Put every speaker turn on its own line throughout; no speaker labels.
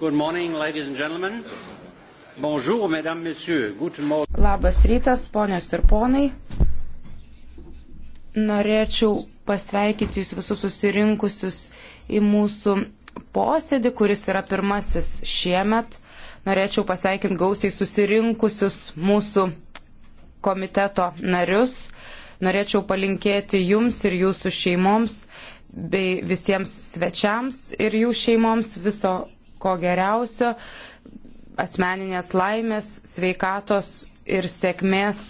Good morning, ladies and gentlemen. Bonjour, mesdames, messieurs. Guten Morgen.
Labas rytas, ponios ir ponai. Norėčiau pasveikyti jūs visus susirinkusius į mūsų posėdį, kuris yra pirmasis šiemet. Norėčiau pasveikinti gausiai susirinkusius mūsų komiteto narius. Norėčiau palinkėti jums ir jūsų šeimoms bei visiems svečiams ir jų šeimoms viso ko geriausio, asmeninės laimės, sveikatos ir sėkmės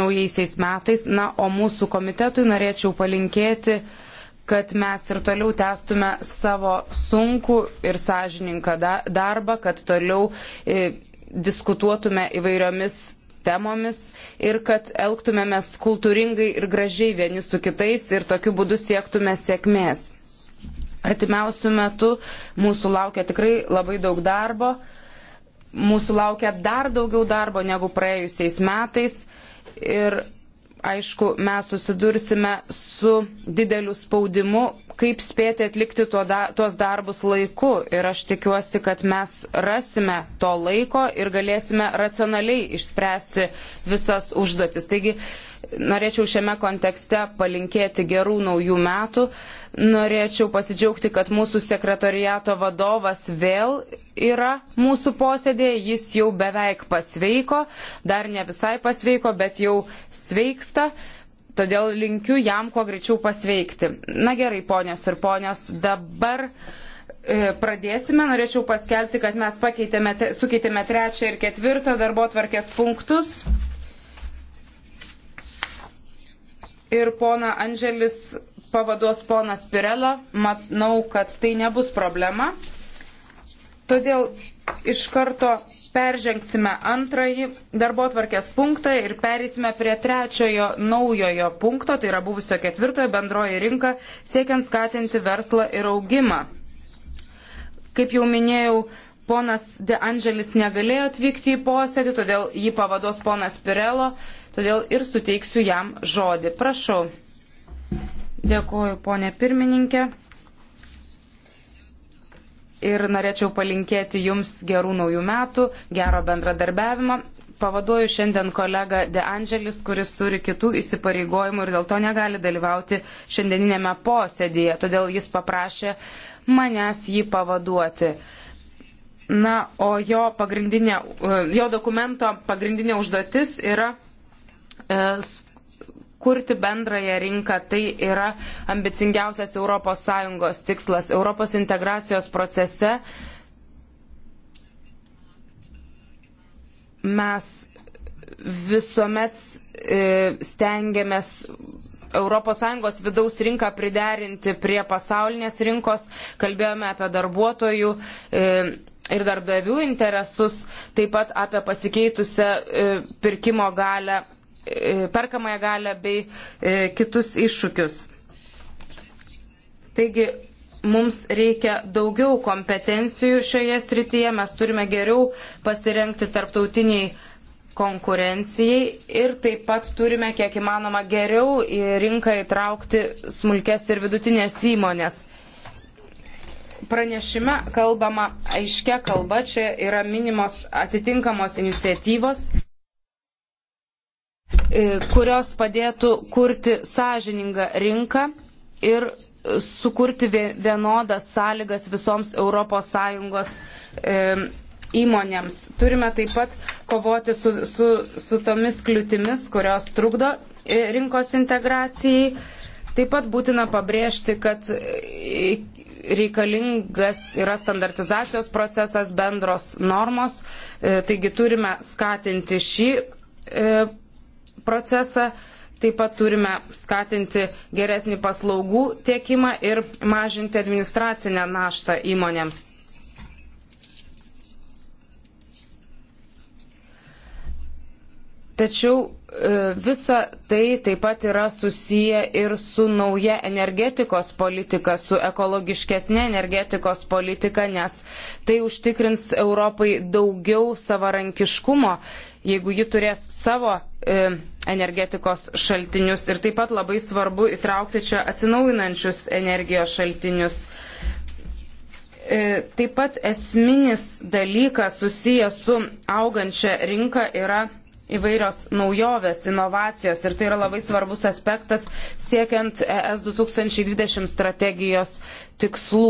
naujaisiais metais. Na, o mūsų komitetui norėčiau palinkėti, kad mes ir toliau testume savo sunku ir sąžininką darbą, kad toliau e, diskutuotume įvairiomis temomis ir kad elgtumėmės kultūringai ir gražiai vieni su kitais ir tokiu būdu siektume sėkmės. Artimiausių metų mūsų laukia tikrai labai daug darbo. Mūsų laukia dar daugiau darbo negu praėjusiais metais. Ir aišku, mes susidursime su dideliu spaudimu, kaip spėti atlikti tuo da, tuos darbus laiku. Ir aš tikiuosi, kad mes rasime to laiko ir galėsime racionaliai išspręsti visas užduotis. Taigi norėčiau šiame kontekste palinkėti gerų naujų metų. Norėčiau pasidžiaugti, kad mūsų sekretariato vadovas vėl yra mūsų posėdėje. Jis jau beveik pasveiko, dar ne visai pasveiko, bet jau sveiksta. Todėl linkiu jam kuo greičiau pasveikti. Na gerai, ponios ir ponios, dabar e, pradėsime, norėčiau paskelbti, kad mes pakeitėme, sukeitėme trečią ir ketvirtą darbo tvarkės punktus. ir pona Andželis pavaduos ponas Pirelą. Matau, kad tai nebus problema. Todėl iš karto peržengsime antrąjį darbo tvarkės punktą ir perėsime prie trečiojo naujojo punkto, tai yra buvusio ketvirtojo bendroji rinka, siekiant skatinti verslą ir augimą. Kaip jau minėjau, ponas De Angelis negalėjo atvykti į posėdį, todėl jį pavados ponas Pirelo todėl ir suteiksiu jam žodį. Prašau. Dėkuoju, ponė pirmininkė. Ir norėčiau palinkėti Jums gerų naujų metų, gero bendradarbiavimo. Pavaduoju šiandien kolegą De Angelis, kuris turi kitų įsipareigojimų ir dėl to negali dalyvauti šiandieninėme posėdėje. Todėl jis paprašė manęs jį pavaduoti. Na, o jo, jo dokumento pagrindinė užduotis yra E, kurti bendrąją rinką, tai yra ambicingiausias ES tikslas. Europos integracijos procese mes visuomet e, stengiamės ES vidaus rinką priderinti prie pasaulinės rinkos, kalbėjome apie darbuotojų e, ir darbdavių interesus, taip pat apie pasikeitusią pirkimo galę E, perkamąją galę bei e, kitus iššūkius. Taigi mums reikia daugiau kompetencijų šioje srityje, mes turime geriau pasirengti tarptautiniai konkurencijai ir taip pat turime kiek įmanoma geriau į rinką įtraukti smulkes ir vidutinės įmonės. Pranešime kalbama aiškia kalba, čia yra minimos atitinkamos iniciatyvos. E, kurios padėtų kurti sąžiningą rinką ir sukurti vienodas sąlygas visoms ES e, įmonėms. Turime taip pat kovoti su, su, su tomis kliūtimis, kurios trukdo e, rinkos integracijai. Taip pat būtina pabrėžti, kad reikalingas yra standartizacijos procesas, bendros normos, taigi turime skatinti šį procesą. Taip pat turime skatinti geresnį paslaugų tiekimą ir mažinti administracinę naštą įmonėms. Tačiau E, visa tai taip pat yra susiję ir su nauja energetikos politika, su ekologiškesnė energetikos politika, nes tai užtikrins Europai daugiau savarankiškumo, jeigu ji turės savo e, energetikos šaltinius. Ir taip pat labai svarbu įtraukti čia atsinaujinančius energijos šaltinius. E, taip pat esminis dalykas susijęs su augančia rinka yra įvairios naujovės, inovacijos ir tai yra labai svarbus aspektas siekiant ES 2020 strategijos tikslų.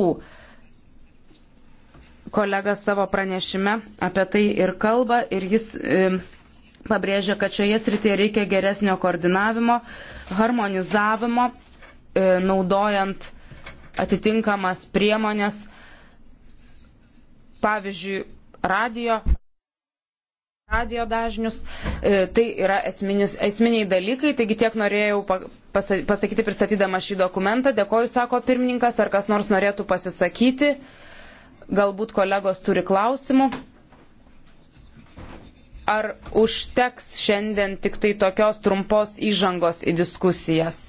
Kolega savo pranešime apie tai ir kalba ir jis e, pabrėžia, kad šioje srityje reikia geresnio koordinavimo, harmonizavimo, e, naudojant atitinkamas priemonės, pavyzdžiui, radio radio dažnius. E, tai yra esminis, esminiai dalykai, taigi tiek norėjau pasakyti pristatydama šį dokumentą. Dėkoju, sako pirmininkas, ar kas nors norėtų pasisakyti. Galbūt kolegos turi klausimų. Ar užteks šiandien tik tai tokios trumpos įžangos į diskusijas?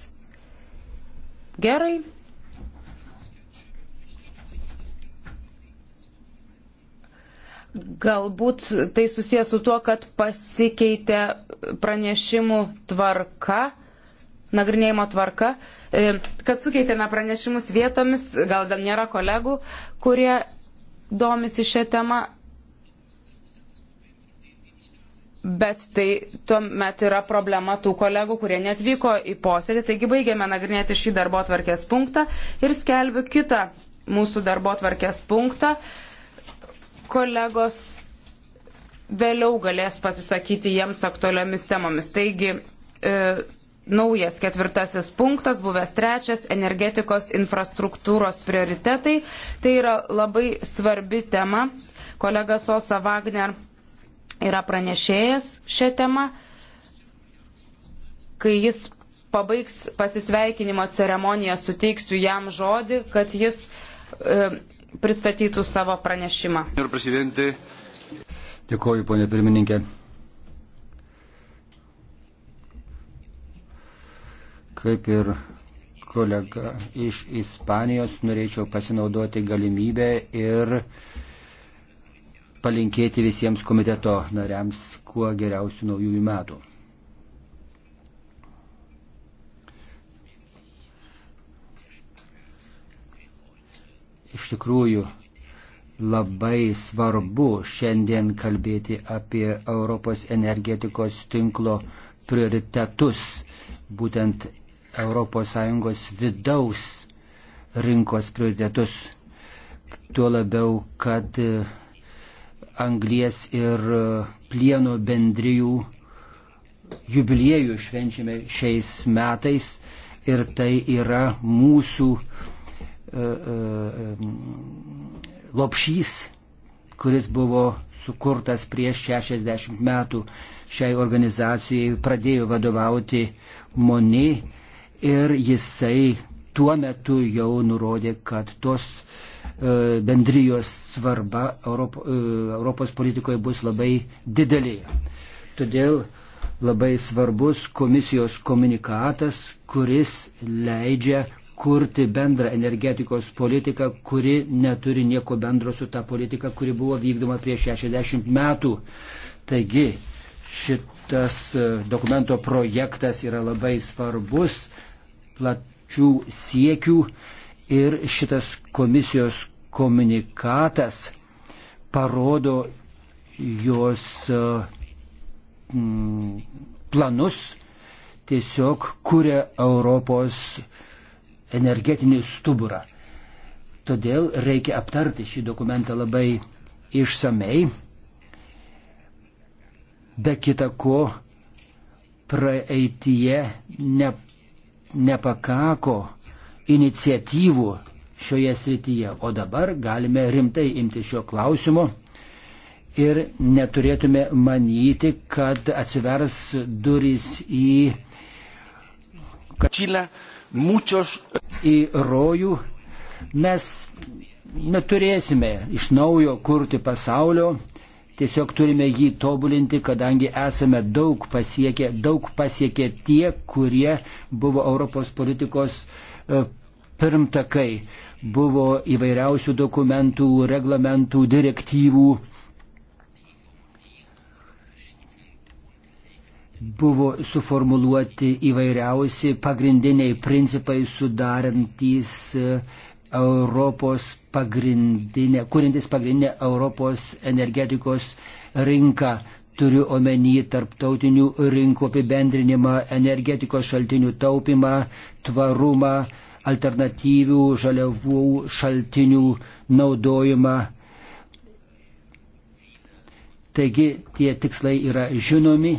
Gerai. Galbūt tai susijęs su tuo, kad pasikeitė pranešimų tvarka, nagrinėjimo tvarka, e, kad sukeitėme pranešimus vietomis, gal nėra kolegų, kurie domisi šią temą, Bet tai tuomet yra problema tų kolegų, kurie netvyko į posėdį. Taigi baigiame nagrinėti šį darbo tvarkės punktą ir skelbiu kitą mūsų darbo tvarkės punktą. Kolegos vėliau galės pasisakyti jiems aktualiomis temomis. Taigi, e, naujas ketvirtasis punktas, buvęs trečias - energetikos infrastruktūros prioritetai. Tai yra labai svarbi tema. Kolega Sosa Wagner yra pranešėjęs šią temą. Kai jis pabaigs pasisveikinimo ceremoniją, suteiksiu jam žodį, kad jis e, pristatytų savo pranešimą.
Dėkuoju, ponė pirmininkė. Kaip ir kolega iš Ispanijos, norėčiau pasinaudoti galimybę ir palinkėti visiems komiteto nariams kuo geriausių naujųjų metų. iš tikrųjų labai svarbu šiandien kalbėti apie Europos energetikos tinklo prioritetus, būtent ES vidaus rinkos prioritetus. Tuo labiau, kad e, anglies ir e, plieno bendrijų jubiliejų švenčiame šiais metais ir tai yra mūsų E, e, lopšys, kuris buvo sukurtas prieš 60 metų šiai organizacijai, pradėjo vadovauti Moni ir jisai tuo metu jau nurodė, kad tos e, bendrijos svarba Europo, Europos politikoje bus labai didelė. Todėl labai svarbus komisijos komunikatas, kuris leidžia kurti bendrą energetikos politiką, kuri neturi nieko bendro su ta politika, kuri buvo vykdoma prieš 60 metų. Taigi šitas e, dokumento projektas yra labai svarbus, plačių siekių ir šitas komisijos komunikatas parodo jos e, planus, tiesiog kuria Europos uh, energetinį stuburą. Todėl reikia aptarti šį dokumentą labai išsamei. Be kita ko, praeitie ne, nepakako iniciatyvų šioje srityje, o dabar galime rimtai imti šio klausimo ir neturėtume manyti, kad atsivers durys į Čilę. Kad muchos... į rojų mes neturėsime iš naujo kurti pasaulio, tiesiog turime jį tobulinti, kadangi esame daug pasiekę, daug pasiekę tie, kurie buvo Europos politikos e, pirmtakai. Buvo įvairiausių dokumentų, reglamentų, direktyvų buvo suformuluoti įvairiausi pagrindiniai principai sudarantys e, Europos pagrindinę, kūrintis pagrindinę Europos energetikos rinką. Turiu omeny tarptautinių rinkų apibendrinimą, energetikos šaltinių taupimą, tvarumą, alternatyvių žaliavų šaltinių naudojimą. Taigi tie tikslai yra žinomi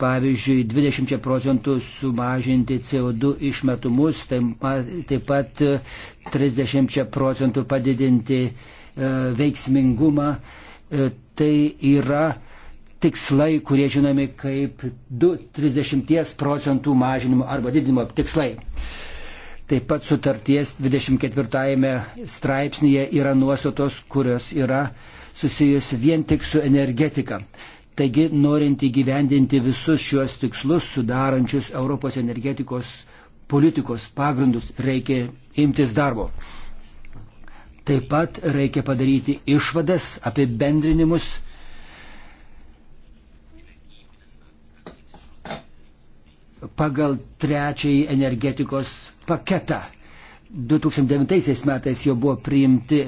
pavyzdžiui, 20 procentų sumažinti CO2 išmetumus, taip pat 30 e, procentų padidinti e, veiksmingumą. E, tai yra tikslai, kurie žinomi kaip 2-30 procentų mažinimo arba didinimo tikslai. Taip pat sutarties 24 straipsnėje yra nuostatos, kurios yra susijęs vien tik su energetika. Taigi, norint įgyvendinti visus šiuos tikslus, sudarančius Europos energetikos politikos pagrindus, reikia imtis darbo. Taip pat reikia padaryti išvadas, apibendrinimus. Pagal trečiąjį energetikos paketą 2009 metais jau buvo priimti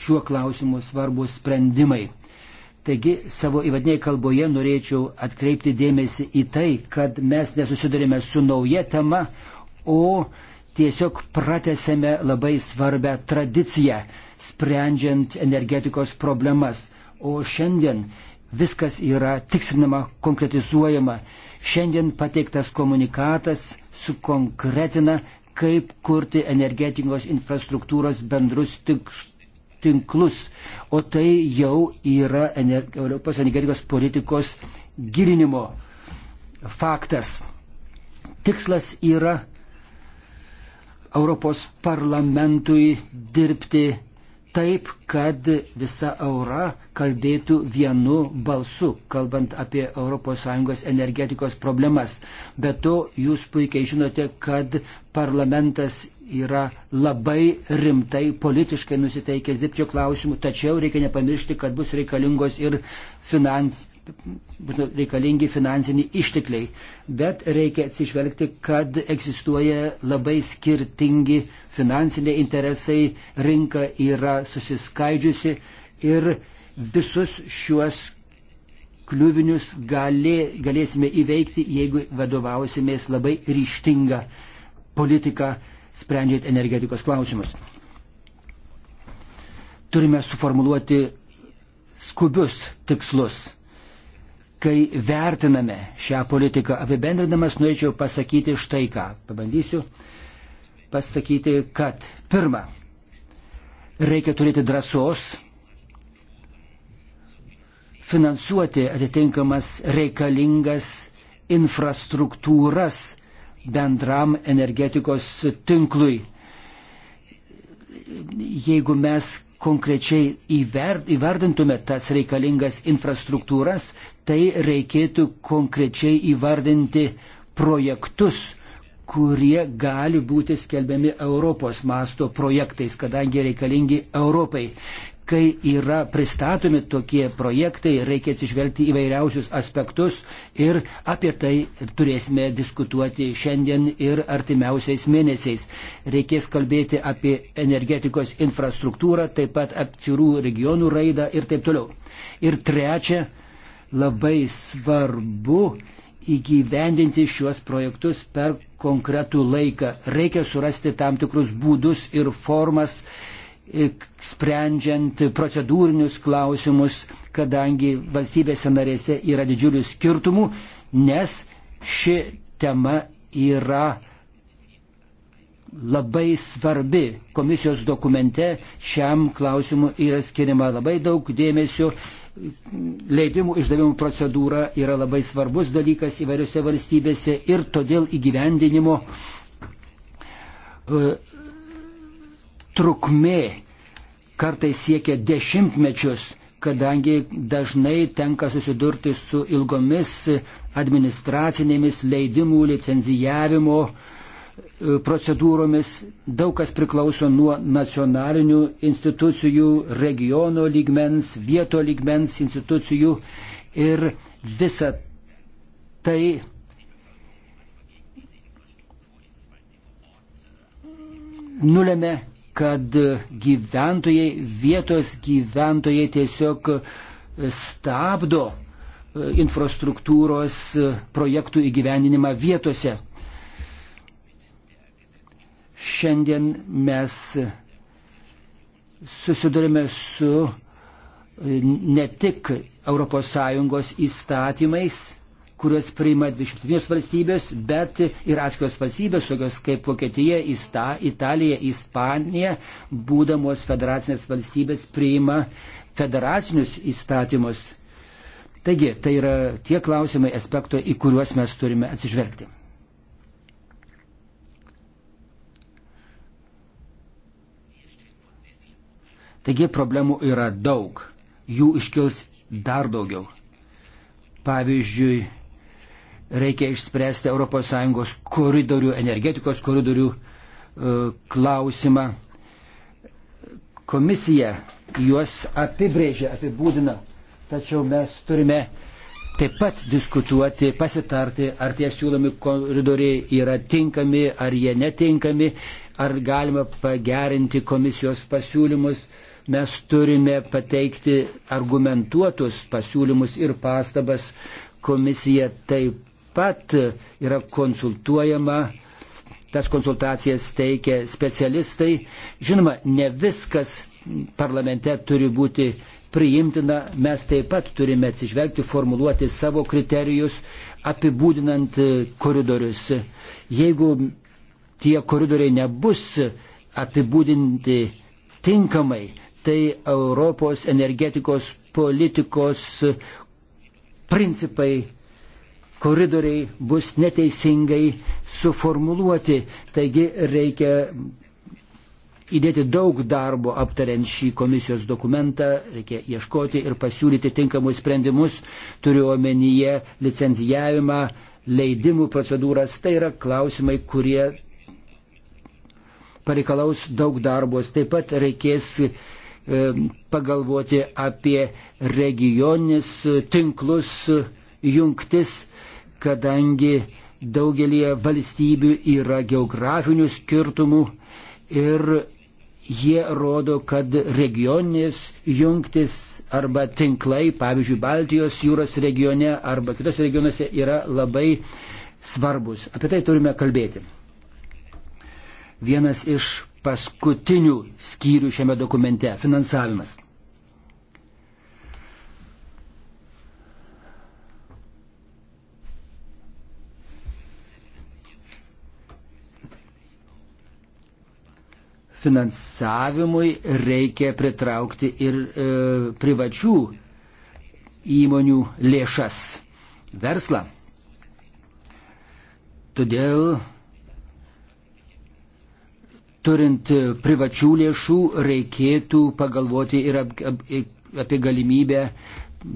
šiuo klausimu svarbus sprendimai. Taigi savo įvadiniai kalboje norėčiau atkreipti dėmesį į tai, kad mes nesusidurime su nauja tema, o tiesiog pratesėme labai svarbę tradiciją, sprendžiant energetikos problemas. O šiandien viskas yra tikslinama, konkretizuojama. Šiandien pateiktas komunikatas sukonkretina, kaip kurti energetikos infrastruktūros bendrus tiks, tinklus, o tai jau yra energi Europos energetikos politikos gilinimo faktas. Tikslas yra Europos parlamentui dirbti taip, kad visa eura kalbėtų vienu balsu, kalbant apie ES energetikos problemas. Be to, jūs puikiai žinote, kad parlamentas yra labai rimtai politiškai nusiteikęs dirbčio klausimų, tačiau reikia nepamiršti, kad bus reikalingos ir finans, bus reikalingi finansiniai ištekliai. Bet reikia atsižvelgti, kad egzistuoja labai skirtingi finansiniai interesai, rinka yra susiskaidžiusi ir visus šiuos kliuvinius gali, galėsime įveikti, jeigu vadovausimės labai ryštinga politika sprendžiant energetikos klausimus. Turime suformuluoti skubius tikslus. Kai vertiname šią politiką apibendrinamas, norėčiau pasakyti štai ką. Pabandysiu pasakyti, kad pirma, reikia turėti drąsos finansuoti atitinkamas reikalingas infrastruktūras bendram energetikos tinklui. Jeigu mes konkrečiai įvardintume tas reikalingas infrastruktūras, tai reikėtų konkrečiai įvardinti projektus, kurie gali būti skelbiami Europos masto projektais, kadangi reikalingi Europai kai yra pristatomi tokie projektai, reikia atsižvelgti įvairiausius aspektus ir apie tai turėsime diskutuoti šiandien ir artimiausiais mėnesiais. Reikės kalbėti apie energetikos infrastruktūrą, taip pat aptirų regionų raidą ir taip toliau. Ir trečia, labai svarbu įgyvendinti šiuos projektus per konkretų laiką. Reikia surasti tam tikrus būdus ir formas sprendžiant procedūrinius klausimus, kadangi valstybėse narėse yra didžiulių skirtumų, nes ši tema yra labai svarbi. Komisijos dokumente šiam klausimui yra skiriama labai daug dėmesio. Leidimų išdavimų procedūra yra labai svarbus dalykas įvairiose valstybėse ir todėl įgyvendinimo e, trukmė kartais siekia dešimtmečius, kadangi dažnai tenka susidurti su ilgomis administracinėmis leidimų, licenzijavimo e, procedūromis. Daug kas priklauso nuo nacionalinių institucijų, regiono lygmens, vieto lygmens institucijų ir visa tai nulėmė kad gyventojai, vietos gyventojai tiesiog stabdo e, infrastruktūros e, projektų įgyvendinimą vietose. Šiandien mes susidurime su e, ne tik ES įstatymais, kuriuos priima 27 valstybės, bet ir atskiros valstybės, tokios kaip Vokietija, Ista, Italija, Ispanija, būdamos federacinės valstybės, priima federacinius įstatymus. Taigi, tai yra tie klausimai, aspekto, į kuriuos mes turime atsižvelgti. Taigi problemų yra daug, jų iškils dar daugiau. Pavyzdžiui, reikia išspręsti ES koridorių, energetikos koridorių e, klausimą. Komisija juos apibrėžia, apibūdina, tačiau mes turime taip pat diskutuoti, pasitarti, ar tie siūlomi koridoriai yra tinkami, ar jie netinkami, ar galima pagerinti komisijos pasiūlymus. Mes turime pateikti argumentuotus pasiūlymus ir pastabas. Komisija taip pat yra konsultuojama, tas konsultacijas teikia specialistai. Žinoma, ne viskas parlamente turi būti priimtina, mes taip pat turime atsižvelgti, formuluoti savo kriterijus, apibūdinant koridorius. Jeigu tie koridoriai nebus apibūdinti tinkamai, tai Europos energetikos politikos principai koridoriai bus neteisingai suformuluoti. Taigi reikia įdėti daug darbo aptariant šį komisijos dokumentą, reikia ieškoti ir pasiūlyti tinkamus sprendimus, turiu omenyje licenzijavimą, leidimų procedūras. Tai yra klausimai, kurie pareikalaus daug darbos. Taip pat reikės e, pagalvoti apie regioninis tinklus, jungtis kadangi daugelie valstybių yra geografinių skirtumų ir jie rodo, kad regioninės jungtis arba tinklai, pavyzdžiui, Baltijos jūros regione arba kitose regionuose yra labai svarbus. Apie tai turime kalbėti. Vienas iš paskutinių skyrių šiame dokumente - finansavimas. finansavimui reikia pritraukti ir e, privačių įmonių lėšas, verslą. Todėl turint privačių lėšų reikėtų pagalvoti ir apie galimybę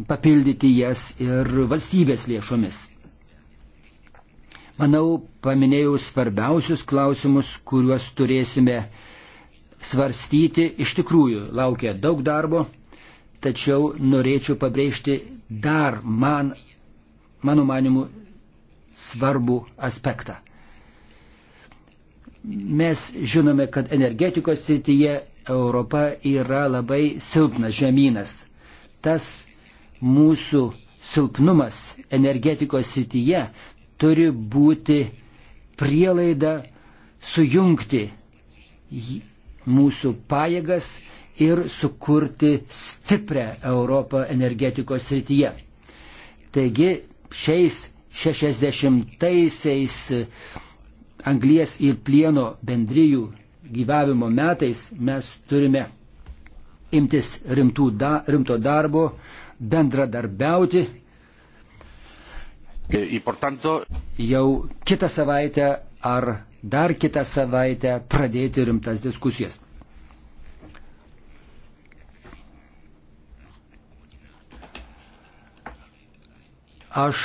papildyti jas ir valstybės lėšomis. Manau, paminėjau svarbiausius klausimus, kuriuos turėsime svarstyti. Iš tikrųjų, laukia daug darbo, tačiau norėčiau pabrėžti dar man, mano manimu, svarbų aspektą. Mes žinome, kad energetikos srityje Europa yra labai silpnas žemynas. Tas mūsų silpnumas energetikos srityje turi būti prielaida sujungti mūsų pajėgas ir sukurti stiprią Europą energetikos srityje. Taigi šiais 60-aisiais anglies ir plieno bendryjų gyvavimo metais mes turime imtis da, rimto darbo, bendradarbiauti.
Į e, portanto.
Jau kitą savaitę ar dar kitą savaitę pradėti rimtas diskusijas. Aš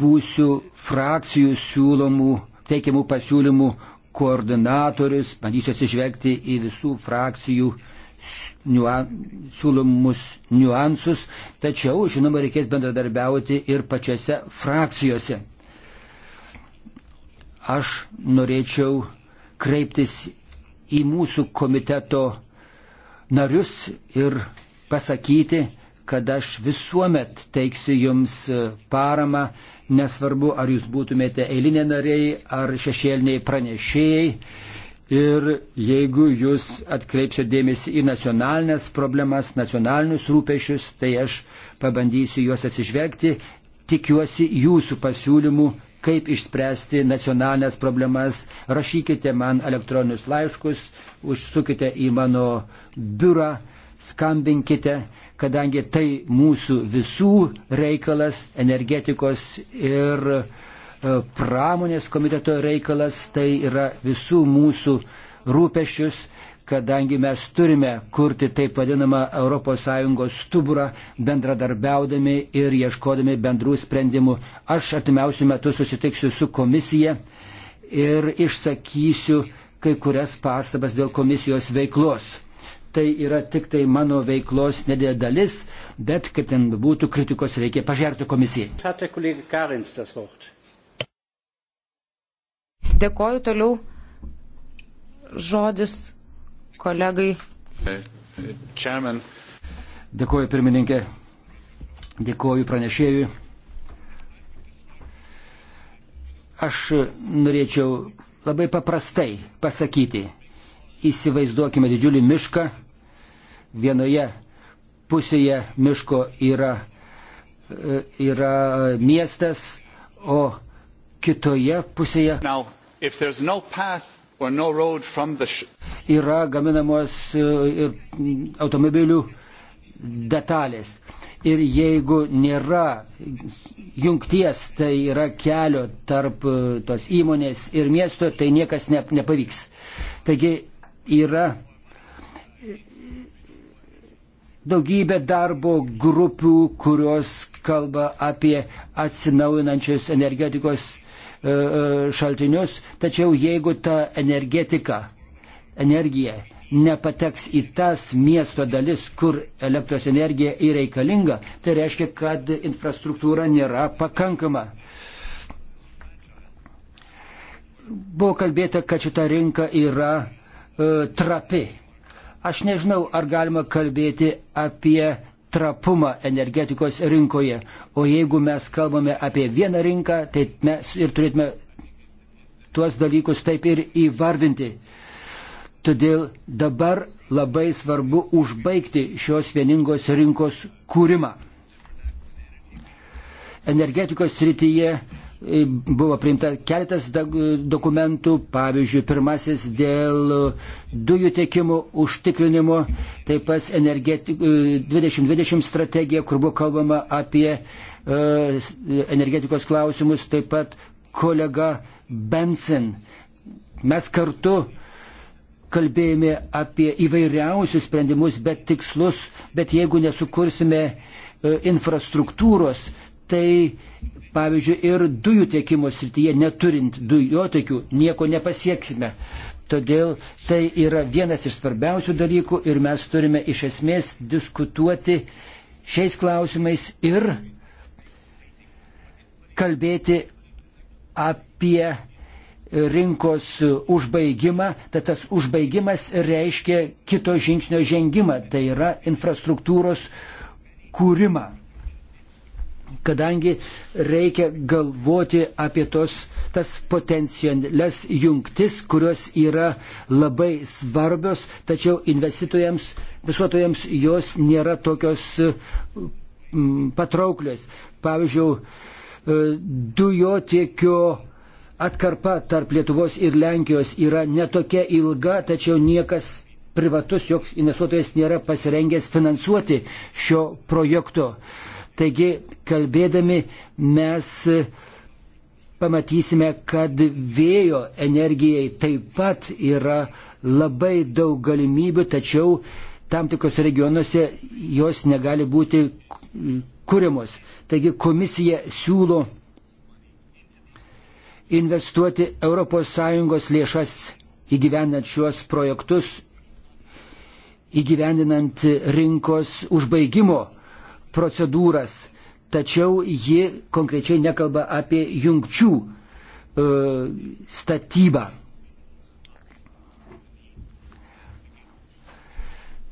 būsiu frakcijų siūlomų, teikiamų pasiūlymų koordinatorius, bandysiu atsižvelgti į visų frakcijų niuan, siūlomus niuansus, tačiau, žinoma, reikės bendradarbiauti ir pačiose frakcijose aš norėčiau kreiptis į mūsų komiteto narius ir pasakyti, kad aš visuomet teiksiu jums e, paramą, nesvarbu, ar jūs būtumėte eilinė nariai ar šešėliniai pranešėjai. Ir jeigu jūs atkreipsite dėmesį į nacionalinės problemas, nacionalinius rūpešius, tai aš pabandysiu juos atsižvelgti. Tikiuosi jūsų pasiūlymų kaip išspręsti nacionalinės problemas, rašykite man elektroninius laiškus, užsukite į mano biurą, skambinkite, kadangi tai mūsų visų reikalas, energetikos ir e, pramonės komiteto reikalas, tai yra visų mūsų rūpešius kadangi mes turime kurti taip vadinamą ES stuburą, bendradarbiaudami ir ieškodami bendrų sprendimų. Aš artimiausių metų susitiksiu su komisija ir išsakysiu kai kurias pastabas dėl komisijos veiklos. Tai yra tik tai mano veiklos nedėlė dalis, bet kaip ten būtų, kritikos reikia pažerti komisijai. Dėkoju toliau žodis kolegai. Čiamen. Dėkuoju pirmininkė. Dėkuoju pranešėjui. Aš norėčiau labai paprastai pasakyti. Įsivaizduokime didžiulį mišką. Vienoje pusėje miško yra, e, yra miestas, o kitoje pusėje.
Now, if there's no path yra
gaminamos ir e, e, automobilių detalės. Ir jeigu nėra jungties, tai yra kelio tarp e, tos įmonės ir miesto, tai niekas ne, nepavyks. Taigi yra daugybė darbo grupių, kurios kalba apie atsinaujinančius energetikos E, e, šaltinius, tačiau jeigu ta energetika, energija nepateks į tas miesto dalis, kur elektros energija įreikalinga, tai reiškia, kad infrastruktūra nėra pakankama. Buvo kalbėta, kad šita rinka yra e, trapi. Aš nežinau, ar galima kalbėti apie trapumą energetikos rinkoje. O jeigu mes kalbame apie vieną rinką, tai mes ir turėtume tuos dalykus taip ir įvardinti. Todėl dabar labai svarbu užbaigti šios vieningos rinkos kūrimą. Energetikos srityje buvo priimta keletas dokumentų, pavyzdžiui, pirmasis dėl dujų tiekimo užtikrinimo, taip pat 2020 strategija, kur buvo kalbama apie e, energetikos klausimus, taip pat kolega Benson. Mes kartu kalbėjome apie įvairiausius sprendimus, bet tikslus, bet jeigu nesukursime e, infrastruktūros, tai Pavyzdžiui, ir dujų tiekimo srityje neturint dujotekių nieko nepasieksime. Todėl tai yra vienas iš svarbiausių dalykų ir mes turime iš esmės diskutuoti šiais klausimais ir kalbėti apie rinkos užbaigimą, tad tas užbaigimas reiškia kito žingsnio žengimą, tai yra infrastruktūros kūrimą kadangi reikia galvoti apie tos, tas potencialias jungtis, kurios yra labai svarbios, tačiau investuotojams, investuotojams jos nėra tokios mm, patrauklios. Pavyzdžiui, e, dujotiekio atkarpa tarp Lietuvos ir Lenkijos yra netokia ilga, tačiau niekas privatus, joks investuotojas nėra pasirengęs finansuoti šio projekto. Uh, Taigi, kalbėdami mes pamatysime, kad vėjo energijai taip pat yra labai daug galimybių, tačiau tam tikrose regionuose jos negali būti kūrimos. Taigi komisija siūlo investuoti ES lėšas įgyvendinant šiuos projektus, įgyvendinant rinkos užbaigimo procedūras, tačiau ji konkrečiai nekalba apie jungčių e, statybą.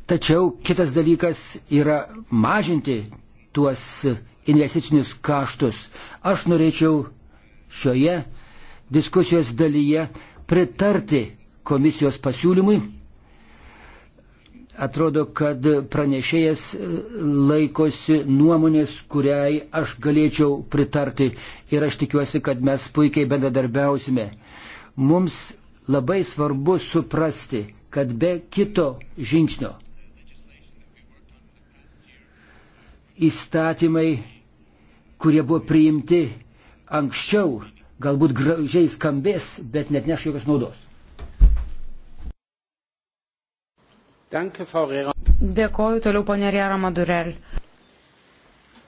Tačiau kitas dalykas yra mažinti tuos investicinius kaštus. Aš norėčiau šioje diskusijos dalyje pritarti komisijos pasiūlymui Atrodo, kad pranešėjas e, laikosi nuomonės, kuriai aš galėčiau pritarti ir aš tikiuosi, kad mes puikiai bendradarbiausime. Mums labai svarbu suprasti, kad be kito žingsnio įstatymai, kurie buvo priimti anksčiau, galbūt gražiai skambės, bet net neš jokios naudos.
Dėkoju toliau ponė Riera Madurel.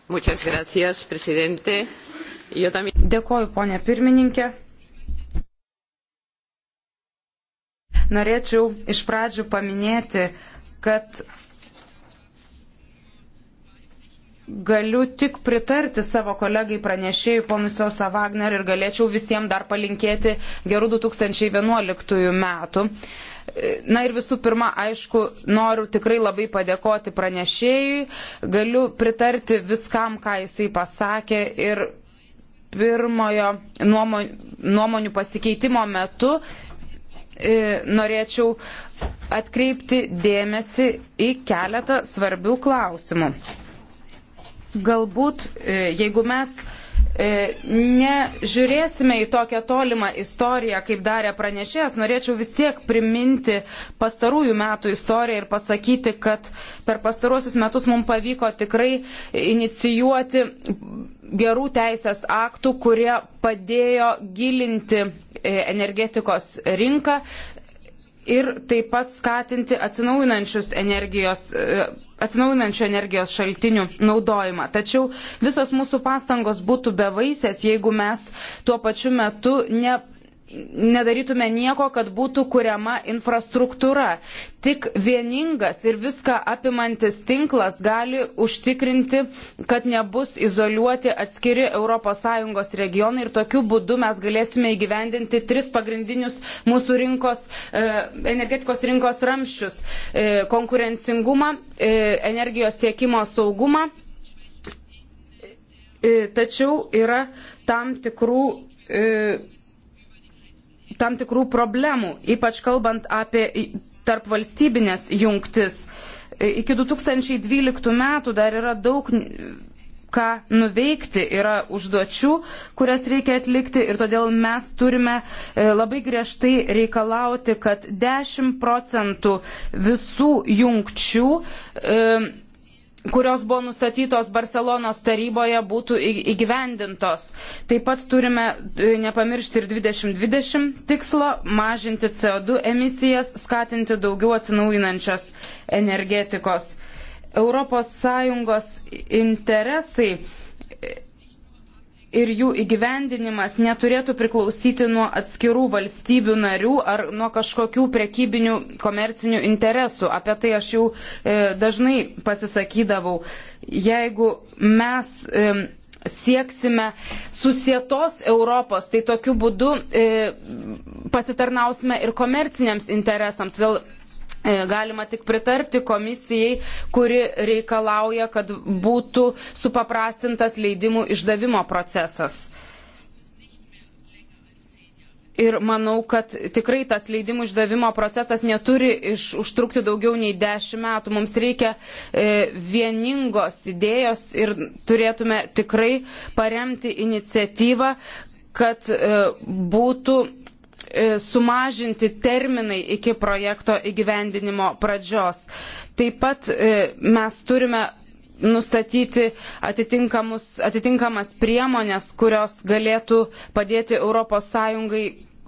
Gracias, también... Dėkoju ponė pirmininkė. Norėčiau iš pradžių paminėti, kad galiu tik pritarti savo kolegai pranešėjui ponui Sosa Wagner ir galėčiau visiems dar palinkėti gerų 2011 metų. Na ir visų pirma, aišku, noriu tikrai labai padėkoti pranešėjui, galiu pritarti viskam, ką jisai pasakė ir pirmojo nuomonių pasikeitimo metu e, norėčiau atkreipti dėmesį į keletą svarbių klausimų galbūt e, jeigu mes e, nežiūrėsime į tokią tolimą istoriją, kaip darė pranešėjas, norėčiau vis tiek priminti pastarųjų metų istoriją ir pasakyti, kad per pastaruosius metus mums pavyko tikrai inicijuoti gerų teisės aktų, kurie padėjo gilinti e, energetikos rinką, ir taip pat skatinti atsinaujinančius energijos e, atsinaujinančių energijos šaltinių naudojimą. Tačiau visos mūsų pastangos būtų bevaisės, jeigu mes tuo pačiu metu ne nedarytume nieko, kad būtų kuriama infrastruktūra. Tik vieningas ir viską apimantis tinklas gali užtikrinti, kad nebus izoliuoti atskiri ES regionai ir tokiu būdu mes galėsime įgyvendinti tris pagrindinius mūsų rinkos, e, energetikos rinkos ramščius e, - konkurencingumą, e, energijos tiekimo saugumą. Tačiau yra tam tikrų tam tikrų problemų, ypač kalbant apie tarp valstybinės jungtis. Iki 2012 metų dar yra daug ką nuveikti, yra užduočių, kurias reikia atlikti ir todėl mes turime e, labai griežtai reikalauti, kad 10 procentų visų jungčių e, kurios buvo nustatytos Barcelonos taryboje, būtų įgyvendintos. Taip pat turime e, nepamiršti ir 2020 tikslo - mažinti CO2 emisijas, skatinti daugiau atsinaujinančios energetikos. ES interesai ir jų įgyvendinimas neturėtų priklausyti nuo atskirų valstybių narių ar nuo kažkokių prekybinių komercinių interesų. Apie tai aš jau e, dažnai pasisakydavau. Jeigu mes e, sieksime susietos Europos, tai tokiu būdu e, pasitarnausime ir komerciniams interesams. Todėl E, galima tik pritarti komisijai, kuri reikalauja, kad būtų supaprastintas leidimų išdavimo procesas. Ir manau, kad tikrai tas leidimų išdavimo procesas neturi iš, užtrukti daugiau nei 10 metų. Mums reikia e, vieningos idėjos ir turėtume tikrai paremti iniciatyvą, kad e, būtų E, sumažinti terminai iki projekto įgyvendinimo pradžios. Taip pat e, mes turime nustatyti atitinkamas priemonės, kurios galėtų padėti ES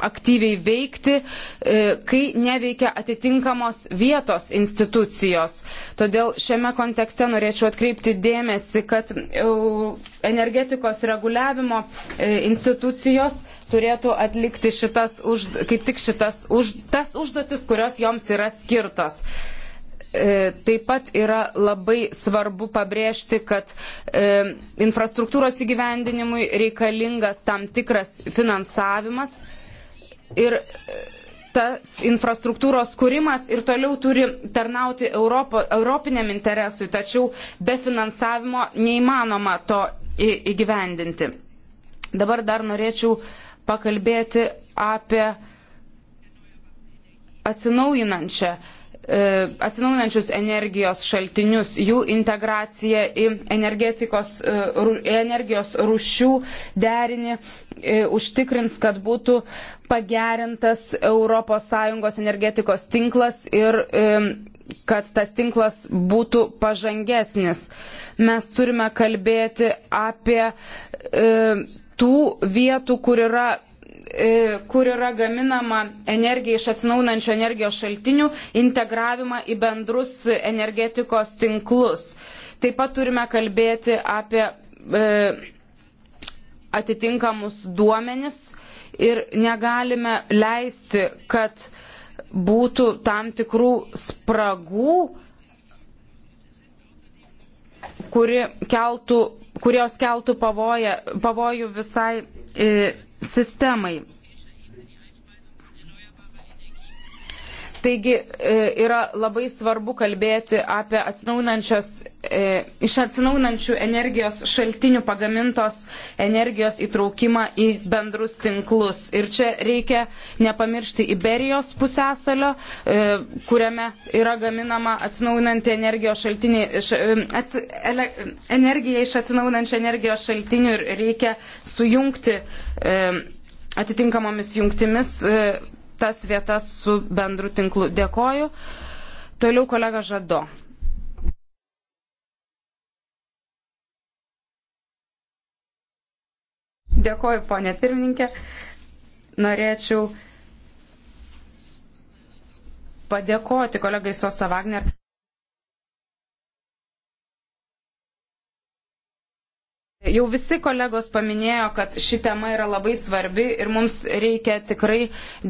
aktyviai veikti, e, kai neveikia atitinkamos vietos institucijos. Todėl šiame kontekste norėčiau atkreipti dėmesį, kad energetikos reguliavimo institucijos turėtų atlikti šitas už, kaip tik šitas už, tas užduotis, kurios joms yra skirtos. E, taip pat yra labai svarbu pabrėžti, kad e, infrastruktūros įgyvendinimui reikalingas tam tikras finansavimas ir e, tas infrastruktūros kūrimas ir toliau turi tarnauti Europo, europiniam interesui, tačiau be finansavimo neįmanoma to įgyvendinti. Dabar dar norėčiau pakalbėti apie atsinaujinančią e, atsinaujinančius energijos šaltinius, jų integraciją į e, energijos rūšių derinį e, užtikrins, kad būtų pagerintas ES energetikos tinklas ir kad tas tinklas būtų pažangesnis. Mes turime kalbėti apie tų vietų, kur yra e, kur yra gaminama energija iš atsinaunančių energijos šaltinių, integravimą į bendrus energetikos tinklus. Taip pat turime kalbėti apie e, atitinkamus duomenis ir negalime leisti, kad būtų tam tikrų spragų, kuri keltų kurios keltų pavoja, pavojų visai e, sistemai. Taigi e, yra labai svarbu kalbėti apie e, iš atsinaunančių energijos šaltinių pagamintos energijos įtraukimą į bendrus tinklus. Ir čia reikia nepamiršti Iberijos pusėsalio, e, kuriame yra gaminama atsinaunanti energijos šaltinį, ats, ele, energija iš atsinaunančių energijos šaltinių ir reikia sujungti atitinkamomis jungtimis tas vietas su bendru tinklu. Dėkoju. Toliau kolega Žado. Dėkoju, ponė pirmininkė. Norėčiau padėkoti kolegai Sosa Wagner. Jau visi kolegos paminėjo, kad ši tema yra labai svarbi ir mums reikia tikrai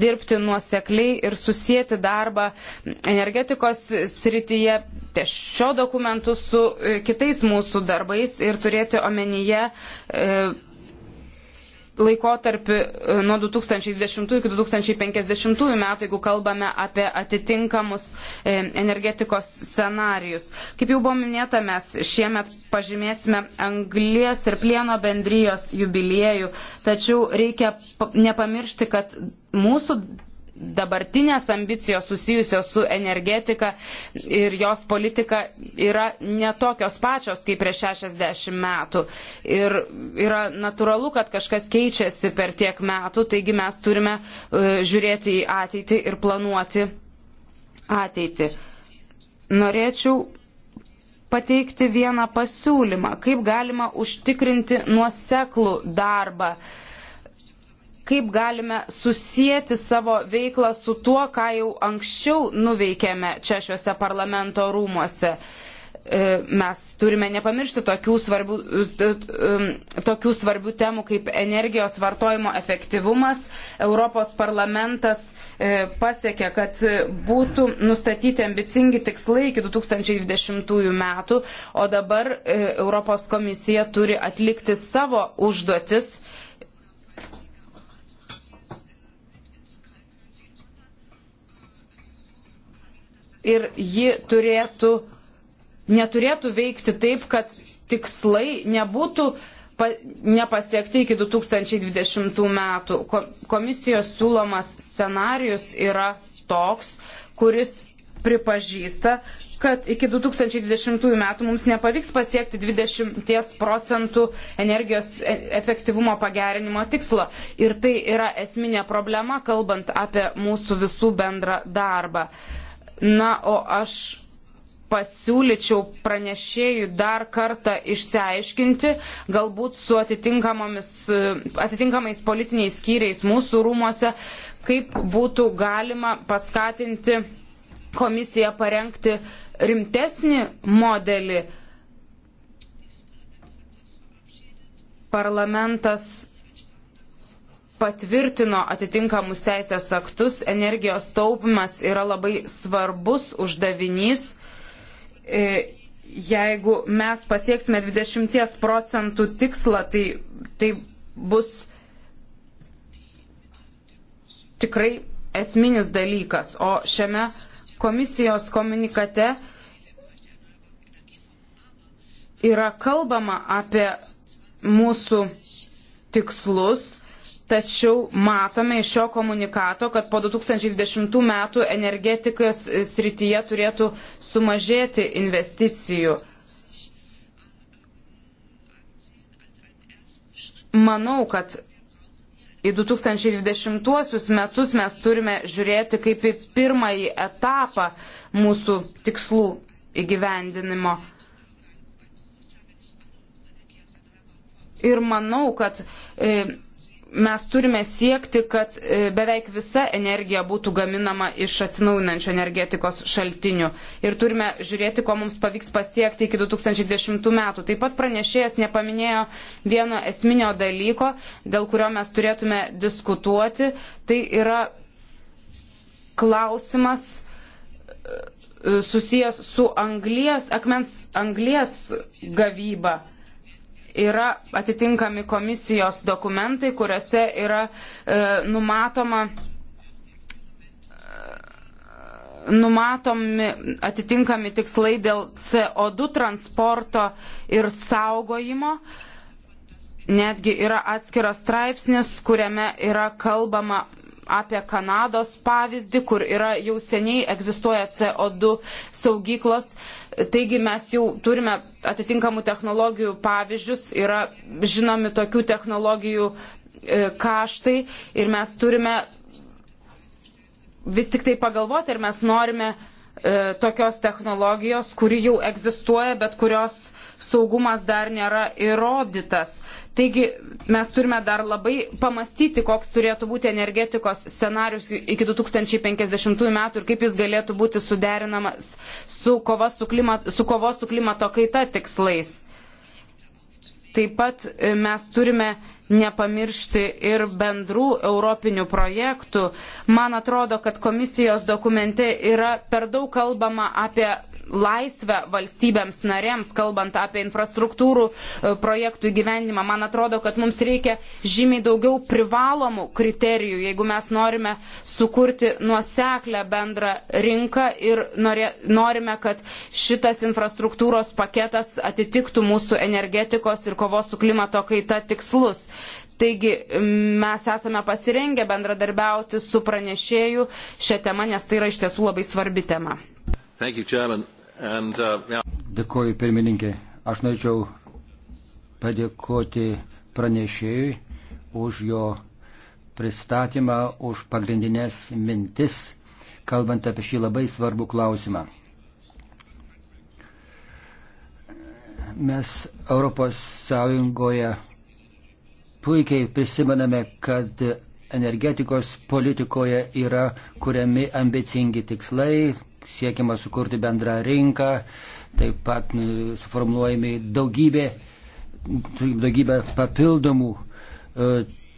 dirbti nuosekliai ir susijęti darbą energetikos srityje šio dokumentu su e, kitais mūsų darbais ir turėti omenyje. E, laikotarpį e, nuo 2020 iki 2050 metų, jeigu kalbame apie atitinkamus e, energetikos scenarius. Kaip jau buvo minėta, mes šiemet pažymėsime anglies ir plieno bendrijos jubiliejų, tačiau reikia nepamiršti, kad mūsų dabartinės ambicijos susijusios su energetika ir jos politika yra netokios pačios kaip prieš 60 metų. Ir yra natūralu, kad kažkas keičiasi per tiek metų, taigi mes turime e, žiūrėti į ateitį ir planuoti ateitį. Norėčiau pateikti vieną pasiūlymą, kaip galima užtikrinti nuoseklų darbą uh, kaip galime susijęti savo veiklą su tuo, ką jau anksčiau nuveikėme čia šiuose parlamento rūmuose. E, mes turime nepamiršti tokių svarbių, e, um, tokių svarbių temų kaip energijos vartojimo efektyvumas. Europos parlamentas e, pasiekė, kad būtų nustatyti ambicingi tikslai iki 2020 metų, o dabar Europos komisija turi atlikti savo užduotis ir ji turėtų, neturėtų veikti taip, kad tikslai nebūtų pa, nepasiekti iki 2020 metų. Komisijos siūlomas scenarius yra toks, kuris pripažįsta, kad iki 2020 metų mums nepavyks pasiekti 20 procentų energijos e, efektyvumo pagerinimo tikslo. Ir tai yra esminė problema, kalbant apie mūsų visų bendrą darbą. Uh, Na, o aš pasiūlyčiau pranešėjui dar kartą išsiaiškinti, galbūt su atitinkamais politiniais skyriais mūsų rūmose, kaip būtų galima paskatinti komisiją parengti rimtesnį modelį. Parlamentas patvirtino atitinkamus teisės aktus, energijos taupimas yra labai svarbus uždavinys. E, jeigu mes pasieksime 20 procentų tikslą, tai, tai bus tikrai esminis dalykas. O šiame komisijos komunikate yra kalbama apie mūsų tikslus Tačiau matome iš šio komunikato, kad po 2010 metų energetikos srityje turėtų sumažėti investicijų. Manau, kad į 2020 metus mes turime žiūrėti kaip į pirmąjį etapą mūsų tikslų įgyvendinimo. Ir manau, kad e, mes turime siekti, kad e, beveik visa energija būtų gaminama iš atsinaujinančių energetikos šaltinių. Ir turime žiūrėti, ko mums pavyks pasiekti iki 2010 metų. Taip pat pranešėjas nepaminėjo vieno esminio dalyko, dėl kurio mes turėtume diskutuoti. Tai yra klausimas e, susijęs su anglies, akmens anglies gavyba yra atitinkami komisijos dokumentai, kuriuose yra e, numatoma e, numatomi atitinkami tikslai dėl CO2 transporto ir saugojimo. Netgi yra atskiras straipsnis, kuriame yra kalbama apie Kanados pavyzdį, kur yra jau seniai egzistuoja CO2 saugyklos. E, Taigi mes jau turime atitinkamų technologijų pavyzdžius, yra žinomi tokių technologijų e, kaštai ir mes turime vis tik tai pagalvoti, ar mes norime e, tokios technologijos, kuri jau egzistuoja, bet kurios saugumas dar nėra įrodytas. Taigi mes turime dar labai pamastyti, koks turėtų būti energetikos scenarius iki 2050 metų ir kaip jis galėtų būti suderinamas su kovos su, klimat, su, kovos su klimato kaita tikslais. Taip pat e, mes turime nepamiršti ir bendrų europinių projektų. Man atrodo, kad komisijos dokumente yra per daug kalbama apie laisvę valstybėms narėms, kalbant apie infrastruktūrų e, projektų įgyvendimą. Man atrodo, kad mums reikia žymiai daugiau privalomų kriterijų, jeigu mes norime sukurti nuoseklę bendrą rinką ir norė, norime, kad šitas infrastruktūros paketas atitiktų mūsų energetikos ir kovos su klimato kaita tikslus. Taigi mes esame pasirengę bendradarbiauti su pranešėju šią temą, nes tai yra iš tiesų labai svarbi tema.
Uh,
Dėkoju pirmininkė. Aš norėčiau padėkoti pranešėjui už jo pristatymą, už pagrindinės mintis, kalbant apie šį labai svarbų klausimą. Mes ES puikiai prisimename, kad energetikos politikoje yra kuriami ambicingi tikslai, siekiama sukurti bendrą rinką, taip pat e, suformuojami daugybė, daugybė papildomų e,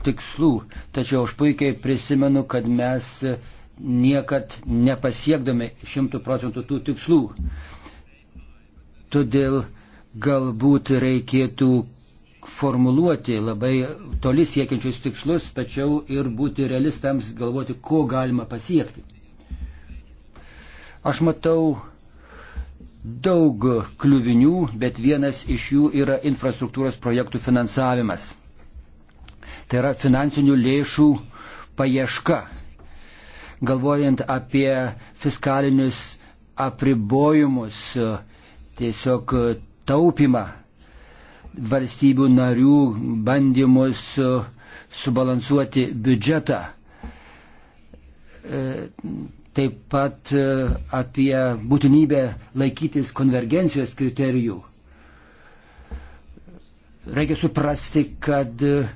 tikslų. Tačiau aš puikiai prisimenu, kad mes niekad nepasiekdami šimtų procentų tų tikslų. Todėl galbūt reikėtų formuluoti labai toli siekiančius tikslus, tačiau ir būti realistams galvoti, ko galima pasiekti. Aš matau daug kliuvinių, bet vienas iš jų yra infrastruktūros projektų finansavimas. Tai yra finansinių lėšų paieška. Galvojant apie fiskalinius apribojimus, tiesiog taupimą valstybių narių bandymus subalansuoti biudžetą e, taip pat e, apie būtinybę laikytis konvergencijos kriterijų. Reikia suprasti, kad e,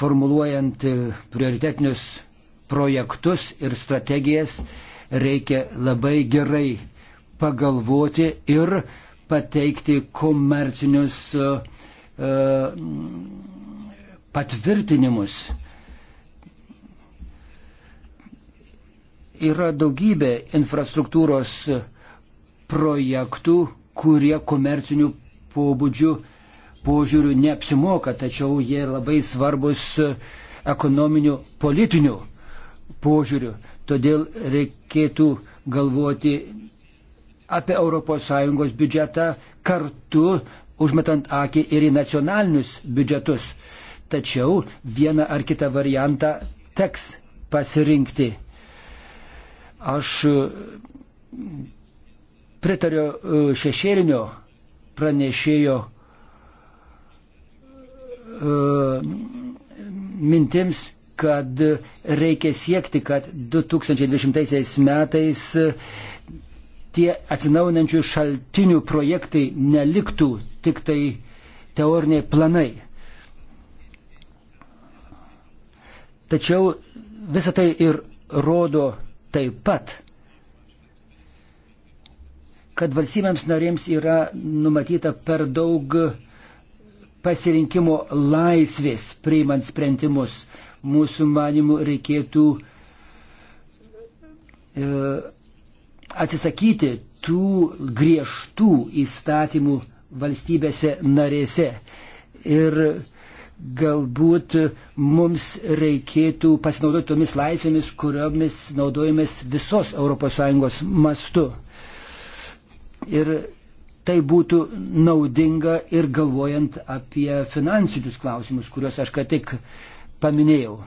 formuluojant e, prioritetinius projektus ir strategijas reikia labai gerai pagalvoti ir pateikti komercinius uh, patvirtinimus uh, yra daugybė infrastruktūros projektų, kurie komercinių pobūdžių požiūrių neapsimoka, tačiau jie labai svarbus ekonominių, politinių požiūrių. Todėl reikėtų galvoti apie ES biudžetą kartu, užmetant akį ir į nacionalinius biudžetus. Tačiau vieną ar kitą variantą teks pasirinkti. Aš e, pritariu e, šešėlinio pranešėjo e, mintims, kad reikia siekti, kad 2020 metais tie atsinaunančių šaltinių projektai neliktų tik tai teoriniai planai. Tačiau visą tai ir rodo taip pat, kad valstybėms narėms yra numatyta per daug pasirinkimo laisvės priimant sprendimus. Mūsų manimų reikėtų e, atsisakyti tų griežtų įstatymų valstybėse narėse. Ir e, galbūt mums reikėtų pasinaudoti tomis laisvėmis, kuriomis naudojamės visos ES mastu. Ir tai būtų naudinga ir galvojant apie finansinius klausimus, kuriuos aš ką tik paminėjau.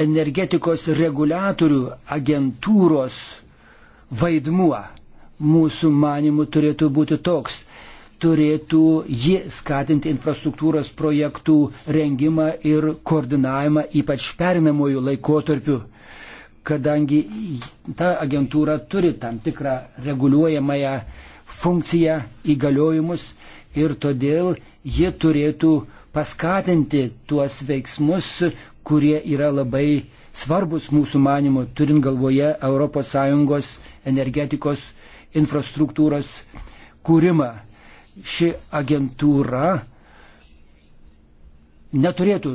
energetikos reguliatorių agentūros vaidmuo mūsų manimų turėtų būti toks. Turėtų ji skatinti infrastruktūros projektų rengimą ir koordinavimą, ypač perinamųjų laikotarpių, kadangi ta agentūra turi tam tikrą reguliuojamąją funkciją, įgaliojimus ir todėl ji turėtų paskatinti tuos veiksmus, kurie yra labai svarbus mūsų manimo, turint galvoje ES energetikos infrastruktūros kūrimą. Ši agentūra neturėtų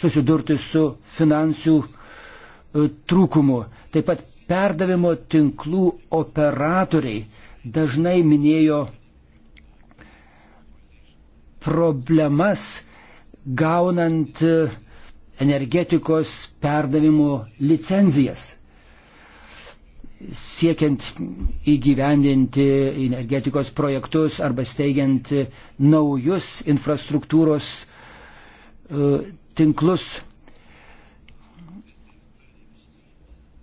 susidurti su finansų e, trūkumu. Taip pat perdavimo tinklų operatoriai dažnai minėjo problemas gaunant e, energetikos perdavimo licenzijas siekiant įgyvendinti energetikos projektus arba steigiant naujus infrastruktūros e, tinklus.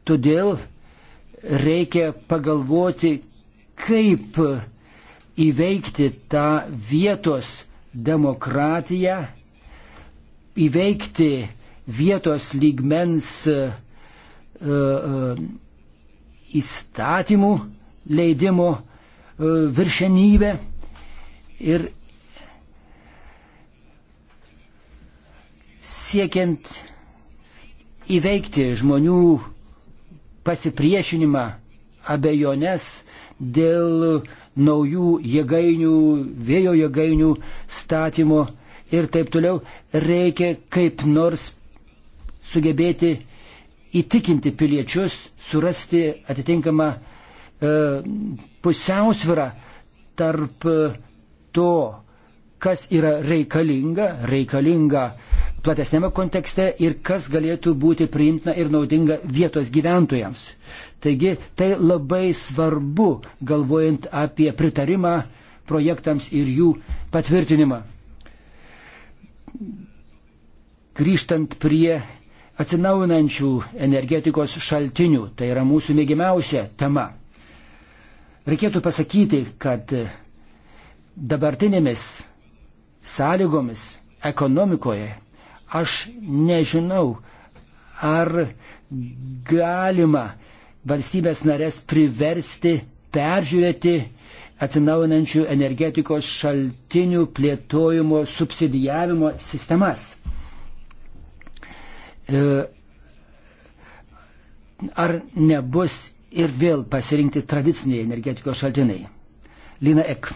Todėl reikia pagalvoti, kaip įveikti tą vietos demokratiją, įveikti vietos lygmens uh, uh, įstatymų leidimo e, viršenybę ir siekiant įveikti žmonių pasipriešinimą, abejones dėl naujų jėgainių, vėjo jėgainių statymo ir taip toliau, reikia kaip nors sugebėti įtikinti piliečius, surasti atitinkamą e, pusiausvirą tarp e, to, kas yra reikalinga, reikalinga platesnėme kontekste ir kas galėtų būti priimtina ir naudinga vietos gyventojams. Taigi tai labai svarbu, galvojant apie pritarimą projektams ir jų patvirtinimą. Grįžtant prie atsinaujinančių energetikos šaltinių. Tai yra mūsų mėgimiausia tema. Reikėtų pasakyti, kad dabartinėmis sąlygomis ekonomikoje aš nežinau, ar galima valstybės narės priversti peržiūrėti atsinaujinančių energetikos šaltinių plėtojimo subsidijavimo sistemas. E, ar nebus ir vėl pasirinkti tradiciniai energetikos šaltiniai. Lina Ek.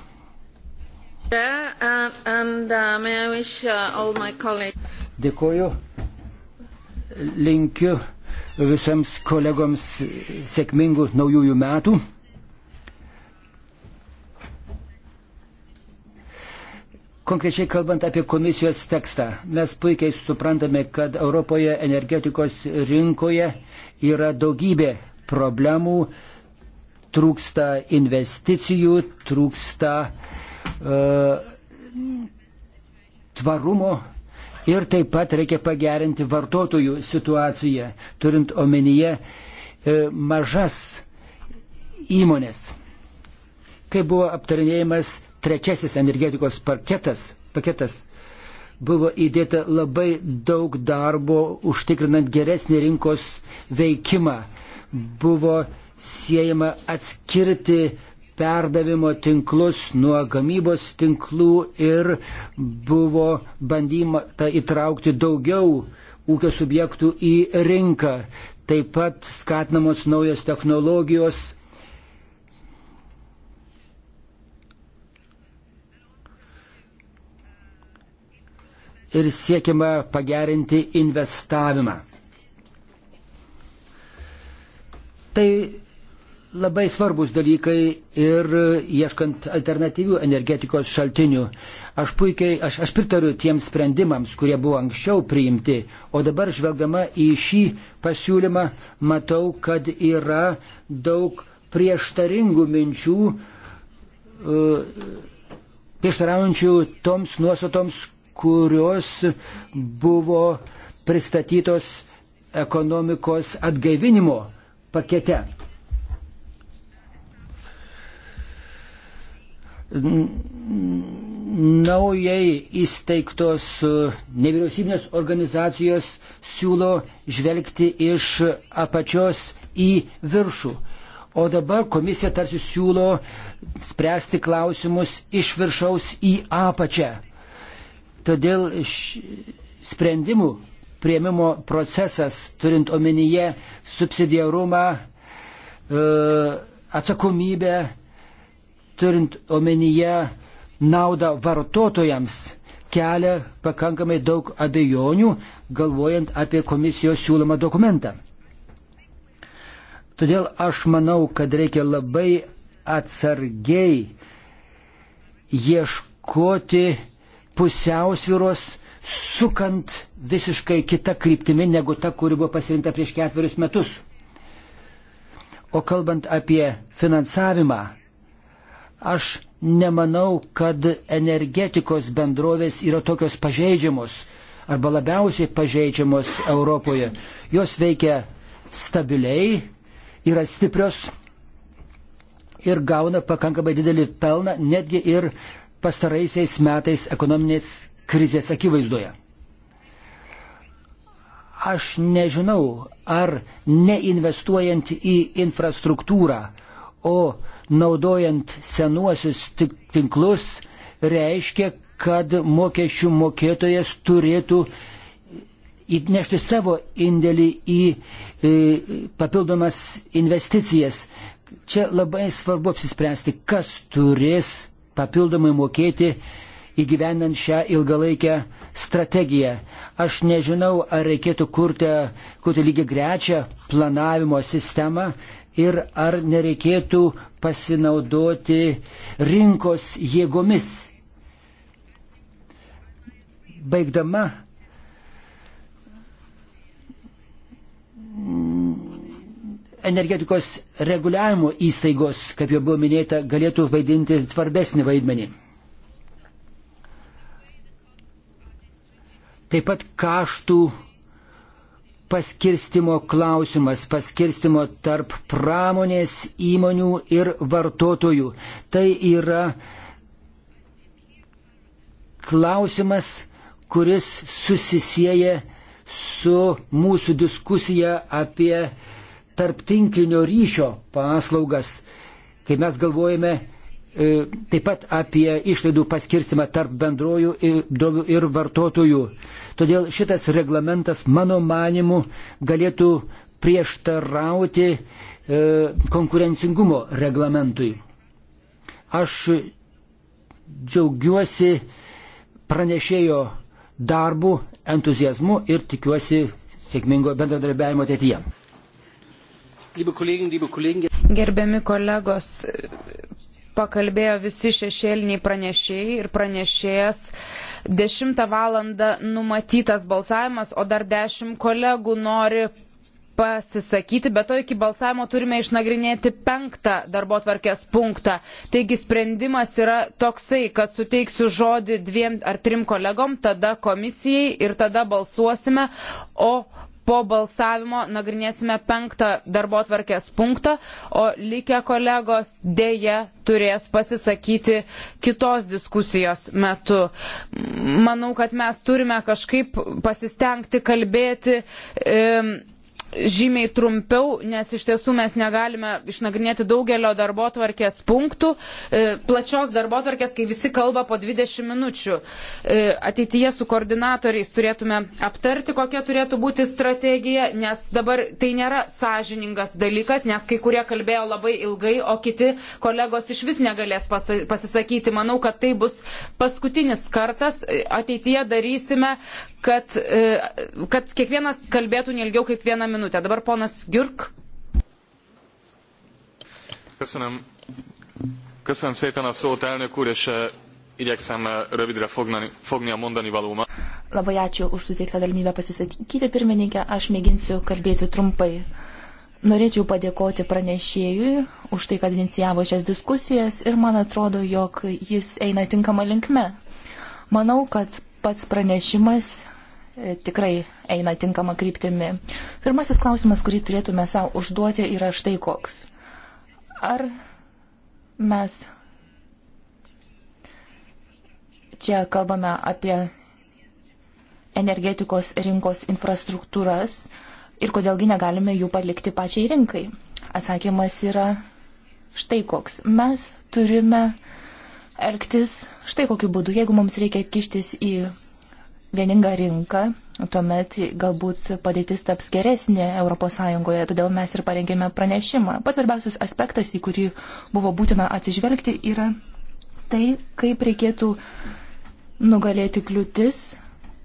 Dėkoju. Linkiu visiems kolegoms sėkmingų naujųjų metų. Konkrečiai kalbant apie komisijos tekstą, mes puikiai suprantame, kad Europoje energetikos rinkoje yra daugybė problemų, trūksta investicijų, trūksta uh, tvarumo ir taip pat reikia pagerinti vartotojų situaciją, turint omenyje uh, mažas įmonės. Kai buvo aptarinėjimas trečiasis energetikos paketas, paketas buvo įdėta labai daug darbo užtikrinant geresnį rinkos veikimą. Buvo siejama atskirti perdavimo tinklus nuo gamybos tinklų ir buvo bandyma įtraukti daugiau ūkio subjektų į rinką. Taip pat skatinamos naujos technologijos, ir siekiama pagerinti investavimą. Tai labai svarbus dalykai ir ieškant alternatyvių energetikos šaltinių. Aš puikiai, aš, aš pritariu tiems sprendimams, kurie buvo anksčiau priimti, o dabar žvelgdama į šį pasiūlymą matau, kad yra daug prieštaringų minčių, e, prieštaraujančių toms nuostatoms, kurios buvo pristatytos ekonomikos atgaivinimo pakete. Naujai įsteigtos nevyriausybinės organizacijos siūlo žvelgti iš apačios į viršų. O dabar komisija tarsi siūlo spręsti klausimus iš viršaus į apačią. Todėl sprendimų prieimimo procesas, turint omenyje subsidiarumą, e, atsakomybę, turint omenyje naudą vartotojams, kelia pakankamai daug abejonių, galvojant apie komisijos siūlomą dokumentą. Todėl aš manau, kad reikia labai atsargiai ieškoti pusiausviros sukant visiškai kitą kryptimį negu ta, kuri buvo pasirinkta prieš ketverius metus. O kalbant apie finansavimą, aš nemanau, kad energetikos bendrovės yra tokios pažeidžiamos arba labiausiai pažeidžiamos Europoje. Jos veikia stabiliai, yra stiprios ir gauna pakankamai didelį pelną, netgi ir pastaraisiais metais ekonominės krizės akivaizdoje. Aš nežinau, ar neinvestuojant į infrastruktūrą, o naudojant senuosius tinklus, reiškia, kad mokesčių mokėtojas turėtų įnešti savo indėlį į papildomas investicijas. Čia labai svarbu apsispręsti, kas turės papildomai mokėti įgyvendant šią ilgalaikę strategiją. Aš nežinau, ar reikėtų kurti, kurti lygiai grečią planavimo sistemą ir ar nereikėtų pasinaudoti rinkos jėgomis. Baigdama energetikos reguliavimo įstaigos, kaip jau buvo minėta, galėtų vaidinti svarbesnį vaidmenį. Taip pat kaštų paskirstimo klausimas, paskirstimo tarp pramonės įmonių ir vartotojų. Tai yra klausimas, kuris susisieja su mūsų diskusija apie uh, tarp tinklinio ryšio paslaugas, kai mes galvojame e, taip pat apie išlaidų paskirstimą tarp bendrojų dovių ir vartotojų. Todėl šitas reglamentas, mano manimu, galėtų prieštarauti e, konkurencingumo reglamentui. Aš džiaugiuosi pranešėjo darbu, entuzijazmu ir tikiuosi sėkmingo bendradarbiavimo ateityje. Gerbiami kolegos, pakalbėjo visi
šešėliniai pranešėjai ir pranešėjas. 10 val. numatytas balsavimas, o dar 10 kolegų nori pasisakyti, bet to iki balsavimo turime išnagrinėti penktą darbo tvarkės punktą. Taigi sprendimas yra toksai, kad suteiksiu žodį dviem ar trim kolegom, tada komisijai ir tada balsuosime, o po balsavimo nagrinėsime penktą darbo tvarkės punktą, o likę kolegos dėje turės pasisakyti kitos diskusijos metu. Manau, kad mes turime kažkaip pasistengti kalbėti. E, žymiai trumpiau, nes iš tiesų mes negalime išnagrinėti daugelio darbo tvarkės punktų, e, plačios darbo tvarkės, kai visi kalba po 20 minučių. E, ateityje su koordinatoriais turėtume aptarti, kokia turėtų būti strategija, nes dabar tai nėra sąžiningas dalykas, nes kai kurie kalbėjo labai ilgai, o kiti kolegos iš vis negalės pasisakyti. Manau, kad tai bus paskutinis kartas. E, ateityje darysime kad, e, kad kiekvienas kalbėtų nelgiau kaip vieną minutę. Dabar ponas Gürk. Köszönöm. Köszönöm szépen a szót, elnök úr, és e, igyekszem e, rövidre fognani, fogni a mondani valómat.
Labai ačiū už suteiktą galimybę pasisakyti, pirmininkė. Aš mėginsiu kalbėti trumpai. Norėčiau padėkoti pranešėjui už tai, kad inicijavo šias diskusijas ir man atrodo, jog jis eina tinkama linkme. Manau, kad pats pranešimas E, tikrai eina tinkama kryptimi. Pirmasis klausimas, kurį turėtume savo užduoti, yra štai koks. Ar mes čia kalbame apie energetikos rinkos infrastruktūras ir kodėlgi negalime jų palikti pačiai rinkai? Atsakymas yra štai koks. Mes turime elgtis štai kokiu būdu, jeigu mums reikia kištis į vieningą rinką, tuomet galbūt padėtis taps geresnė ES, todėl mes ir parengėme pranešimą. Pats svarbiausias aspektas, į kurį buvo būtina atsižvelgti, yra tai, kaip reikėtų nugalėti kliūtis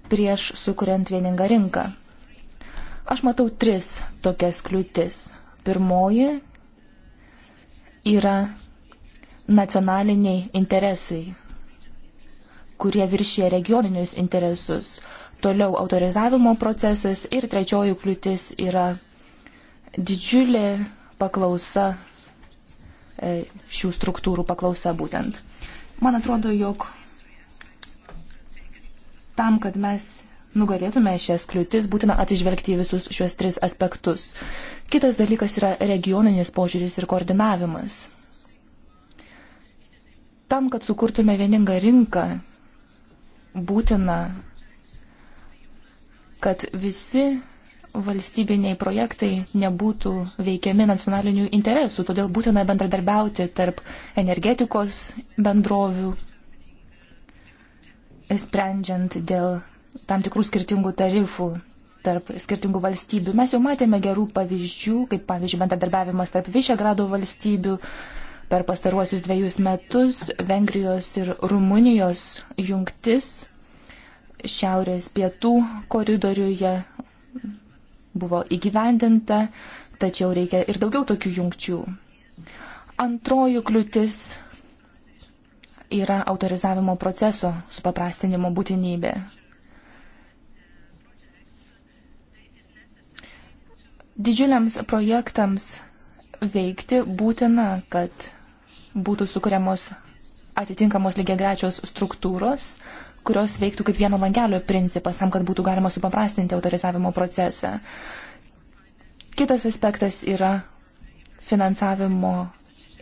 prieš sukuriant vieningą rinką. Aš matau tris tokias kliūtis. Pirmoji yra nacionaliniai interesai kurie viršė regioninius interesus. Toliau autorizavimo procesas ir trečioji kliūtis yra didžiulė paklausa, e, šių struktūrų paklausa būtent. Man atrodo, jog tam, kad mes nugalėtume šias kliūtis, būtina atsižvelgti į visus šios tris aspektus. Kitas dalykas yra regioninis požiūris ir koordinavimas. Tam, kad sukurtume vieningą rinką, būtina, kad visi valstybiniai projektai nebūtų veikiami nacionalinių interesų, todėl būtina bendradarbiauti tarp energetikos bendrovių, sprendžiant dėl tam tikrų skirtingų tarifų tarp skirtingų valstybių. Mes jau matėme gerų pavyzdžių, kaip pavyzdžiui bendradarbiavimas tarp Višegrado valstybių, Per pastaruosius dviejus metus Vengrijos ir Rumunijos jungtis šiaurės pietų koridoriuje buvo įgyvendinta, tačiau reikia ir daugiau tokių jungčių. Antroji kliūtis yra autorizavimo proceso supaprastinimo būtinybė. Didžiuliams projektams veikti būtina, kad būtų sukuriamos atitinkamos lygiagrečios struktūros, kurios veiktų kaip vieno langelio principas, tam, kad būtų galima supaprastinti autorizavimo procesą. Kitas aspektas yra finansavimo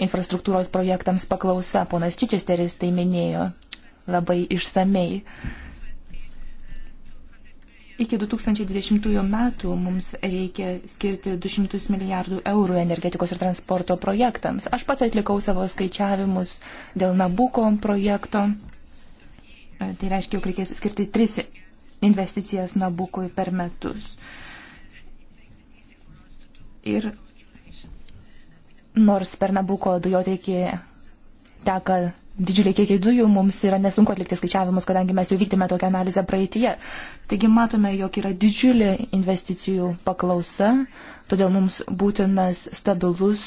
infrastruktūros projektams paklausa. Ponas Čičesteris tai minėjo labai išsamei. Iki 2020 metų mums reikia skirti 200 milijardų eurų energetikos ir transporto projektams. Aš pats atlikau savo skaičiavimus dėl Nabuko projekto. Tai reiškia, jog reikės skirti 3 investicijas Nabukui per metus. Ir nors per Nabuko dujotiekį teka didžiuliai kiekiai dujų, mums yra nesunku atlikti skaičiavimus, kadangi mes jau vykdėme tokią analizę praeitie. Taigi matome, jog yra didžiulė investicijų paklausa, todėl mums būtinas stabilus,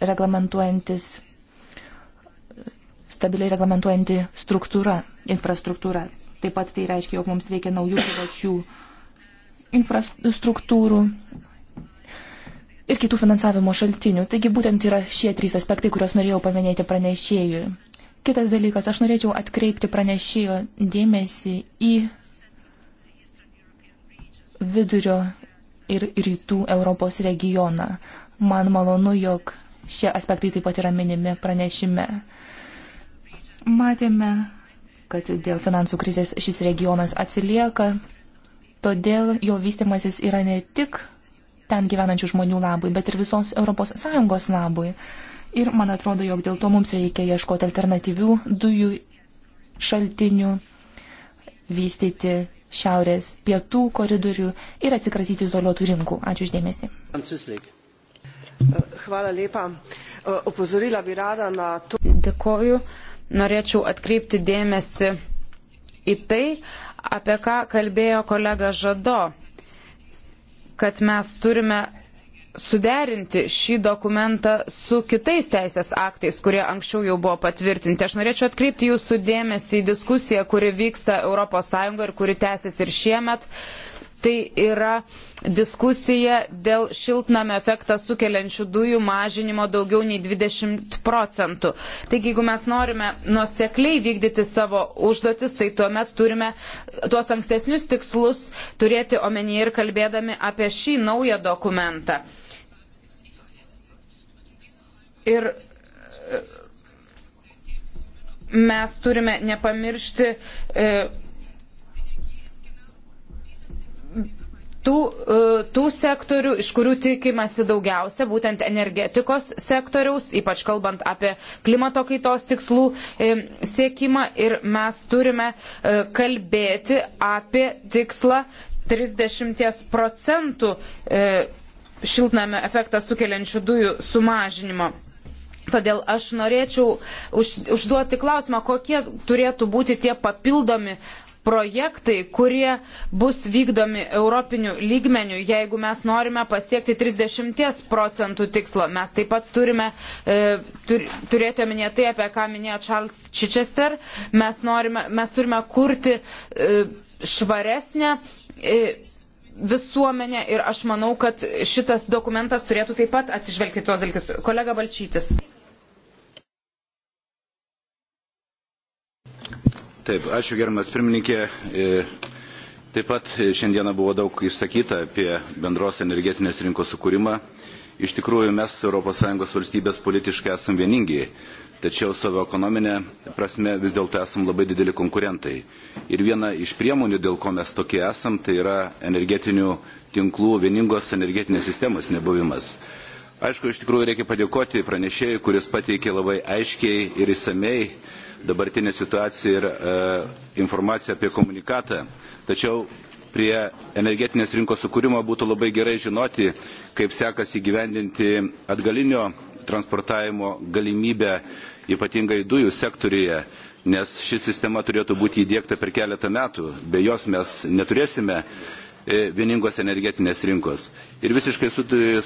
reglamentuojantis stabiliai reglamentuojanti struktūra, infrastruktūra. Taip pat tai reiškia, jog mums reikia naujų privačių infrastruktūrų ir kitų finansavimo šaltinių. Taigi būtent yra šie trys aspektai, kuriuos norėjau paminėti pranešėjui. Kitas dalykas, aš norėčiau atkreipti pranešėjo dėmesį į vidurio ir rytų Europos regioną. Man malonu, jog šie aspektai taip pat yra minimi pranešime. Matėme, kad dėl finansų krizės šis regionas atsilieka, todėl jo vystimasis yra ne tik ten gyvenančių žmonių labui, bet ir visos ES labui ir man atrodo, jog dėl to mums reikia ieškoti alternatyvių dujų šaltinių, vystyti šiaurės pietų koridorių ir atsikratyti izoliuotų rinkų. Ačiū uždėmesi.
Dėkoju. Norėčiau atkreipti dėmesį į tai, apie ką kalbėjo kolega Žado, kad mes turime suderinti šį dokumentą su kitais teisės aktais, kurie anksčiau jau buvo patvirtinti. Aš norėčiau atkreipti jūsų dėmesį į diskusiją, kuri vyksta ES ir kuri tęsis ir šiemet. Uh, Tai yra diskusija dėl šiltnamio efektą sukeliančių dujų mažinimo daugiau nei 20 procentų. Taigi, jeigu mes norime nuosekliai vykdyti savo užduotis, tai tuomet turime tuos ankstesnius tikslus turėti omenyje ir kalbėdami apie šį naują dokumentą. Ir
e,
mes turime nepamiršti. E, tų, e, tų sektorių, iš kurių tikimasi daugiausia, būtent energetikos sektoriaus, ypač kalbant apie klimato kaitos tikslų e, siekimą. Ir mes turime e, kalbėti apie tikslą 30 procentų šiltnamio efektą sukeliančių dujų sumažinimo. Todėl aš norėčiau už, užduoti klausimą, kokie turėtų būti tie papildomi projektai, kurie bus vykdomi europiniu lygmeniu, jeigu mes norime pasiekti 30 procentų tikslo. Mes taip pat turime e, tur, turėti omenyje tai, apie ką minėjo Charles Chichester. Mes, norime, mes turime kurti e, švaresnę. E, visuomenė ir aš manau, kad šitas dokumentas turėtų taip pat atsižvelgti tuos dalykus. Kolega Balčytis.
Taip, ačiū gerbiamas pirmininkė. E, taip pat e, šiandieną buvo daug išsakyta apie bendros energetinės rinkos sukūrimą. Iš tikrųjų, mes ES valstybės politiškai esam vieningi, tačiau savo ekonominę prasme vis dėlto esam labai dideli konkurentai. Ir viena iš priemonių, dėl ko mes tokie esam, tai yra energetinių tinklų vieningos energetinės sistemos nebuvimas. Aišku, iš tikrųjų reikia padėkoti pranešėjui, kuris pateikė labai aiškiai ir įsamei dabartinę situaciją ir e, informaciją apie komunikatą. Tačiau prie energetinės rinkos sukūrimo būtų labai gerai žinoti, kaip sekasi gyvendinti atgalinio transportavimo galimybę, ypatingai dujų sektoriuje, nes ši sistema turėtų būti įdėkta per keletą metų, be jos mes neturėsime e, vieningos energetinės rinkos. Ir visiškai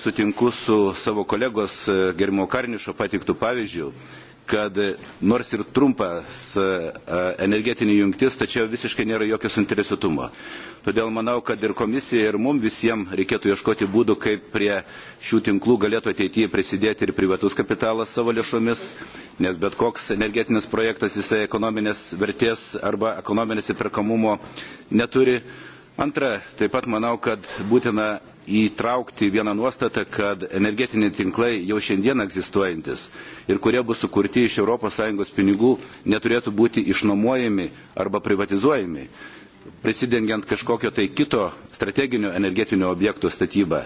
sutinku su savo kolegos e, Gerimo Karnišo patiktų pavyzdžių, kad nors ir trumpas e, e, energetinė jungtis, tačiau visiškai nėra jokio suinteresuotumo. Todėl manau, kad ir komisija, ir mums visiems reikėtų ieškoti būdų, kaip prie šių tinklų galėtų ateityje prisidėti ir privatus kapitalas savo lėšomis, nes bet koks energetinis projektas jisai ekonominės vertės arba ekonominės įperkamumo neturi. Antra, taip pat manau, kad būtina įtraukti vieną nuostatą, kad energetiniai tinklai jau šiandien egzistuojantis ir kurie bus sukurti iš ES pinigų neturėtų būti išnuomojami arba privatizuojami, prisidengiant kažkokio tai kito strateginio energetinio objekto statybą.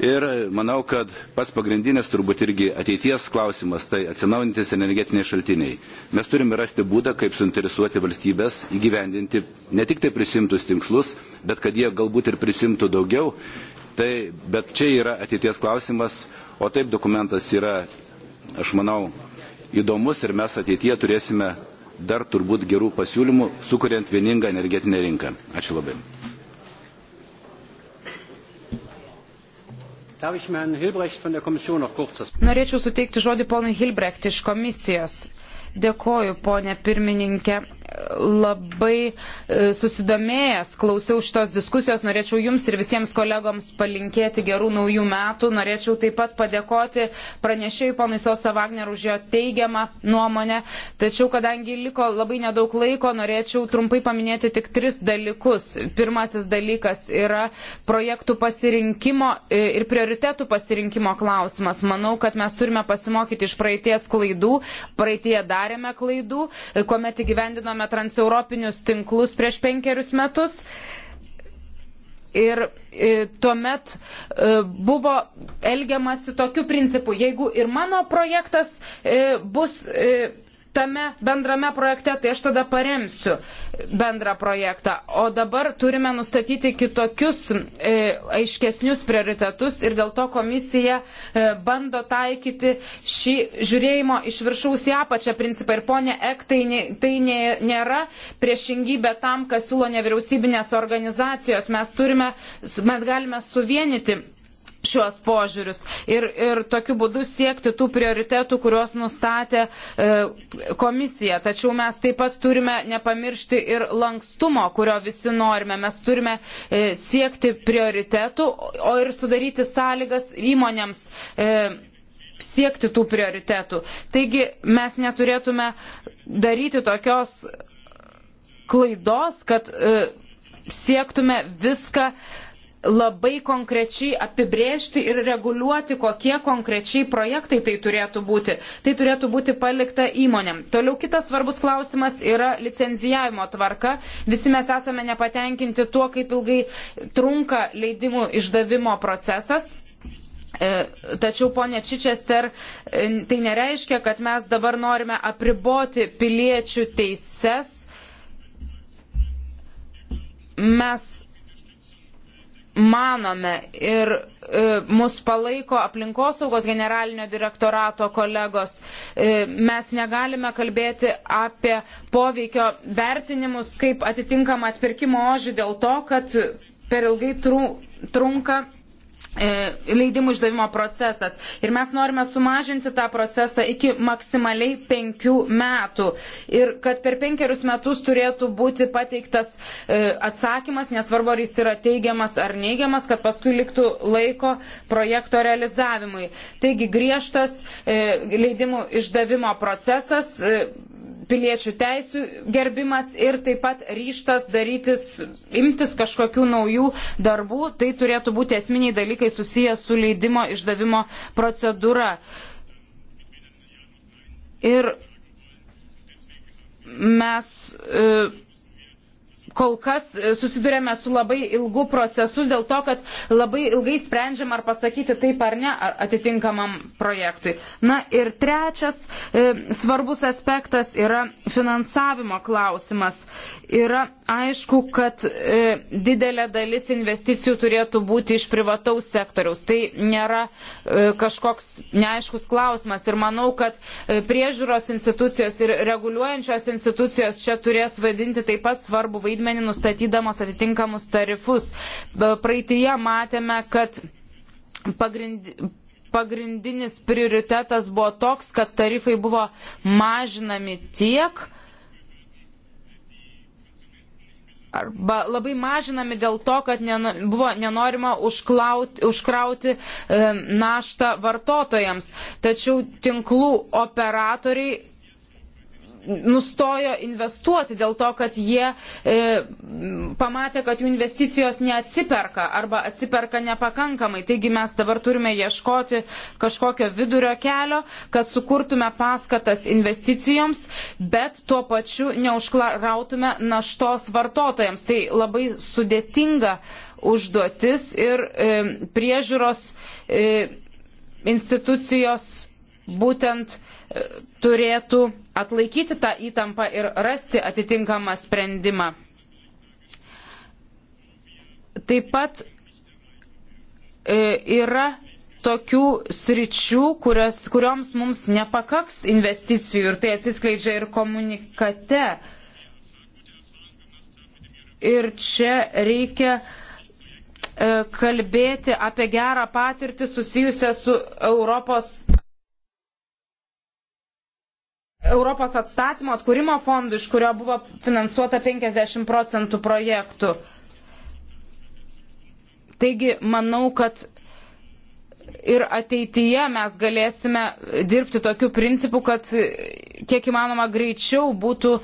Ir manau, kad pats pagrindinis turbūt irgi ateities klausimas tai atsinaujantis energetiniai šaltiniai. Mes turime rasti būdą, kaip suinteresuoti valstybės įgyvendinti ne tik tai prisimtus tinkslus, bet kad jie galbūt ir prisimtų daugiau Tai, bet čia yra ateities klausimas, o taip dokumentas yra, aš manau, įdomus ir mes ateityje turėsime dar turbūt gerų pasiūlymų, sukuriant vieningą energetinę rinką. Ačiū labai.
Norėčiau suteikti žodį ponui Hilbrecht iš komisijos. Dėkoju, ponė pirmininkė. Labai e, susidomėjęs klausiau šitos diskusijos, norėčiau jums ir visiems kolegoms palinkėti gerų naujų metų, norėčiau taip pat padėkoti pranešėjui ponui Sosa Wagner už jo teigiamą nuomonę, tačiau kadangi liko labai nedaug laiko, norėčiau trumpai paminėti tik tris dalykus. Pirmasis dalykas yra projektų pasirinkimo e, ir prioritetų pasirinkimo klausimas. Manau, kad mes turime pasimokyti iš praeities klaidų, praeitie dar padarėme klaidų, e, kuomet įgyvendinome transeuropinius tinklus prieš penkerius metus. Ir e, tuomet e, buvo elgiamasi tokiu principu, jeigu ir mano projektas e, bus. E, tame bendrame projekte, tai aš tada paremsiu bendrą projektą. O dabar turime nustatyti kitokius e, aiškesnius prioritetus ir dėl to komisija e, bando taikyti šį žiūrėjimo iš viršaus į apačią principą. Ir ponė Ek, tai, tai nėra priešingybė tam, kas siūlo nevyriausybinės organizacijos. Mes, turime, mes galime suvienyti šiuos požiūrius ir, ir tokiu būdu siekti tų prioritetų, kuriuos nustatė e, komisija. Tačiau mes taip pat turime nepamiršti ir lankstumo, kurio visi norime. Mes turime e, siekti prioritetų, o ir sudaryti sąlygas įmonėms. E, siekti tų prioritetų. Taigi mes neturėtume daryti tokios klaidos, kad e, siektume viską labai konkrečiai apibrėžti ir reguliuoti, kokie konkrečiai projektai tai turėtų būti. Tai turėtų būti palikta įmonėm. Toliau kitas svarbus klausimas yra licenzijavimo tvarka. Visi mes esame nepatenkinti tuo, kaip ilgai trunka leidimų išdavimo procesas. E, tačiau, ponė Čičester, e, tai nereiškia, kad mes dabar norime apriboti piliečių teises. Mes manome ir e, mus palaiko aplinkosaugos generalinio direktorato kolegos. E, mes negalime kalbėti apie poveikio vertinimus kaip atitinkamą atpirkimo ožį dėl to, kad per ilgai trunka E, leidimų išdavimo procesas. Ir mes norime sumažinti tą procesą iki maksimaliai penkių metų. Ir kad per penkerius metus turėtų būti pateiktas e, atsakymas, nesvarbu ar jis yra teigiamas ar neigiamas, kad paskui liktų laiko projekto realizavimui. Taigi griežtas e, leidimų išdavimo procesas piliečių teisų gerbimas ir taip pat ryštas darytis, imtis kažkokių naujų darbų, tai turėtų būti esminiai dalykai susiję su leidimo išdavimo procedūra. Ir mes. E, kol kas e, susidurėme su labai ilgu procesus dėl to, kad labai ilgai sprendžiam ar pasakyti taip ar ne atitinkamam projektui. Na ir trečias e, svarbus aspektas yra finansavimo klausimas. Yra aišku, kad e, didelė dalis investicijų turėtų būti iš privataus sektoriaus. Tai nėra e, kažkoks neaiškus klausimas ir manau, kad e, priežiūros institucijos ir reguliuojančios institucijos čia turės vaidinti taip pat svarbu vaidmenį vaidmenį nustatydamos atitinkamus tarifus. Praeitįje matėme, kad pagrind, pagrindinis prioritetas buvo toks, kad tarifai buvo mažinami tiek, arba labai mažinami dėl to, kad nen, buvo nenorima užklauti, užkrauti e, naštą vartotojams. Tačiau tinklų operatoriai nustojo investuoti dėl to, kad jie e, pamatė, kad jų investicijos neatsiperka arba atsiperka nepakankamai. Taigi mes dabar turime ieškoti kažkokio vidurio kelio, kad sukurtume paskatas investicijoms, bet tuo pačiu neužkrautume naštos vartotojams. Tai labai sudėtinga užduotis ir e, priežiūros e, institucijos būtent turėtų atlaikyti tą įtampą ir rasti atitinkamą sprendimą. Taip pat e, yra tokių sričių, kurios, kurioms mums nepakaks investicijų ir tai atsiskleidžia ir komunikate. Ir čia reikia e, kalbėti apie gerą patirtį susijusią su Europos Europos atstatymo atkūrimo fondų, iš kurio buvo finansuota 50 procentų projektų. Taigi, manau, kad ir ateityje mes galėsime dirbti tokiu principu, kad kiek įmanoma greičiau būtų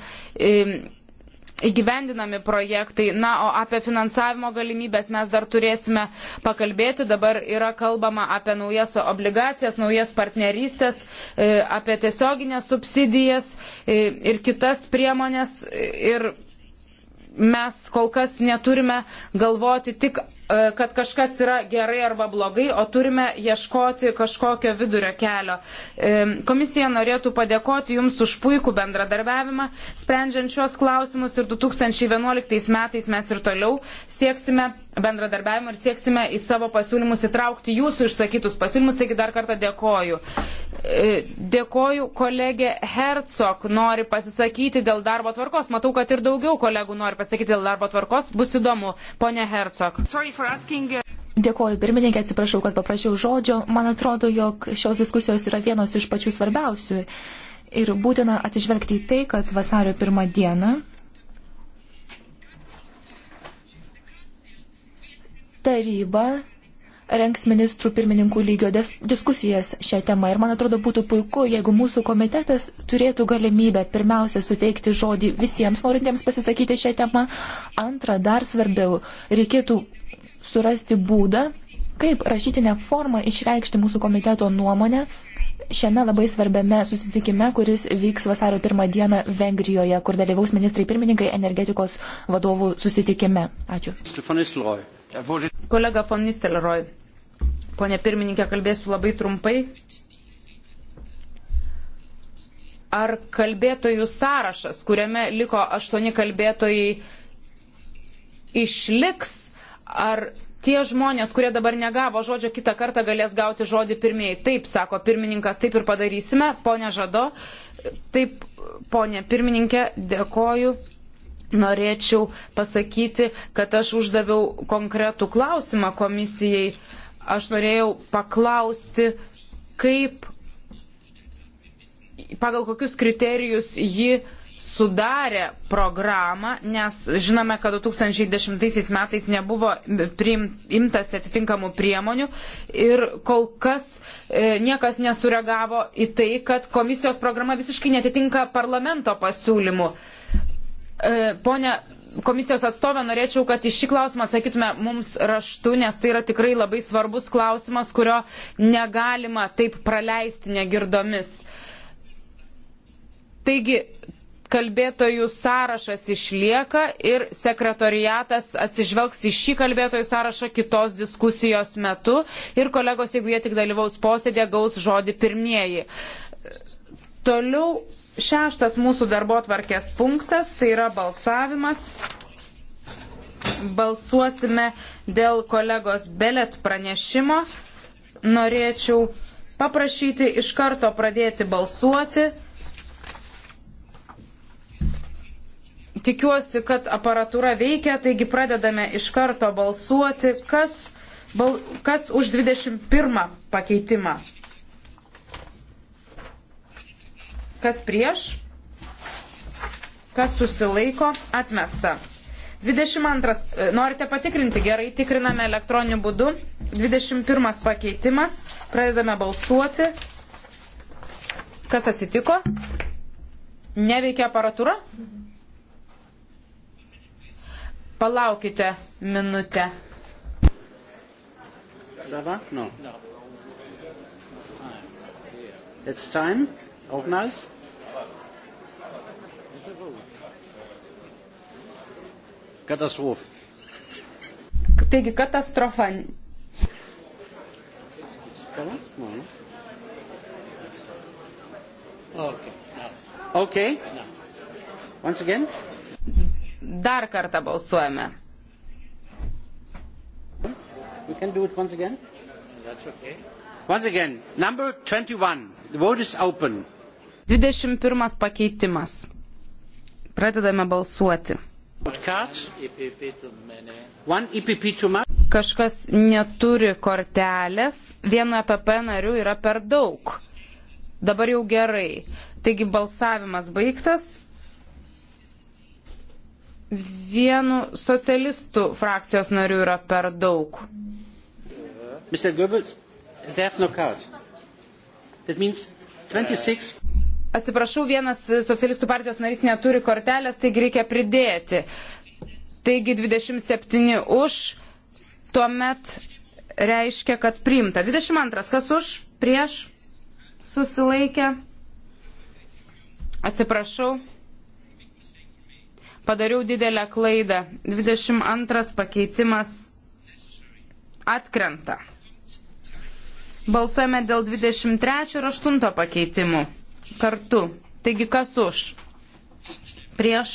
įgyvendinami projektai. Na, o apie finansavimo galimybės mes dar turėsime pakalbėti. Dabar yra kalbama apie naujas obligacijas, naujas partnerystės, e, apie tiesioginės subsidijas e, ir kitas priemonės. Ir mes kol kas neturime galvoti tik E, kad kažkas yra gerai arba blogai, o turime ieškoti kažkokio vidurio kelio. E, komisija norėtų padėkoti Jums už puikų bendradarbiavimą, sprendžiant šios klausimus ir 2011 metais mes ir toliau sieksime bendradarbiavimo ir sieksime į savo pasiūlymus įtraukti Jūsų išsakytus pasiūlymus, taigi dar kartą dėkoju. E, dėkoju kolegė Hercog, nori pasisakyti dėl darbo tvarkos. Matau, kad ir daugiau kolegų nori pasakyti dėl darbo tvarkos. Bus įdomu, ponė Hercog. Sorry Uh,
Dėkoju, pirmininkė, atsiprašau, kad paprašiau žodžio. Man atrodo, jog šios diskusijos yra vienos iš pačių svarbiausių. Ir būtina atsižvelgti į tai, kad vasario pirmą dieną taryba renks ministrų pirmininkų lygio diskusijas šią temą. Ir man atrodo būtų puiku, jeigu mūsų komitetas turėtų galimybę pirmiausia suteikti žodį visiems norintiems pasisakyti šią temą. Antra, dar svarbiau, reikėtų surasti būdą, kaip rašytinę formą išreikšti mūsų komiteto nuomonę šiame labai svarbiame susitikime, kuris vyks vasario pirmą dieną Vengrijoje, kur dalyvaus ministrai pirmininkai energetikos vadovų susitikime.
Ačiū.
Kolega von Nistelroj, ponė pirmininkė, kalbėsiu labai trumpai. Ar kalbėtojų sąrašas, kuriame liko aštuoni kalbėtojai, išliks Ar tie žmonės, kurie dabar negavo žodžio, kitą kartą galės gauti žodį pirmieji? Taip, sako pirmininkas, taip ir padarysime, ponė Žado. Taip, ponė pirmininkė, dėkoju. Norėčiau pasakyti, kad aš uždaviau konkretų klausimą komisijai. Aš norėjau paklausti, kaip, pagal kokius kriterijus ji uh, sudarė programą, nes žinome, kad 2010 metais nebuvo imtas atitinkamų priemonių ir kol kas e, niekas nesureagavo į tai, kad komisijos programa visiškai netitinka parlamento pasiūlymų. E, Pone komisijos atstovę norėčiau, kad iš šį klausimą atsakytume mums raštu, nes tai yra tikrai labai svarbus klausimas, kurio negalima taip praleisti negirdomis. Taigi, kalbėtojų sąrašas išlieka ir sekretoriatas atsižvelgs į šį kalbėtojų sąrašą kitos diskusijos metu ir kolegos, jeigu jie tik dalyvaus posėdė, gaus žodį pirmieji. Toliau šeštas mūsų darbo tvarkės punktas, tai yra balsavimas. Balsuosime dėl kolegos Belet pranešimo. Norėčiau paprašyti iš karto pradėti balsuoti. Tikiuosi, kad aparatūra veikia, taigi pradedame iš karto balsuoti, kas, bal, kas už 21 pakeitimą. Kas prieš? Kas susilaiko? Atmesta. 22. E, norite patikrinti? Gerai, tikriname elektroniniu būdu. 21 pakeitimas. Pradedame balsuoti. Kas atsitiko? Neveikia aparatūra? Mhm. Palaukite minutę.
Sava? No.
It's time. Organize. Katastrof.
Taigi katastrofa. Sava? No. Okay. No. Okay. No. Once again? Dar kartą balsuojame. We can do it once again.
That's okay.
Once again, number 21. The vote is open.
21 pakeitimas. Pradedame balsuoti.
E e
Kažkas neturi kortelės, vieno EPP narių yra per daug. Dabar jau gerai. Taigi balsavimas baigtas vienu socialistų frakcijos nariu yra per daug. Mr. Goebbels, they have no card. That means 26. Atsiprašau, vienas socialistų partijos narys neturi kortelės, taigi reikia pridėti. Taigi 27 už, tuomet reiškia, kad priimta. 22. Kas už, prieš, susilaikė. Atsiprašau padariau didelę klaidą. 22 pakeitimas atkrenta. Balsuojame dėl 23 ir 8 pakeitimų kartu. Taigi kas už? Prieš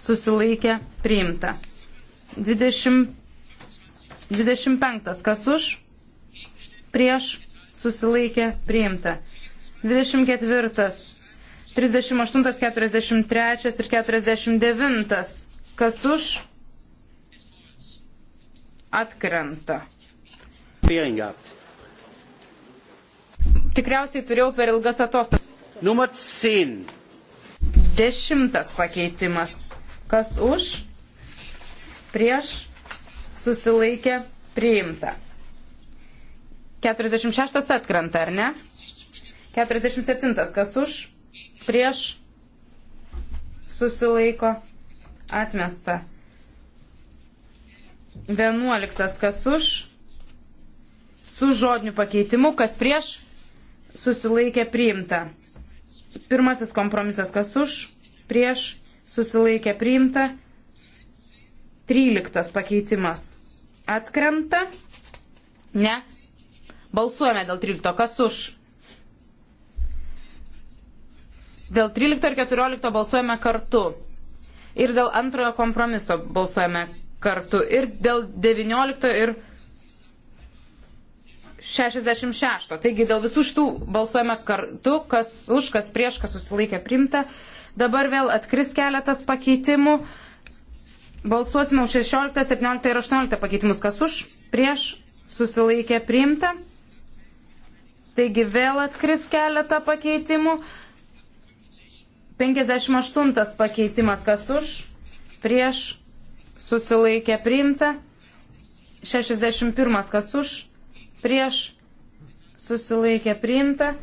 susilaikė priimta. 20, 25 kas už? Prieš susilaikė priimta. 24 38, 43 ir 49. Kas už? Atkrenta. Tikriausiai turėjau per ilgas atostogas. Numat 10. Dešimtas pakeitimas. Kas už? Prieš? Susilaikė? Priimta. 46 atkrenta, ar ne? 47. Kas už? prieš susilaiko atmesta. 11 kas už su žodiniu pakeitimu, kas prieš susilaikė priimta. Pirmasis kompromisas kas už prieš susilaikė priimta. 13 pakeitimas atkrenta. Ne. Balsuojame dėl 13. Kas už? Dėl 13 ir 14 balsuojame kartu. Ir dėl antrojo kompromiso balsuojame kartu. Ir dėl 19 ir 66. Taigi dėl visų šitų balsuojame kartu, kas už, kas prieš, kas susilaikė primta. Dabar vėl atkris keletas pakeitimų. Balsuosime už 16, 17 ir 18 pakeitimus, kas už, prieš, susilaikė primta. Taigi vėl atkris keletą pakeitimų. 58 pakeitimas kas už, prieš, susilaikė priimta. 61 kas už, prieš, susilaikė priimta.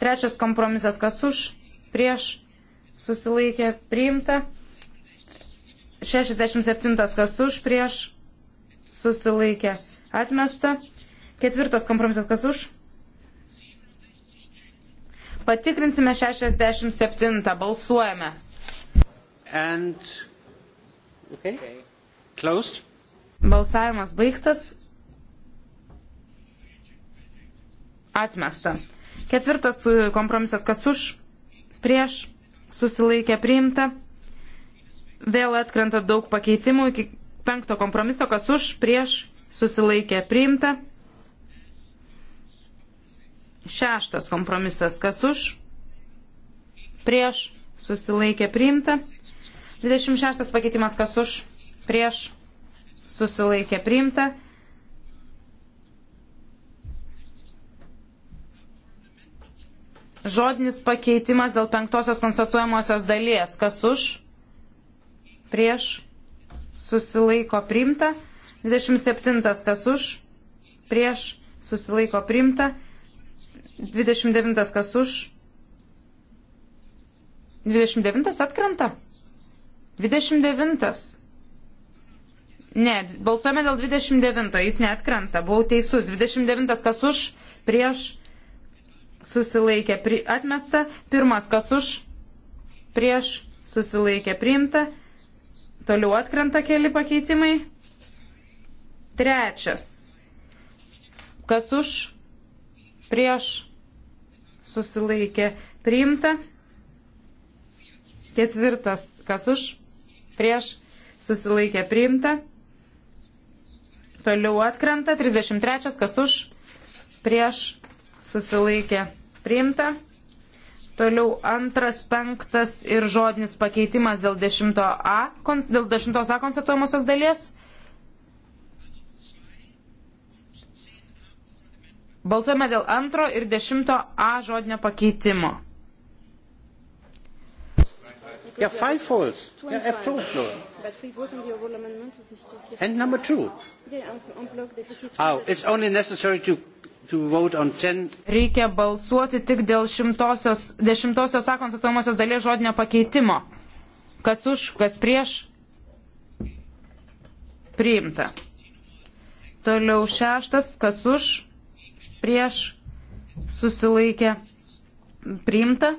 Trečias kompromisas kas už, prieš, susilaikė priimta. 67 kas už, prieš, susilaikė atmesta. Ketvirtas kompromisas kas už, Patikrinsime 67. Balsuojame.
And... Okay. Closed.
Balsavimas baigtas. Atmesta. Ketvirtas e, kompromisas, kas už, prieš, susilaikė priimta. Vėl atkrenta daug pakeitimų iki penkto kompromiso, kas už, prieš, susilaikė priimta. Šeštas kompromisas. Kas už? Prieš susilaikė priimta. 26 pakeitimas. Kas už? Prieš susilaikė priimta. žodinis pakeitimas dėl penktosios konstatuojamosios dalies. Kas už? Prieš? Susilaiko primta. 27. Kas už? Prieš? Susilaiko primta. 29 kas už. 29 atkrenta. 29. Ne, balsuojame dėl 29, jis neatkrenta, buvau teisus. 29 kas už, prieš, susilaikė, pri, atmesta. Pirmas kas už, prieš, susilaikė, priimta. Toliau atkrenta keli pakeitimai. Trečias. Kas už, prieš susilaikė priimta. Ketvirtas, kas už, prieš susilaikė priimta. Toliau atkrenta. 33, kas už, prieš susilaikė priimta. Toliau antras, penktas ir žodinis pakeitimas dėl 10a, dėl 10a konstatuojamosios dalies. Balsuojame dėl antro ir dešimto A žodinio pakeitimo.
Yeah, five falls. Yeah, approved. No.
But we vote on the oral amendment of Mr.
And number two.
Yeah, on block deficit.
Oh, it's only necessary to, to vote on ten. Reikia
balsuoti tik dėl šimtosios, dešimtosios A konstatuojamosios dalies žodinio pakeitimo. Kas už, kas prieš? Priimta. Toliau šeštas, kas už? prieš susilaikė priimta.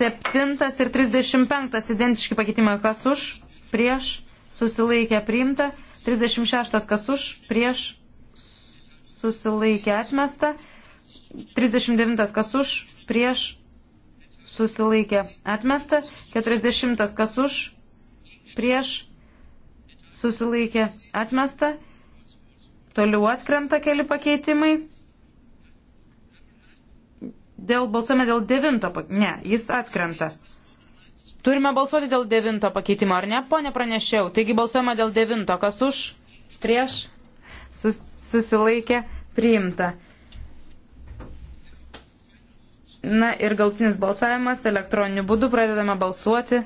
7 ir 35 identiški pakeitimai, kas už, prieš susilaikė priimta. 36 kas už, prieš susilaikė atmesta. 39 kas už, prieš susilaikė atmesta. 40 kas už, prieš susilaikė atmesta. Toliau atkrenta keli pakeitimai. Dėl balsuojame dėl devinto, ne, jis atkrenta. Turime balsuoti dėl devinto pakeitimo, ar ne, ponė pranešiau. Taigi balsuojame dėl devinto, kas už, prieš, sus, susilaikė, priimta. Na ir galtinis balsavimas elektroniniu būdu pradedame balsuoti.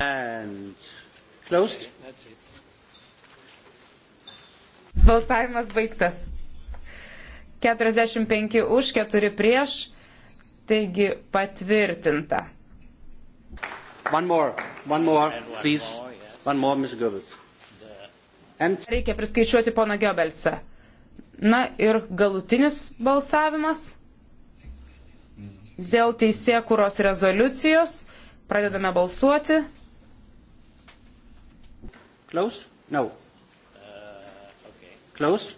And closed. Balsavimas baigtas. 45 už, 4 prieš, taigi patvirtinta.
One more, one more, please.
One more, Ms. Goebbels. And... Reikia priskaičiuoti pono Goebbelsą. Na ir galutinis balsavimas dėl teisėkuros rezoliucijos. Pradedame balsuoti.
Close? No. Close?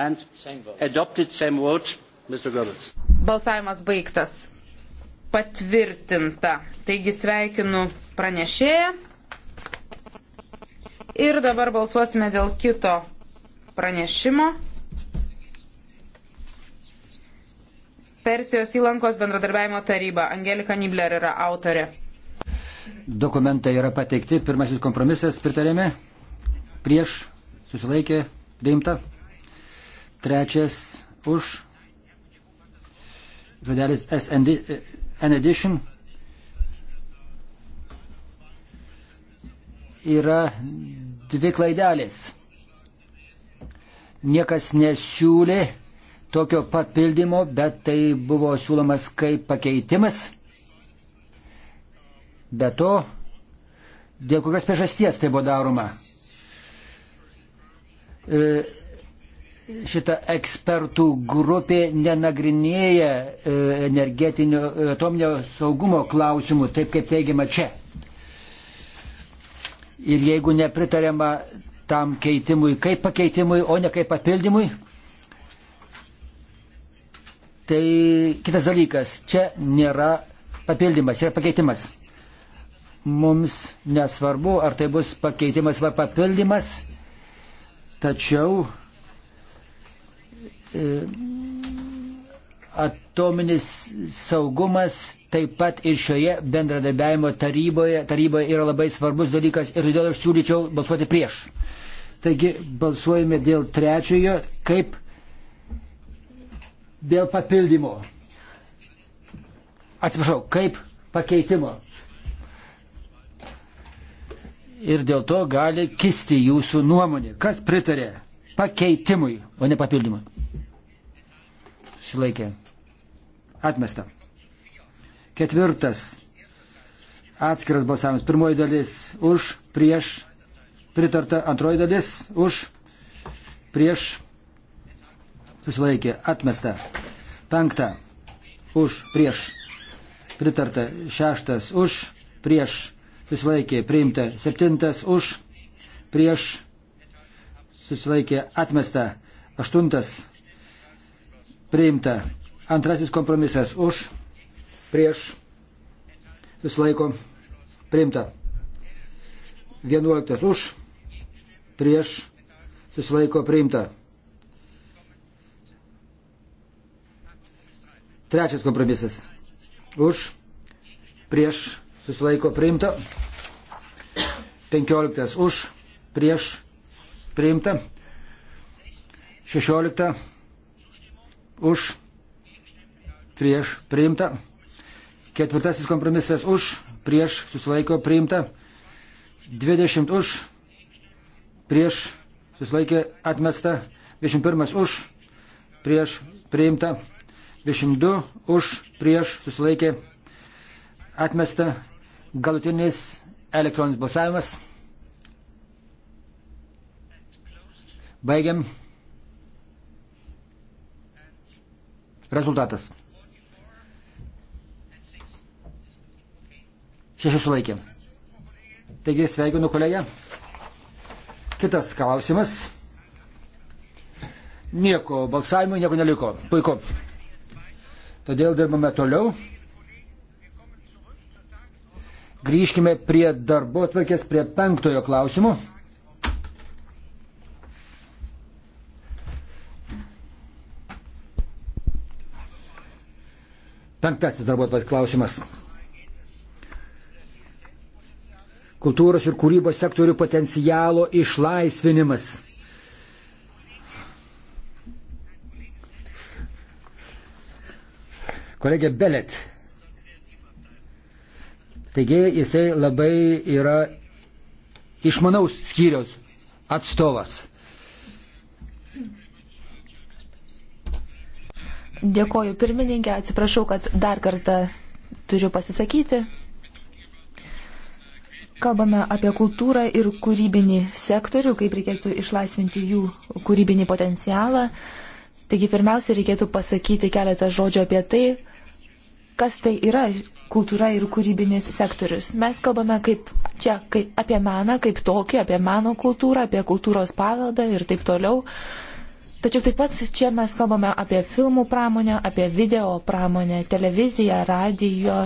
And adopted same vote, Mr. Goebbels.
Balsavimas baigtas. Patvirtinta. Taigi sveikinu pranešėją. Ir dabar balsuosime dėl kito pranešimo. Persijos įlankos bendradarbiavimo taryba. Angelika Nibler yra autorė.
Dokumentai yra pateikti. Pirmasis kompromisas pritarėme. Prieš susilaikė, priimta. Trečias už, žodelis SND, an addition, yra dvi klaidelės. Niekas nesiūlė tokio papildymo, bet tai buvo siūlomas kaip pakeitimas. Be to, dėl kokios priežasties tai buvo daroma. E, šita ekspertų grupė nenagrinėja e, energetinio e, atominio saugumo klausimų, taip kaip teigiama čia. Ir jeigu nepritariama tam keitimui kaip pakeitimui, o ne kaip papildymui, tai kitas dalykas, čia nėra papildymas, yra pakeitimas. Mums nesvarbu, ar tai bus pakeitimas ar papildymas, Tačiau e, atominis saugumas taip pat ir šioje bendradarbiavimo taryboje, taryboje yra labai svarbus dalykas ir todėl aš siūlyčiau balsuoti prieš. Taigi balsuojame dėl trečiojo kaip dėl papildymo. Atsiprašau, kaip pakeitimo ir dėl to gali kisti jūsų nuomonė. Kas pritarė pakeitimui, o ne papildymui? Šilaikė. Atmesta. Ketvirtas. Atskiras balsavimas. Pirmoji dalis už, prieš, pritarta. Antroji dalis už, prieš, susilaikė. Atmesta. Penkta. Už, prieš, pritarta. Šeštas. Už, prieš, susilaikė priimta, septintas už, prieš susilaikė atmesta, aštuntas priimta, antrasis kompromisas už, prieš susilaiko priimta, vienuoliktas už, prieš susilaiko priimta. Trečias kompromisas. Už, prieš, susilaiko priimta. 15 už, prieš priimta. 16 už, prieš priimta. Ketvirtasis kompromisas už, prieš susilaiko priimta. 20 už, prieš susilaikė atmesta. 21 už, prieš priimta. 22 už, prieš susilaikė atmesta. Galutinis elektroninis balsavimas. Baigiam. Rezultatas. Šeši sulaikė. Taigi sveikinu kolegę. Kitas klausimas. Nieko balsavimo, nieko neliko. Puiku. Todėl dirbame toliau. Grįžkime prie darbo atvarkės, prie penktojo klausimo. Penktasis darbo atvarkės klausimas. Kultūros ir kūrybos sektorių potencialo išlaisvinimas. Kolegė Belet Taigi jisai labai yra išmanaus skyriaus atstovas.
Dėkoju pirmininkė, atsiprašau, kad dar kartą turiu pasisakyti. Kalbame apie kultūrą ir kūrybinį sektorių, kaip reikėtų išlaisvinti jų kūrybinį potencialą. Taigi pirmiausia, reikėtų pasakyti keletą žodžių apie tai, kas tai yra kultūra ir kūrybinis sektorius. Mes kalbame kaip, čia kaip, apie meną kaip tokį, apie meno kultūrą, apie kultūros paveldą ir taip toliau. Tačiau taip pat čia mes kalbame apie filmų pramonę, apie video pramonę, televiziją, radijo,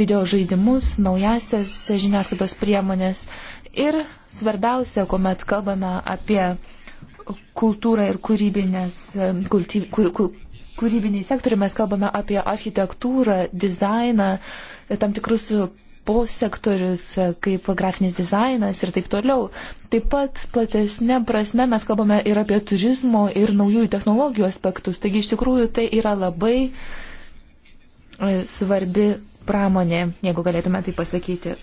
video žaidimus, naujasias žiniasklaidos priemonės. Ir svarbiausia, kuomet kalbame apie kultūrą ir kūrybinės, kulti, kur, kur, kūrybinį sektorių, mes kalbame apie architektūrą, dizainą, tam tikrus posektorius, kaip grafinis dizainas ir taip toliau. Taip pat platesnė prasme mes kalbame ir apie turizmo ir naujųjų technologijų aspektus. Taigi iš tikrųjų tai yra labai e, svarbi pramonė, jeigu galėtume tai pasakyti.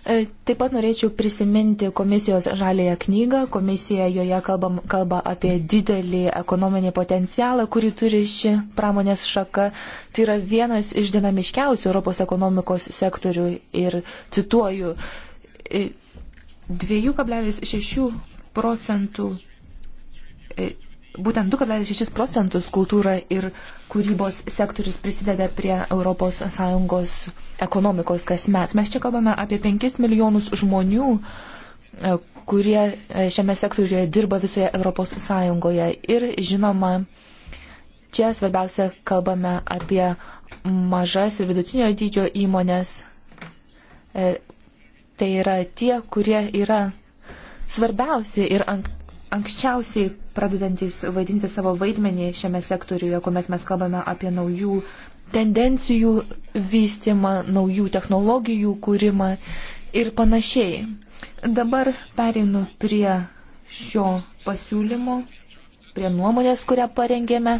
E, taip pat norėčiau prisiminti komisijos žalėją knygą. Komisija joje kalbam, kalba apie didelį ekonominį potencialą, kurį turi ši pramonės šaka. Tai yra vienas iš dinamiškiausių Europos ekonomikos sektorių ir cituoju 2,6 e, procentų, e, būtent 2,6 procentus kultūra ir kūrybos sektorius prisideda prie ES ekonomikos kasmet. Mes čia kalbame apie 5 milijonus žmonių, e, kurie e, šiame sektoriuje dirba visoje Europos Sąjungoje. Ir žinoma, čia svarbiausia kalbame apie mažas ir vidutinio dydžio įmonės. E, tai yra tie, kurie yra svarbiausi ir ank anksčiausiai pradedantis vaidinti savo vaidmenį šiame sektoriuje, kuomet mes kalbame apie naujų tendencijų vystimą, naujų technologijų kūrimą ir panašiai. Dabar pereinu prie šio pasiūlymo, prie nuomonės, kurią parengėme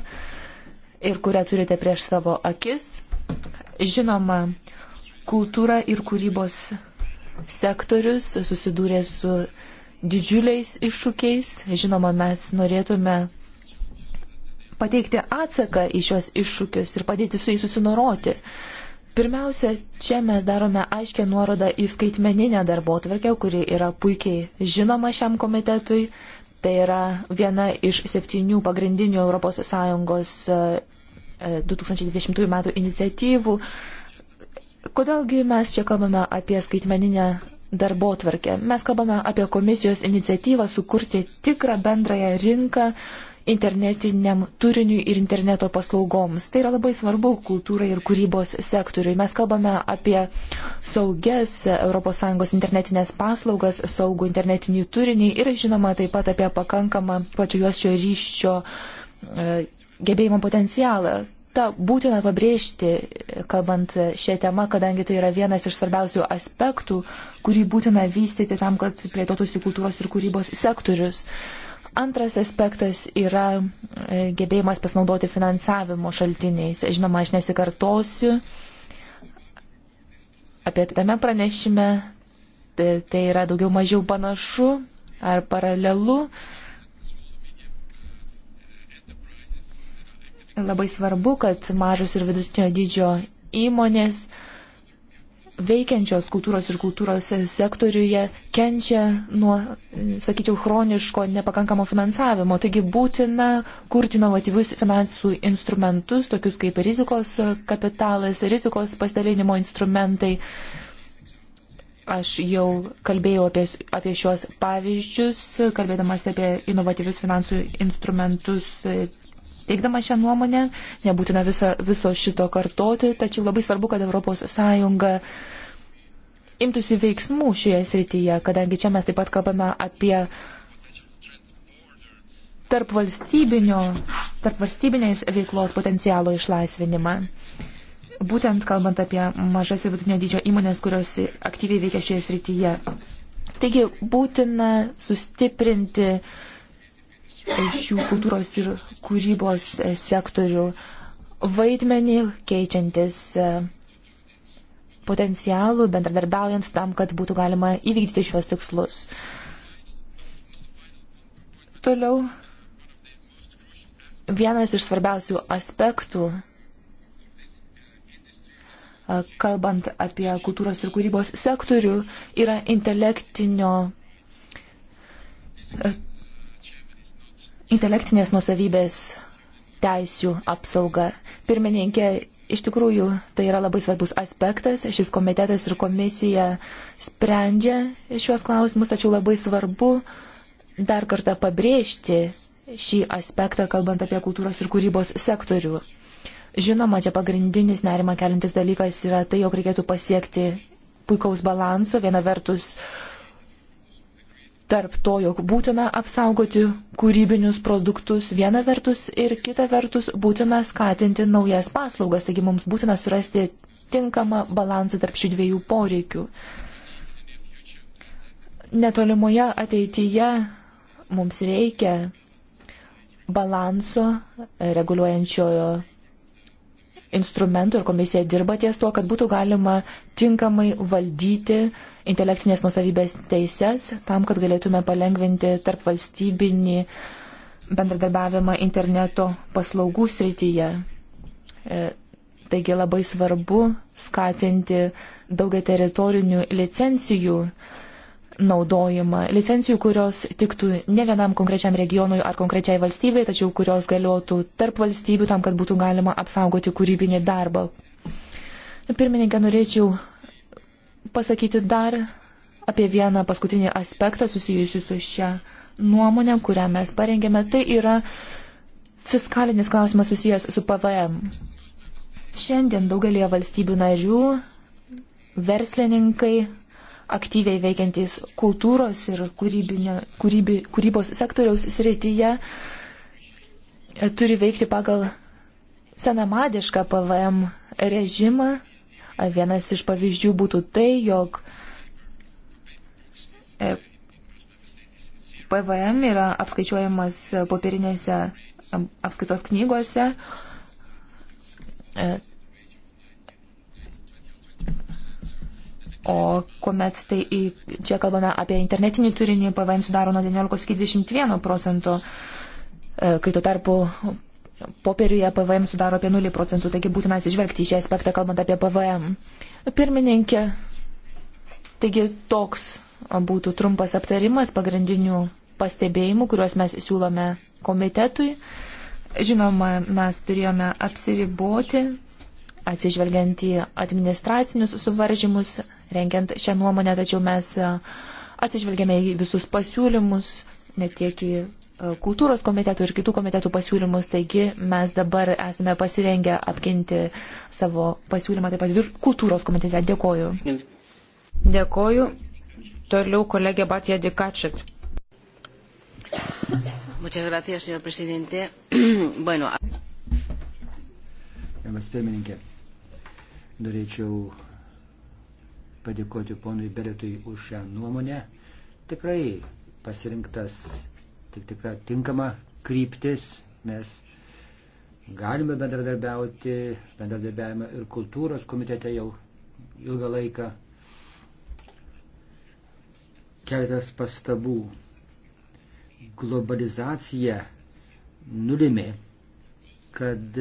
ir kurią turite prieš savo akis. Žinoma, kultūra ir kūrybos sektorius susidūrė su didžiuliais iššūkiais. Žinoma, mes norėtume pateikti atsaką į šios iššūkius ir padėti su jais susinoroti. Pirmiausia, čia mes darome aiškę nuorodą į skaitmeninę darbo tvarkę, kuri yra puikiai žinoma šiam komitetui. Tai yra viena iš septynių pagrindinių ES 2020 e, m. iniciatyvų. Kodėlgi mes čia kalbame apie skaitmeninę darbo tvarkę? Mes kalbame apie komisijos iniciatyvą sukurti tikrą bendrąją rinką, internetiniam turiniui ir interneto paslaugoms. Tai yra labai svarbu kultūrai ir kūrybos sektoriui. Mes kalbame apie saugias ES internetinės paslaugas, saugų internetinį turinį ir žinoma taip pat apie pakankamą plačios šio ryščio e, gebėjimo potencialą. Ta būtina pabrėžti, kalbant šią temą, kadangi tai yra vienas iš svarbiausių aspektų, kurį būtina vystyti tam, kad plėtotųsi kultūros ir kūrybos sektorius. Uh, Antras aspektas yra e, gebėjimas pasinaudoti finansavimo šaltiniais. Žinoma, aš nesikartosiu apie tai tame pranešime. Tai, tai yra daugiau mažiau panašu ar paralelu. Labai svarbu, kad mažos ir vidutinio dydžio įmonės uh, veikiančios kultūros ir kultūros sektoriuje kenčia nuo, sakyčiau, chroniško nepakankamo finansavimo. Taigi būtina kurti inovatyvius finansų instrumentus, tokius kaip rizikos kapitalas, rizikos pasidalinimo instrumentai. Aš jau kalbėjau apie, apie šios pavyzdžius, kalbėdamas apie inovatyvius finansų instrumentus teikdama šią nuomonę, nebūtina visa, viso šito kartoti, tačiau labai svarbu, kad ES imtųsi veiksmų šioje srityje, kadangi čia mes taip pat kalbame apie tarp, tarp valstybinės veiklos potencialo išlaisvinimą. Būtent kalbant apie mažas ir vidutinio dydžio įmonės, kurios aktyviai veikia šioje srityje. Taigi būtina sustiprinti uh, šių kultūros ir kūrybos e, sektorių vaidmenį, keičiantis e, potencialų, bendradarbiaujant tam, kad būtų galima įvykdyti šios tikslus. Toliau, vienas iš svarbiausių aspektų, e, kalbant apie kultūros ir kūrybos sektorių, yra intelektinio intelektinės nusavybės teisių apsauga. Pirmininkė, iš tikrųjų tai yra labai svarbus aspektas. Šis komitetas ir komisija sprendžia šiuos klausimus, tačiau labai svarbu dar kartą pabrėžti šį aspektą, kalbant apie kultūros ir kūrybos sektorių. Žinoma, čia pagrindinis nerima kelintis dalykas yra tai, jog reikėtų pasiekti puikaus balanso, viena vertus tarp to, jog būtina apsaugoti kūrybinius produktus viena vertus ir kita vertus būtina skatinti naujas paslaugas, taigi mums būtina surasti tinkamą balansą tarp šių dviejų poreikių. Netolimoje ateityje mums reikia balanso reguliuojančiojo instrumentų ir komisija dirba ties tuo, kad būtų galima tinkamai valdyti intelektinės nusavybės teises, tam, kad galėtume palengvinti tarp valstybinį bendradarbiavimą interneto paslaugų srityje. E, taigi labai svarbu skatinti daugia teritorinių licencijų naudojimą, licencijų, kurios tiktų ne vienam konkrečiam regionui ar konkrečiai valstybei, tačiau kurios galiotų tarp valstybių tam, kad būtų galima apsaugoti kūrybinį darbą. Pirmininkė, norėčiau pasakyti dar apie vieną paskutinį aspektą susijusiu su šią nuomonę, kurią mes parengėme. Tai yra fiskalinis klausimas susijęs su PVM. Šiandien daugelie valstybių narių verslininkai aktyviai veikiantys kultūros ir kūrybi, kūrybos sektoriaus srityje e, turi veikti pagal senamadišką PVM režimą. Vienas iš pavyzdžių būtų tai, jog e, PVM yra apskaičiuojamas popierinėse apskaitos knygose e, O kuomet tai į, čia kalbame apie internetinį turinį, PVM sudaro nuo 19 iki 21 procento, e, kai tuo tarpu popieriuje PVM sudaro apie 0 procentų, taigi būtina atsižvelgti į šį aspektą, kalbant apie PVM. Pirmininkė, taigi toks būtų trumpas aptarimas pagrindinių pastebėjimų, kuriuos mes siūlome komitetui. Žinoma, mes turėjome apsiriboti atsižvelgiant į administracinius suvaržymus rengiant šią nuomonę, tačiau mes e, atsižvelgėme į visus pasiūlymus, ne tiek į e, kultūros komitetų ir kitų komitetų pasiūlymus, taigi mes dabar esame pasirengę apginti savo pasiūlymą taip pat ir kultūros komitete. Dėkoju.
Dėkoju. Toliau kolegė Batija Dikačit.
Muchas gracias, señor presidente.
bueno.
Gerbiamas pirmininkė, norėčiau padėkoti ponui Beretui už šią nuomonę. Tikrai pasirinktas tik tikra tinkama kryptis. Mes galime bendradarbiauti, bendradarbiavimą ir kultūros komitete jau ilgą laiką. Keletas pastabų. Globalizacija nulėmė, kad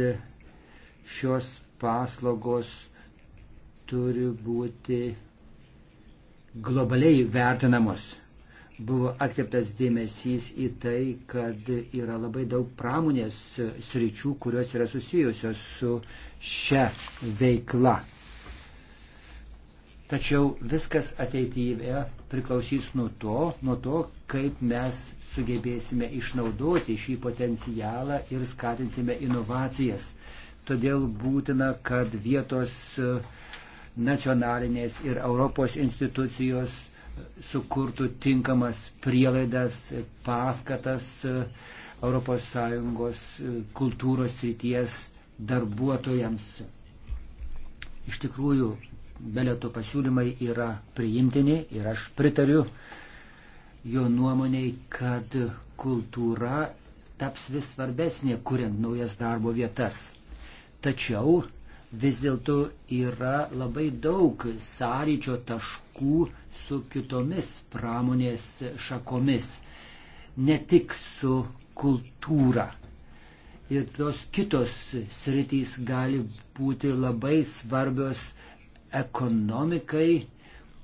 šios paslaugos turi būti globaliai vertinamos. Buvo atkreiptas dėmesys į tai, kad yra labai daug pramonės sričių, kurios yra susijusios su šia veikla. Tačiau viskas ateityje priklausys nuo to, nuo to, kaip mes sugebėsime išnaudoti šį potencialą ir skatinsime inovacijas. Todėl būtina, kad vietos uh, nacionalinės ir Europos institucijos sukurtų tinkamas prielaidas, paskatas ES e, kultūros srities darbuotojams. Iš tikrųjų, Beleto pasiūlymai yra priimtini ir aš pritariu jo nuomoniai, kad kultūra taps vis svarbesnė, kuriant naujas darbo vietas. Tačiau vis dėlto yra labai daug sąryčio taškų su kitomis pramonės šakomis, ne tik su kultūra. Ir tos kitos sritys gali būti labai svarbios ekonomikai,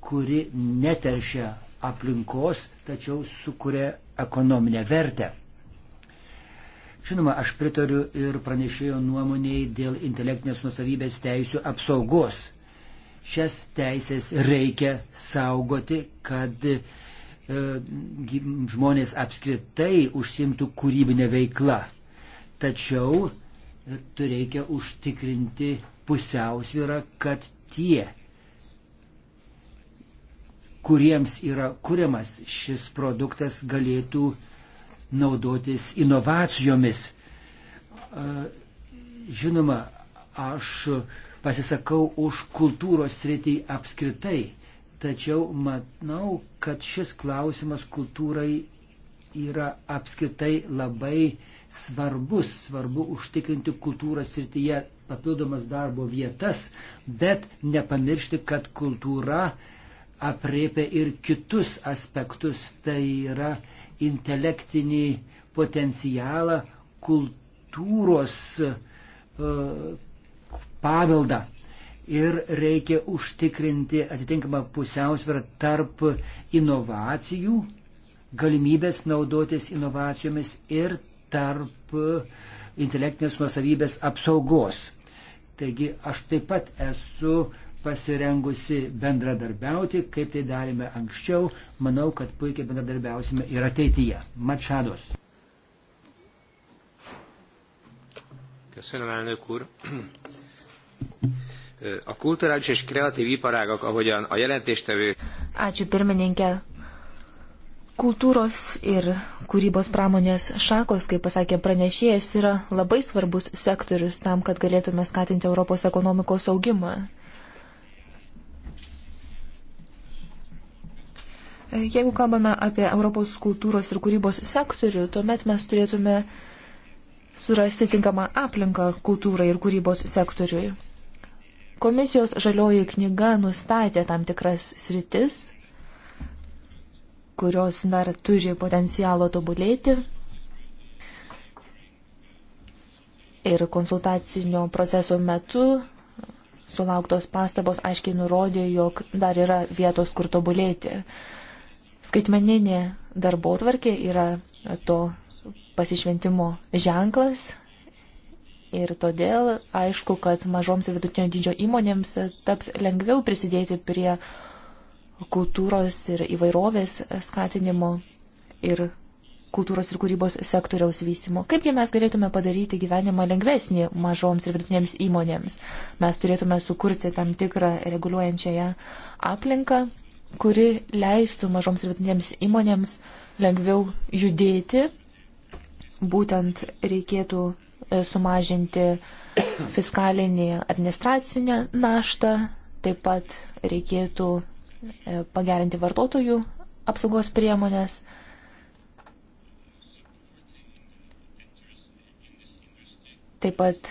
kuri neteršia aplinkos, tačiau sukuria ekonominę vertę. Žinoma, aš pritariu ir pranešėjo nuomoniai dėl intelektinės nusavybės teisų apsaugos. Šias teisės reikia saugoti, kad e, žmonės apskritai užsimtų kūrybinę veiklą. Tačiau e, tu reikia užtikrinti pusiausvyrą, kad tie, kuriems yra kuriamas šis produktas, galėtų uh, naudotis inovacijomis. Žinoma, aš pasisakau už kultūros sritį apskritai, tačiau manau, kad šis klausimas kultūrai yra apskritai labai svarbus, svarbu užtikrinti kultūros srityje papildomas darbo vietas, bet nepamiršti, kad kultūra apriepia ir kitus aspektus, tai yra intelektinį potencialą, kultūros e, paveldą. Ir reikia užtikrinti atitinkamą pusiausvyrą tarp inovacijų, galimybės naudotis inovacijomis ir tarp intelektinės nuosavybės apsaugos. Taigi aš taip pat esu uh, pasirengusi bendradarbiauti, kaip tai darėme anksčiau. Manau, kad puikiai bendradarbiausime ir ateityje. Mačados.
Köszönöm, elnök úr. A kulturális és kreatív iparágak, ahogyan a jelentéstevő...
Ačiū pirmininkė. Kultūros ir kūrybos pramonės šakos, kaip pasakė pranešėjas, yra labai svarbus sektorius tam, kad galėtume skatinti Europos ekonomikos augimą. Jeigu kalbame apie Europos kultūros ir kūrybos sektorių, tuomet mes turėtume surasti tinkamą aplinką kultūrai ir kūrybos sektoriui. Komisijos žalioji knyga nustatė tam tikras sritis, kurios dar turi potencialo tobulėti. Ir konsultacinio proceso metu sulauktos pastabos aiškiai nurodė, jog dar yra vietos, kur tobulėti. Skaitmeninė darbo tvarkė yra to pasišventimo ženklas ir todėl aišku, kad mažoms ir vidutinio dydžio įmonėms taps lengviau prisidėti prie kultūros ir įvairovės skatinimo ir kultūros ir kūrybos sektoriaus vystimo. Kaipgi mes galėtume padaryti gyvenimą lengvesnį mažoms ir vidutinėms įmonėms? Mes turėtume sukurti tam tikrą reguliuojančiąją aplinką, kuri leistų mažoms ir vidutinėms įmonėms lengviau judėti. Būtent reikėtų e, sumažinti fiskalinį administracinę naštą, taip pat reikėtų e, pagerinti vartotojų apsaugos priemonės. Taip pat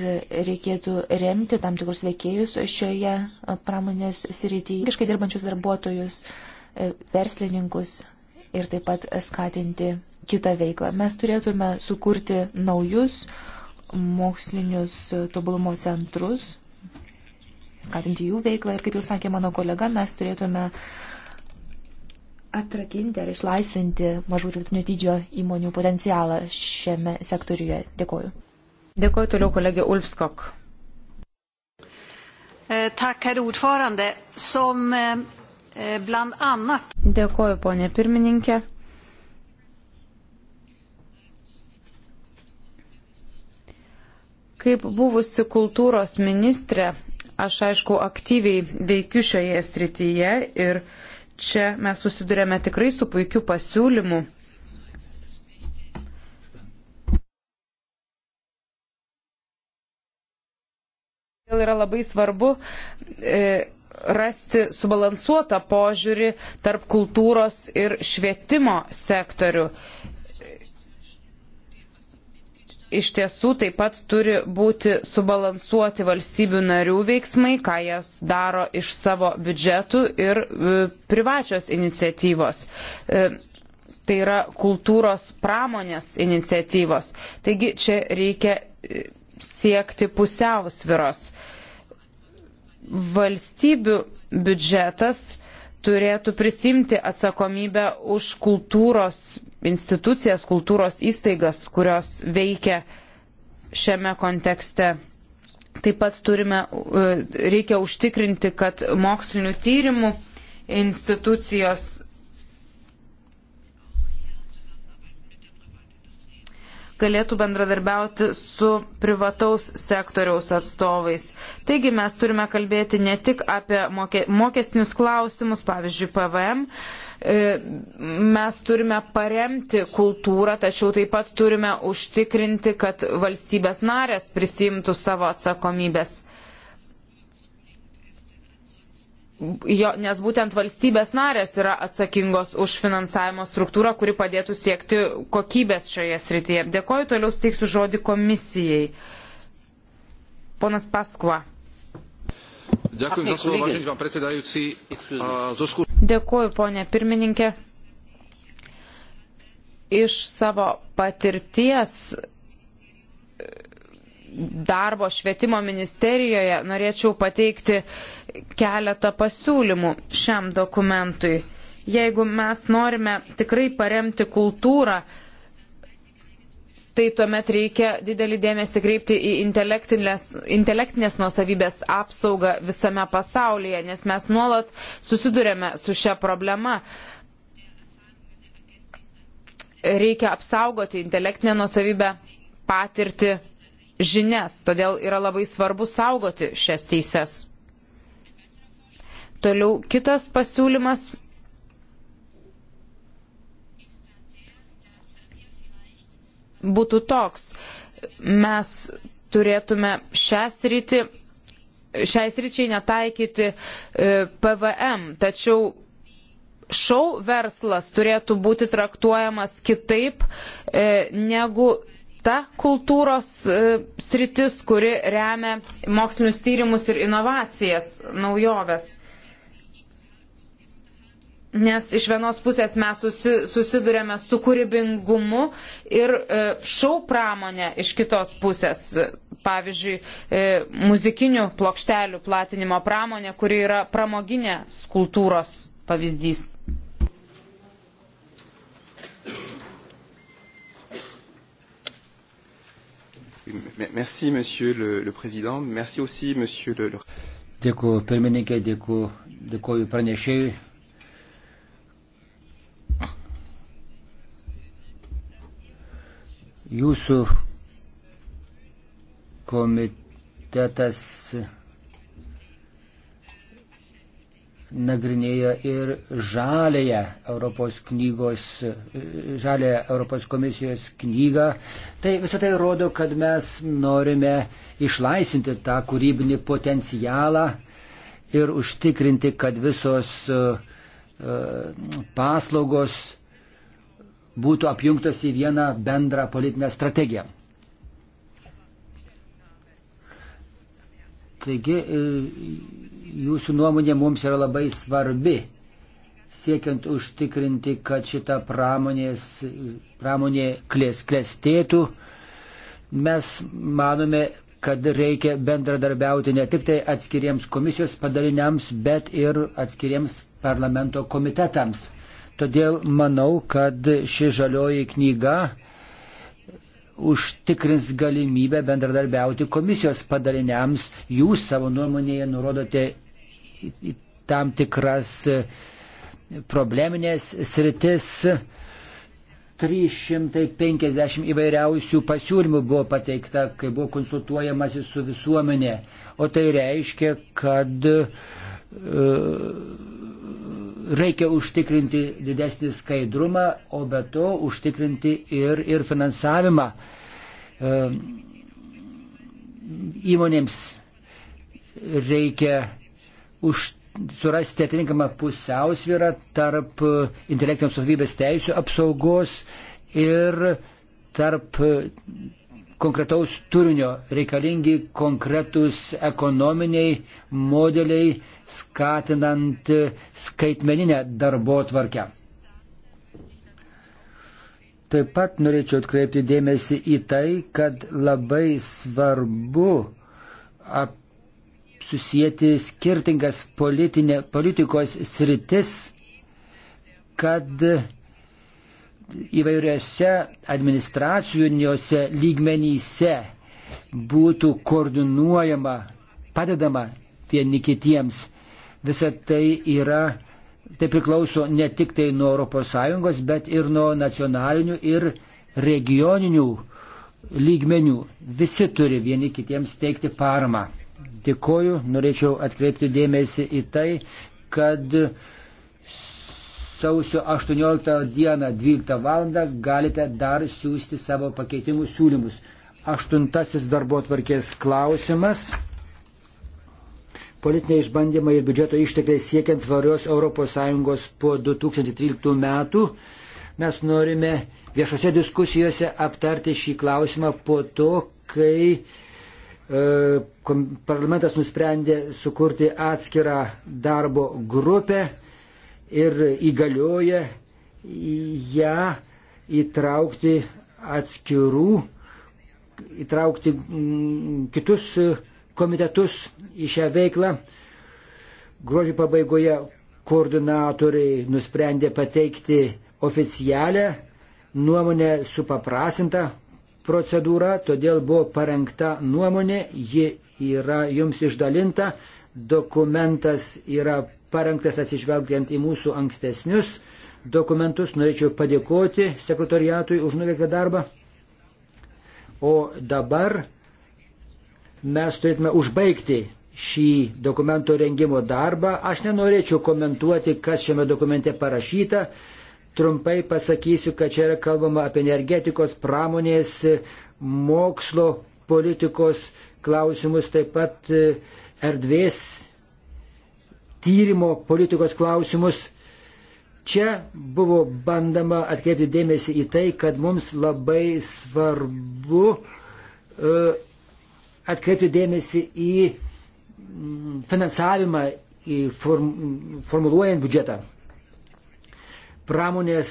reikėtų remti tam tikrus veikėjus šioje pramonės srityje, iškai dirbančius darbuotojus, e, verslininkus ir taip pat skatinti kitą veiklą. Mes turėtume sukurti naujus mokslinius tobulumo centrus, skatinti jų veiklą ir, kaip jau sakė mano kolega, mes turėtume atrakinti ar išlaisvinti mažų ir vidutinio dydžio įmonių potencialą šiame sektoriuje. Dėkuoju.
Dėkuoju toliau kolegė Ulfskok.
Eh, tak, herr ordförande, som eh, eh, bland annat.
Dėkuoju, ponė pirmininkė. Kaip buvusi kultūros ministrė, aš aišku aktyviai veikiu šioje srityje ir čia mes susidurėme tikrai su puikiu pasiūlymu Todėl yra labai svarbu e, rasti subalansuotą požiūrį tarp kultūros ir švietimo sektorių. Iš tiesų taip pat turi būti subalansuoti valstybių narių veiksmai, ką jas daro iš savo biudžetų ir e, privačios iniciatyvos e, tai yra kultūros pramonės iniciatyvos. Taigi čia reikia siekti pusiausviros. Valstybių biudžetas turėtų prisimti atsakomybę už kultūros institucijas, kultūros įstaigas, kurios veikia šiame kontekste. Taip pat turime, e, reikia užtikrinti, kad mokslinių tyrimų institucijos galėtų bendradarbiauti su privataus sektoriaus atstovais. Taigi mes turime kalbėti ne tik apie mokestinius klausimus, pavyzdžiui, PVM. E, mes turime paremti kultūrą, tačiau taip pat turime užtikrinti, kad valstybės narės prisimtų savo atsakomybės jo, nes būtent valstybės narės yra atsakingos už finansavimo struktūrą, kuri padėtų siekti kokybės šioje srityje. Dėkoju, toliau steiksiu žodį komisijai. Ponas Paskva.
Dėkui, Žasulo, važinį, man predsedajūci.
Dėkoju, ponė pirmininkė. Iš savo patirties darbo švietimo ministerijoje norėčiau pateikti keletą pasiūlymų šiam dokumentui. Jeigu mes norime tikrai paremti kultūrą, tai tuomet reikia didelį dėmesį kreipti į intelektinės, intelektinės nuosavybės apsaugą visame pasaulyje, nes mes nuolat susidurėme su šia problema reikia apsaugoti intelektinę nusavybę, patirtį žinias, todėl yra labai svarbu saugoti šias teises. Toliau kitas pasiūlymas. Būtų toks, mes turėtume šią sritį, šiai sričiai netaikyti e, PVM, tačiau šou verslas turėtų būti traktuojamas kitaip e, negu ta kultūros e, sritis, kuri remia mokslinius tyrimus ir inovacijas, naujoves. Nes iš vienos pusės mes susi, susidurėme su kūrybingumu ir e, šau pramonė iš kitos pusės, pavyzdžiui, e, muzikinių plokštelių platinimo pramonė, kuri yra pramoginė kultūros pavyzdys.
Merci, monsieur le, le président. Merci aussi, monsieur le.
Dėkuoju pirmininkė, dėkuoju, dėkuoju pranešėjui. Jūsų komitetas nagrinėja ir žalėje Europos knygos, žalėje Europos komisijos knygą. Tai visą tai rodo, kad mes norime išlaisinti tą kūrybinį potencialą ir užtikrinti, kad visos e, e, paslaugos būtų apjungtos į vieną bendrą politinę strategiją. Taigi e, jūsų nuomonė mums yra labai svarbi, siekiant užtikrinti, kad šita pramonės, pramonė klės, klėstėtų. Mes manome, kad reikia bendradarbiauti ne tik tai atskiriems komisijos padaliniams, bet ir atskiriems parlamento komitetams. Todėl manau, kad ši žalioji knyga užtikrins galimybę bendradarbiauti komisijos padaliniams. Jūs savo nuomonėje nurodote į tam tikras e, probleminės sritis. 350 įvairiausių pasiūlymų buvo pateikta, kai buvo konsultuojamasi su visuomenė. O tai reiškia, kad e, reikia užtikrinti didesnį skaidrumą, o be to užtikrinti ir, ir finansavimą e, įmonėms reikia už surasti atitinkamą pusiausvyrą tarp intelektinės nusavybės teisų apsaugos ir tarp konkretaus turinio reikalingi konkretus ekonominiai modeliai skatinant skaitmeninę darbo tvarkę. Taip pat norėčiau atkreipti dėmesį į tai, kad labai svarbu ap susijęti skirtingas politinė, politikos sritis, kad įvairiose administracijose lygmenyse būtų koordinuojama, padedama vieni kitiems. Visa tai yra, tai priklauso ne tik tai nuo ES, bet ir nuo nacionalinių ir regioninių lygmenių. Visi turi vieni kitiems teikti paramą. Tikoju, norėčiau atkreipti dėmesį į tai, kad sausio 18 dieną 12 val. galite dar siūsti savo pakeitimų siūlymus. Aštuntasis darbo tvarkės klausimas. Politiniai išbandymai ir biudžeto ištekliai siekiant tvarios ES po 2013 metų. Mes norime viešose diskusijose aptarti šį klausimą po to, kai E, parlamentas nusprendė sukurti atskirą darbo grupę ir įgalioja ją įtraukti atskirų, įtraukti mm, kitus komitetus į šią veiklą. Gruodžio pabaigoje koordinatoriai nusprendė pateikti oficialią nuomonę supaprasintą procedūra, todėl buvo parengta nuomonė, ji yra jums išdalinta, dokumentas yra parengtas atsižvelgiant į mūsų ankstesnius dokumentus. Norėčiau padėkoti sekretoriatui už nuveiktą darbą. O dabar mes turėtume užbaigti šį dokumento rengimo darbą. Aš nenorėčiau komentuoti, kas šiame dokumente parašyta. Trumpai pasakysiu, kad čia yra kalbama apie energetikos, pramonės, mokslo, politikos klausimus, taip pat e, erdvės tyrimo politikos klausimus. Čia buvo bandama atkreipti dėmesį į tai, kad mums labai svarbu e, atkreipti dėmesį į finansavimą, į form, formuluojant biudžetą pramonės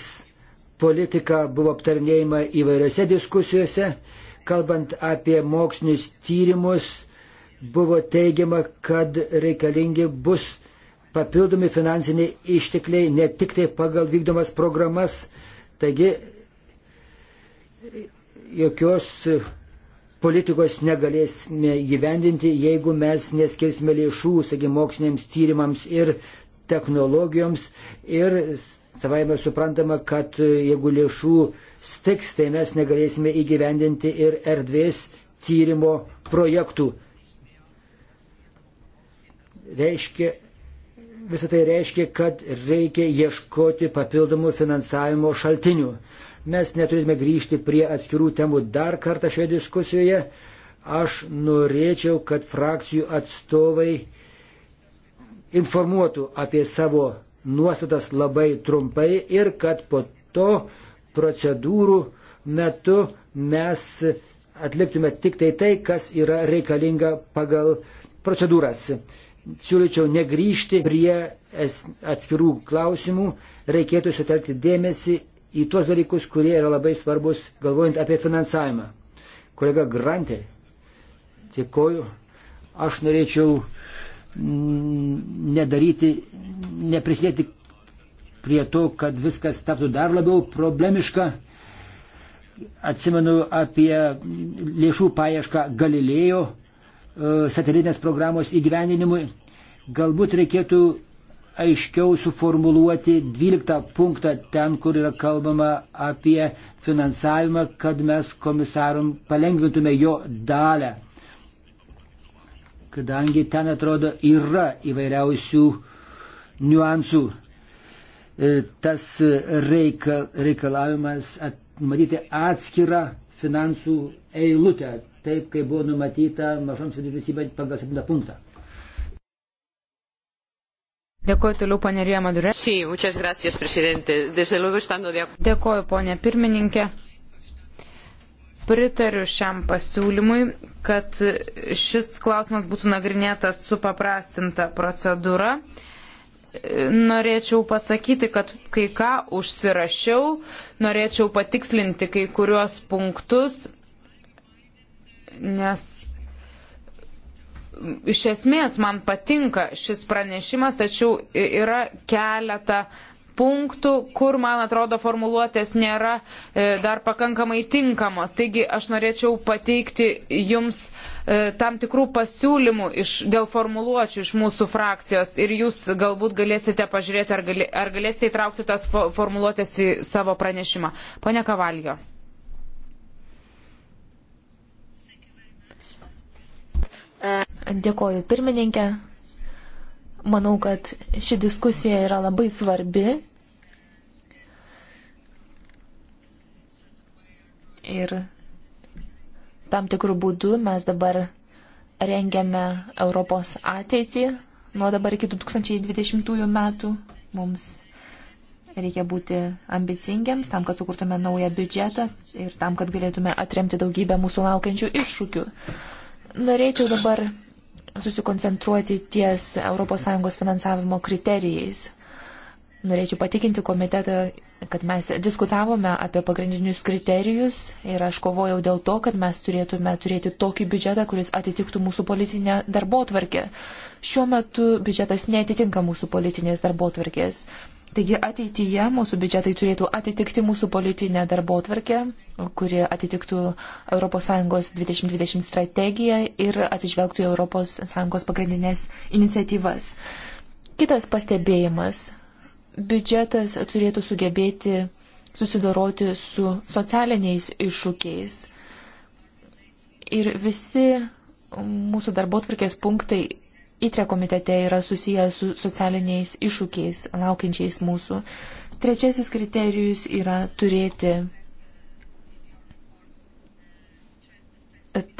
politika buvo aptarnėjama įvairiose diskusijose. Kalbant apie mokslinius tyrimus, buvo teigiama, kad reikalingi bus papildomi finansiniai ištekliai ne tik tai pagal vykdomas programas. Taigi jokios politikos negalėsime gyvendinti, jeigu mes neskirsime lėšų, sakykime, moksliniams tyrimams ir technologijoms ir Savaime suprantama, kad e, jeigu lėšų stiks, tai mes negalėsime įgyvendinti ir erdvės tyrimo projektų. Reiškia, visą tai reiškia, kad reikia ieškoti papildomų finansavimo šaltinių. Mes neturėtume grįžti prie atskirų temų dar kartą šioje diskusijoje. Aš norėčiau, kad frakcijų atstovai informuotų apie savo nuostatas labai trumpai ir kad po to procedūrų metu mes atliktume tik tai tai, kas yra reikalinga pagal procedūras. Siūlyčiau negryžti prie atskirų klausimų, reikėtų sutelkti dėmesį į tuos dalykus, kurie yra labai svarbus, galvojant apie finansavimą. Kolega Grantė, dėkoju. Aš norėčiau nedaryti, neprisidėti prie to, kad viskas taptų dar labiau problemiška. Atsimenu apie lėšų paiešką Galilėjo e, satelitinės programos įgyvendinimui. Galbūt reikėtų aiškiau suformuluoti 12 punktą ten, kur yra kalbama apie finansavimą, kad mes komisarum palengvintume jo dalę kadangi ten atrodo yra įvairiausių niuansų. E, tas reikal, reikalavimas at, matyti atskirą finansų eilutę, taip kaip buvo numatyta mažoms vyriausybėms pagal 7 punktą.
Dėkuoju toliau, ponė Rija Madurė. Sí, muchas gracias, presidente. Desde luego estando de acuerdo. Dėkuoju, ponė pirmininkė pritariu šiam pasiūlymui, kad šis klausimas būtų nagrinėtas su paprastinta procedūra. Norėčiau pasakyti, kad kai ką užsirašiau, norėčiau patikslinti kai kuriuos punktus, nes iš esmės man patinka šis pranešimas, tačiau yra keletą punktų, kur, man atrodo, formuluotės nėra e, dar pakankamai tinkamos. Taigi aš norėčiau pateikti jums e, tam tikrų pasiūlymų iš, dėl formuluočių iš mūsų frakcijos ir jūs galbūt galėsite pažiūrėti, ar, gali, ar galėsite įtraukti tas fo, formuluotės į savo pranešimą. Pone Kavaljo.
Dėkoju pirmininkė. Manau, kad ši diskusija yra labai svarbi. Ir tam tikrų būdų mes dabar rengiame Europos ateitį nuo dabar iki 2020 metų. Mums reikia būti ambicingiams tam, kad sukurtume naują biudžetą ir tam, kad galėtume atremti daugybę mūsų laukiančių iššūkių. Norėčiau dabar susikoncentruoti ties ES finansavimo kriterijais. Norėčiau patikinti komitetą, kad mes diskutavome apie pagrindinius kriterijus ir aš kovojau dėl to, kad mes turėtume turėti tokį biudžetą, kuris atitiktų mūsų politinę darbo tvarkę. Šiuo metu biudžetas netitinka mūsų politinės darbo tvarkės. Taigi ateityje mūsų biudžetai turėtų atitikti mūsų politinę darbo tvarkę, kuri atitiktų ES 2020 strategiją ir atsižvelgtų į ES pagrindinės iniciatyvas. Kitas pastebėjimas. Biudžetas turėtų sugebėti susidoroti su socialiniais iššūkiais. Ir visi mūsų darbo tvarkės punktai ITRE komitete yra susijęs su socialiniais iššūkiais laukiančiais mūsų. Trečiasis kriterijus yra turėti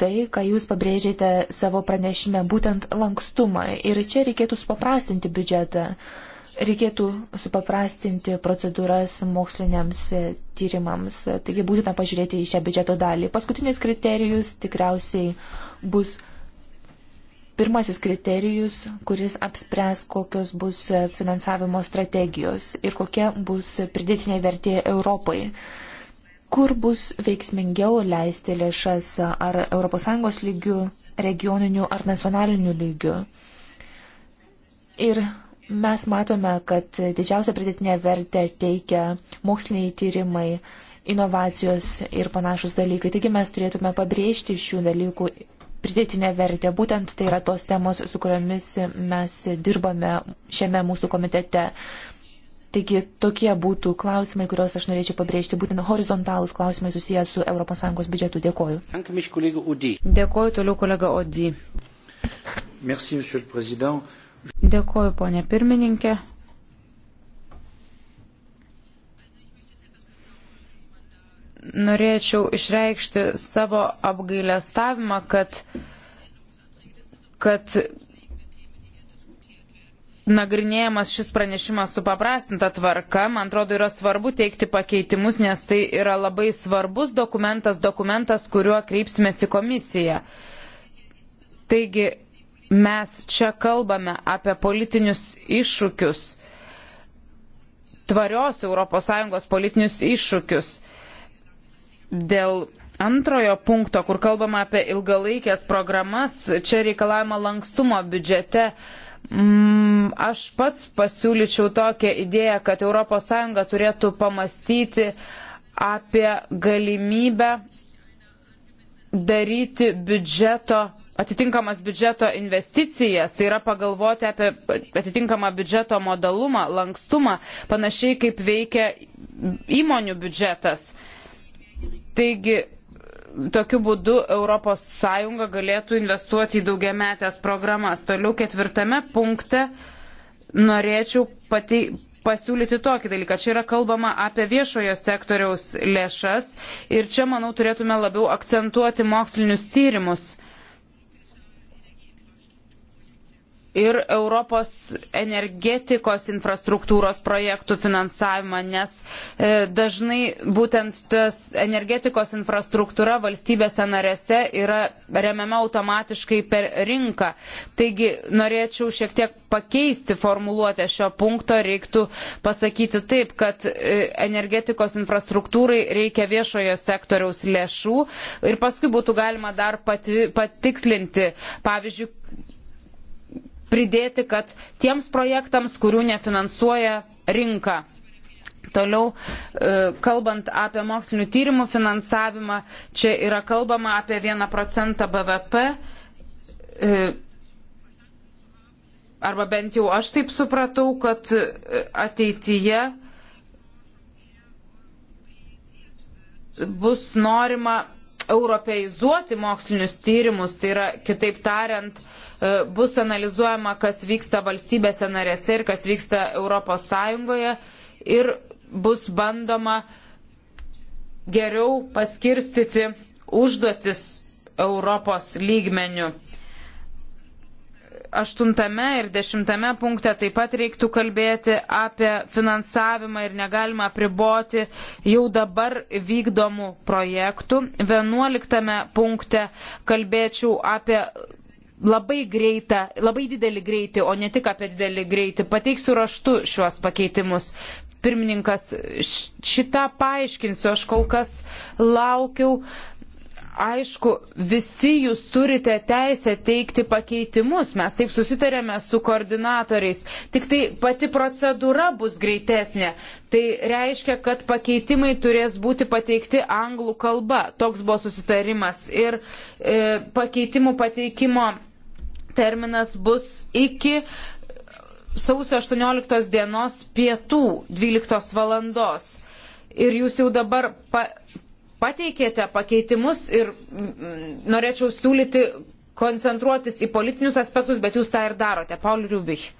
tai, ką jūs pabrėžėte savo pranešime, būtent lankstumą. Ir čia reikėtų supaprastinti biudžetą, reikėtų supaprastinti procedūras moksliniams tyrimams. Taigi būtina pažiūrėti į šią biudžeto dalį. Paskutinis kriterijus tikriausiai bus pirmasis kriterijus, kuris apspręs, kokios bus finansavimo strategijos ir kokia bus pridėtinė vertė Europai. Kur bus veiksmingiau leisti lėšas ar ES lygių, regioninių ar nacionalinių lygių. Ir mes matome, kad didžiausią pridėtinę vertę teikia moksliniai tyrimai, inovacijos ir panašus dalykai. Taigi mes turėtume pabrėžti šių dalykų pridėtinę vertę. Būtent tai yra tos temos, su kuriomis mes dirbame šiame mūsų komitete. Taigi tokie būtų klausimai, kuriuos aš norėčiau pabrėžti, būtent horizontalūs klausimai susijęs su ES biudžetu. Dėkoju.
Dėkoju toliau kolega Odi. Merci, Dėkoju, ponė pirmininkė. norėčiau išreikšti savo apgailestavimą, kad, kad nagrinėjamas šis pranešimas su paprastinta tvarka, man atrodo, yra svarbu teikti pakeitimus, nes tai yra labai svarbus dokumentas, dokumentas, kuriuo kreipsimės į komisiją. Taigi mes čia kalbame apie politinius iššūkius, tvarios ES politinius iššūkius dėl antrojo punkto, kur kalbama apie ilgalaikės programas, čia reikalavimo lankstumo biudžete. Mm, aš pats pasiūlyčiau tokią idėją, kad ES turėtų pamastyti apie galimybę daryti biudžeto, atitinkamas biudžeto investicijas, tai yra pagalvoti apie atitinkamą biudžeto modalumą, lankstumą, panašiai kaip veikia įmonių biudžetas. Uh, Taigi, tokiu būdu ES galėtų investuoti į daugiametės programas. Toliau ketvirtame punkte norėčiau patei, pasiūlyti tokį dalyką. Čia yra kalbama apie viešojo sektoriaus lėšas ir čia, manau, turėtume labiau akcentuoti mokslinius tyrimus. ir Europos energetikos infrastruktūros projektų finansavimą, nes e, dažnai būtent tas energetikos infrastruktūra valstybėse narėse yra remiama automatiškai per rinką. Taigi norėčiau šiek tiek pakeisti formuluotę šio punkto, reiktų pasakyti taip, kad e, energetikos infrastruktūrai reikia viešojo sektoriaus lėšų ir paskui būtų galima dar patikslinti, pavyzdžiui, pridėti, kad tiems projektams, kurių nefinansuoja rinka. Toliau, e, kalbant apie mokslinių tyrimų finansavimą, čia yra kalbama apie 1 procentą BVP. E, arba bent jau aš taip supratau, kad e, ateityje bus norima europeizuoti mokslinius tyrimus, tai yra, kitaip tariant, e, bus analizuojama, kas vyksta valstybėse narėse ir kas vyksta Europos Sąjungoje ir bus bandoma geriau paskirstyti užduotis Europos lygmenių aštuntame ir dešimtame punkte taip pat reiktų kalbėti apie finansavimą ir negalima apriboti jau dabar vykdomų projektų. Vienuoliktame punkte kalbėčiau apie labai greitą, labai didelį greitį, o ne tik apie didelį greitį. Pateiksiu raštu šiuos pakeitimus pirmininkas, šitą paaiškinsiu, aš kol kas laukiau Aišku, visi jūs turite teisę teikti pakeitimus, mes taip susitarėme su koordinatoriais, tik tai pati procedūra bus greitesnė. Tai reiškia, kad pakeitimai turės būti pateikti anglų kalba, toks buvo susitarimas ir e, pakeitimų pateikimo terminas bus iki sausio 18 dienos pietų 12 valandos. Ir jūs jau dabar pa, pateikėte pakeitimus ir mm, mm, norėčiau siūlyti koncentruotis į politinius aspektus, bet jūs tą ir darote. Paul Rubich.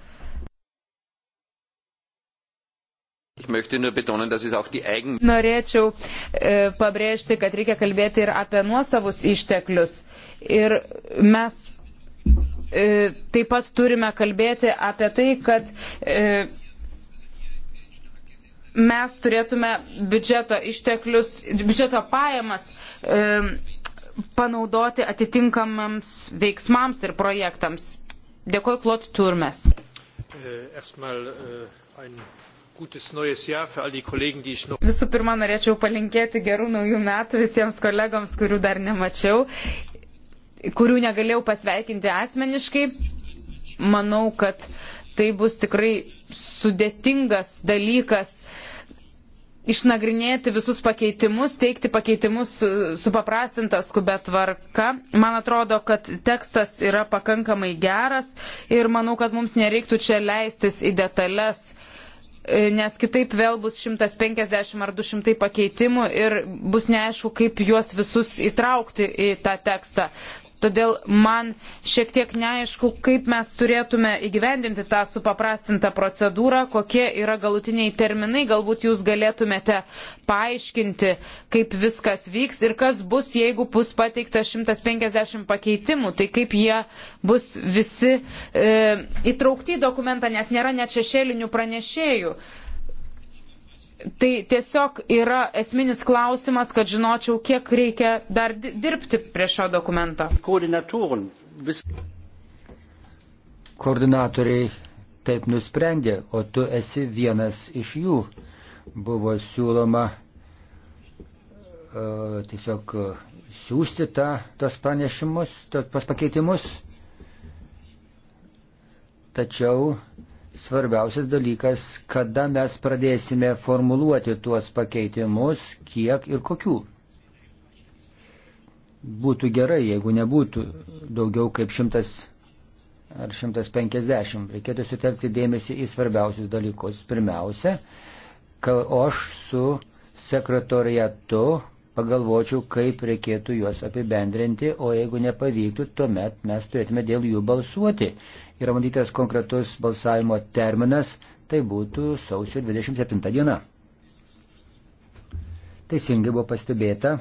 Norėčiau e, pabrėžti, kad reikia kalbėti ir apie nuosavus išteklius. Ir mes e, taip pat turime kalbėti apie tai, kad e, mes turėtume biudžeto išteklius, biudžeto pajamas e, panaudoti atitinkamams veiksmams ir projektams. Dėkuoju, Klot Turmes. Äh, äh, Visų pirma, norėčiau palinkėti gerų naujų metų visiems kolegoms, kurių dar nemačiau, kurių negalėjau pasveikinti asmeniškai. Manau, kad tai bus tikrai sudėtingas dalykas išnagrinėti visus pakeitimus, teikti pakeitimus e, supaprastinta skubė tvarka. Man atrodo, kad tekstas yra pakankamai geras ir manau, kad mums nereiktų čia leistis į detalės e, nes kitaip vėl bus 150 ar 200 pakeitimų ir bus neaišku, kaip juos visus įtraukti į tą tekstą. Todėl man šiek tiek neaišku, kaip mes turėtume įgyvendinti tą supaprastintą procedūrą, kokie yra galutiniai terminai, galbūt jūs galėtumėte paaiškinti, kaip viskas vyks ir kas bus, jeigu bus pateikta 150 pakeitimų, tai kaip jie bus visi e, įtraukti į dokumentą, nes nėra net šešėlinių pranešėjų. E, Tai tiesiog yra esminis klausimas, kad žinočiau, kiek reikia dar dirbti prie šio dokumento.
Koordinatoriai taip nusprendė, o tu esi vienas iš jų. Buvo siūloma uh, tiesiog e, siūsti tą, tos pranešimus, tos pakeitimus. Tačiau svarbiausias dalykas, kada mes pradėsime formuluoti tuos pakeitimus, kiek ir kokių. Būtų gerai, jeigu nebūtų daugiau kaip šimtas ar 150. Reikėtų sutelkti dėmesį į svarbiausius dalykus. Pirmiausia, kad aš su sekretoriatu pagalvočiau, kaip reikėtų juos apibendrinti, o jeigu nepavyktų, tuomet mes turėtume dėl jų balsuoti yra matytas konkretus balsavimo terminas, tai būtų sausio 27 diena. Teisingai buvo pastebėta,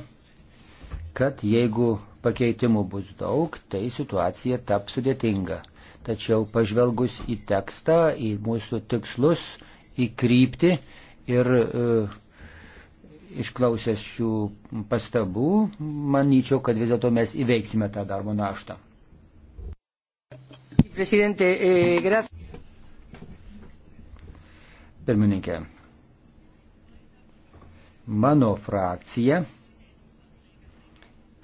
kad jeigu pakeitimų bus daug, tai situacija taps sudėtinga. Tačiau pažvelgus į tekstą, į mūsų tikslus, į kryptį ir e, išklausęs šių pastabų, manyčiau, kad vis dėlto mes įveiksime tą darbo naštą. Eh, Pirmininkė, mano frakcija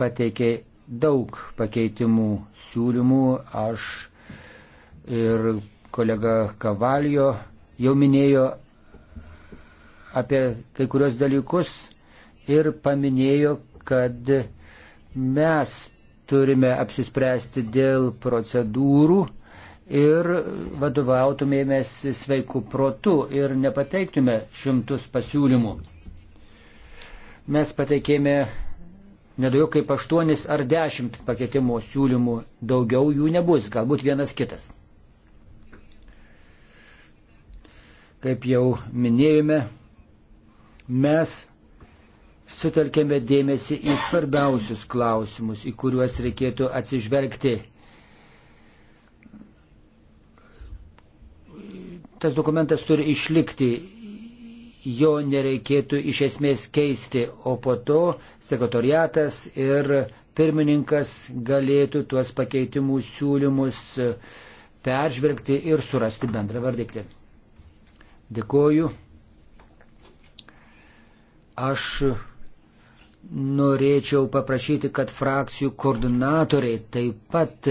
pateikė daug pakeitimų siūlymų. Aš ir kolega Kavalio jau minėjo apie kai kurios dalykus ir paminėjo, kad mes turime apsispręsti dėl procedūrų ir vadovautumėmės sveiku protu ir nepateiktume šimtus pasiūlymų. Mes pateikėme nedaugiau kaip aštuonis ar dešimt pakeitimo siūlymų, daugiau jų nebus, galbūt vienas kitas. Kaip jau minėjome, mes sutelkėme dėmesį į svarbiausius klausimus, į kuriuos reikėtų atsižvelgti. Tas dokumentas turi išlikti, jo nereikėtų iš esmės keisti, o po to sekretoriatas ir pirmininkas galėtų tuos pakeitimų siūlymus peržvelgti ir surasti bendrą vardiklį. Dėkoju. Aš norėčiau paprašyti, kad frakcijų koordinatoriai taip pat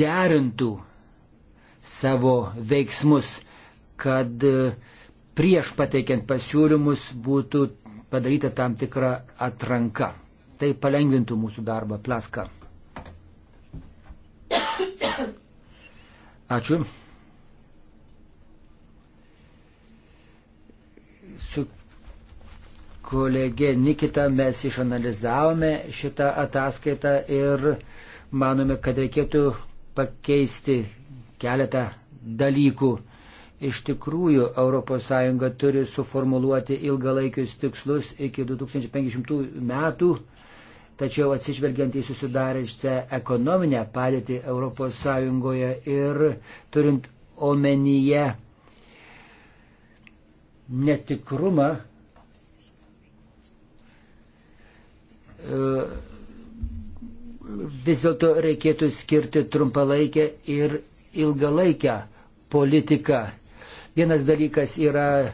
derintų savo veiksmus, kad prieš pateikiant pasiūlymus būtų padaryta tam tikra atranka. Tai palengvintų mūsų darbą. Plaska. Ačiū. kolegė Nikita mes išanalizavome šitą ataskaitą ir manome, kad reikėtų pakeisti keletą dalykų. Iš tikrųjų, ES turi suformuluoti ilgalaikius tikslus iki 2050 metų, tačiau atsižvelgiant į susidaręčią ekonominę padėtį ES ir turint omenyje netikrumą, vis dėlto reikėtų skirti trumpalaikę ir ilgalaikę politiką. Vienas dalykas yra e,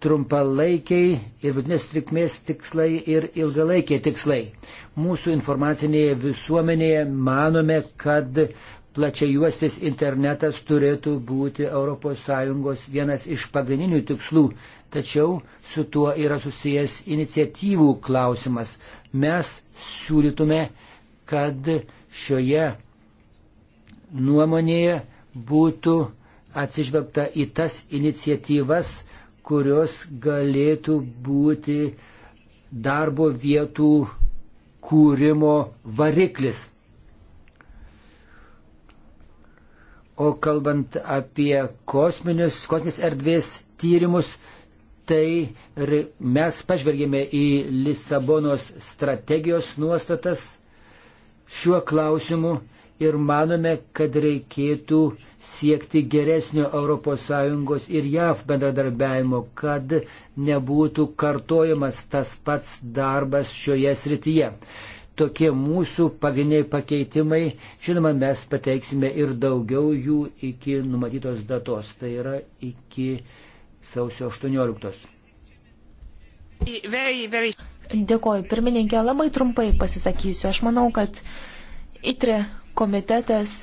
trumpalaikiai ir vidinės trikmės tikslai ir ilgalaikiai tikslai. Mūsų informacinėje visuomenėje manome, kad plačiai juostis internetas turėtų būti ES vienas iš pagrindinių tikslų, tačiau su tuo yra susijęs iniciatyvų klausimas. Mes siūlytume, kad šioje nuomonėje būtų atsižvelgta į tas iniciatyvas, kurios galėtų būti darbo vietų kūrimo variklis. O kalbant apie kosminius, kosminės erdvės tyrimus, tai mes pažvelgėme į Lisabonos strategijos nuostatas šiuo klausimu ir manome, kad reikėtų siekti geresnio ES ir JAV bendradarbiavimo, kad nebūtų kartojamas tas pats darbas šioje srityje. Tokie mūsų pagrindiniai pakeitimai, žinoma, mes pateiksime ir daugiau jų iki numatytos datos, tai yra iki sausio 18.
Very, very... Dėkoju, pirmininkė, labai trumpai pasisakysiu. Aš manau, kad ITRE komitetas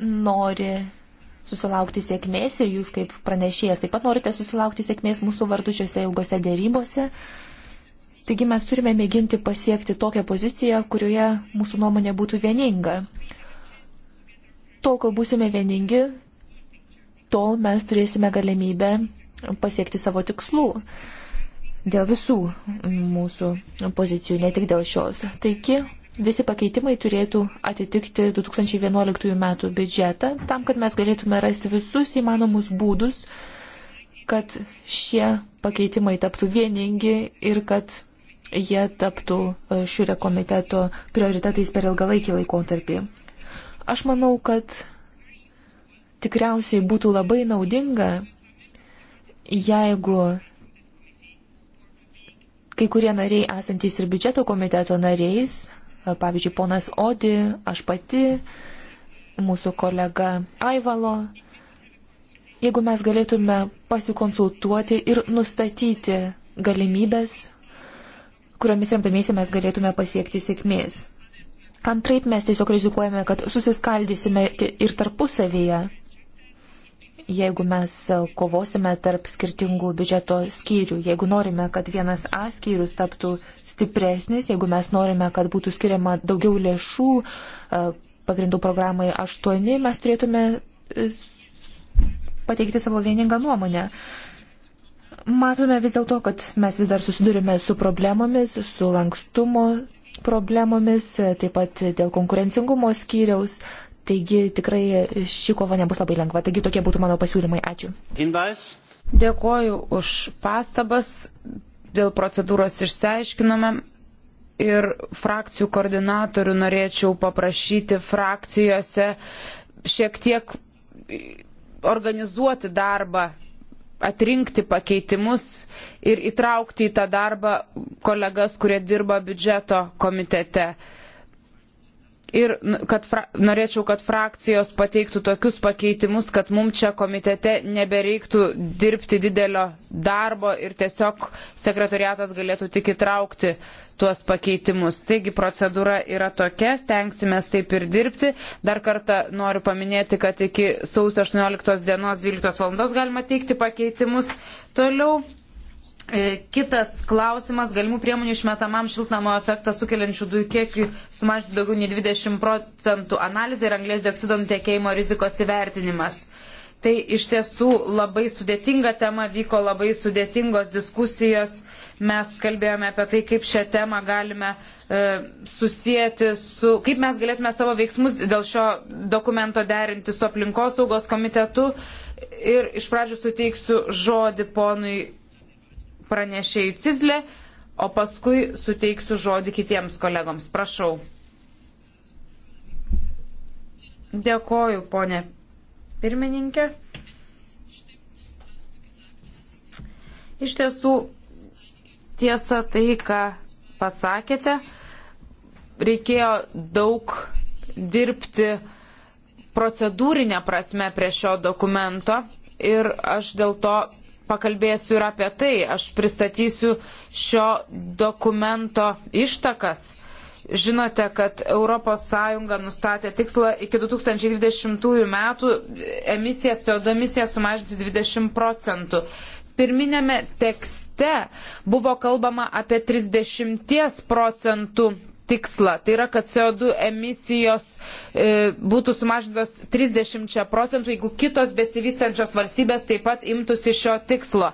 nori susilaukti sėkmės ir jūs kaip pranešėjas taip pat norite susilaukti sėkmės mūsų vardu šiuose ilgose dėrybose. Taigi mes turime mėginti pasiekti tokią poziciją, kurioje mūsų nuomonė būtų vieninga. Tol, kol būsime vieningi, tol mes turėsime galimybę pasiekti savo tikslų dėl visų mūsų pozicijų, ne tik dėl šios. Taigi visi pakeitimai turėtų atitikti 2011 metų biudžetą, tam, kad mes galėtume rasti visus įmanomus būdus, kad šie pakeitimai taptų vieningi ir kad jie taptų šiurio komiteto prioritetais per ilgalaikį laikotarpį. Aš manau, kad tikriausiai būtų labai naudinga jeigu kai kurie nariai esantys ir biudžeto komiteto nariais, pavyzdžiui, ponas Odi, aš pati, mūsų kolega Aivalo, jeigu mes galėtume pasikonsultuoti ir nustatyti galimybės, kuriomis remdamiesi mes galėtume pasiekti sėkmės. Antraip mes tiesiog rizikuojame, kad susiskaldysime ir tarpusavyje jeigu mes e, kovosime tarp skirtingų biudžeto skyrių, jeigu norime, kad vienas A skyrius taptų stipresnis, jeigu mes norime, kad būtų skiriama daugiau lėšų e, pagrindų programai 8, mes turėtume e, pateikti savo vieningą nuomonę. Matome vis dėlto, kad mes vis dar susidurime su problemomis, su lankstumo problemomis, taip pat dėl konkurencingumo skyriaus, Taigi tikrai ši kova nebus labai lengva. Taigi tokie būtų mano pasiūlymai.
Ačiū. Hinweis. Dėkoju už pastabas. Dėl procedūros išsiaiškinome. Ir frakcijų koordinatorių norėčiau paprašyti frakcijose šiek tiek organizuoti darbą, atrinkti pakeitimus ir įtraukti į tą darbą kolegas, kurie dirba biudžeto komitete ir kad fra, norėčiau, kad frakcijos pateiktų tokius pakeitimus, kad mums čia komitete nebereiktų dirbti didelio darbo ir tiesiog sekretariatas galėtų tik įtraukti tuos pakeitimus. Taigi procedūra yra tokia, stengsime taip ir dirbti. Dar kartą noriu paminėti, kad iki sausio 18 dienos 12 val. galima teikti pakeitimus. Toliau E, kitas klausimas - galimų priemonių išmetamam šiltnamo efektą sukeliančių dujų kiekiui sumažinti daugiau nei 20 procentų analizė ir anglės dioksido nutekėjimo rizikos įvertinimas. Tai iš tiesų labai sudėtinga tema, vyko labai sudėtingos diskusijos, mes kalbėjome apie tai, kaip šią temą galime e, susijęti su, kaip mes galėtume savo veiksmus dėl šio dokumento derinti su aplinkosaugos komitetu. Ir iš pradžių suteiksiu žodį ponui pranešėjų Cizlė, o paskui suteiksiu žodį kitiems kolegoms. Prašau. Dėkoju, ponė pirmininkė. Iš tiesų, tiesa tai, ką pasakėte, reikėjo daug dirbti procedūrinę prasme prie šio dokumento ir aš dėl to pakalbėsiu ir apie tai. Aš pristatysiu šio dokumento ištakas. Žinote, kad ES nustatė tikslą iki 2020 metų emisijas, CO2 emisijas sumažinti 20 procentų. Pirminėme tekste buvo kalbama apie 30 procentų tikslą. Tai yra, kad CO2 emisijos e, būtų sumažintos 30 procentų, jeigu kitos besivystančios valstybės taip pat imtųsi šio tikslo.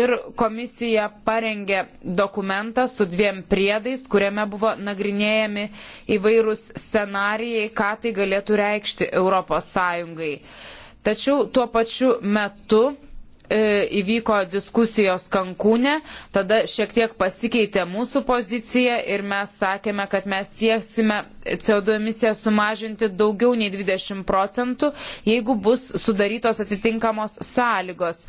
Ir komisija parengė dokumentą su dviem priedais, kuriame buvo nagrinėjami įvairūs scenarijai, ką tai galėtų reikšti Europos Sąjungai. Tačiau tuo pačiu metu E, įvyko diskusijos Kankūne, tada šiek tiek pasikeitė mūsų pozicija ir mes sakėme, kad mes sieksime CO2 emisiją sumažinti daugiau nei 20 procentų, jeigu bus sudarytos atitinkamos sąlygos.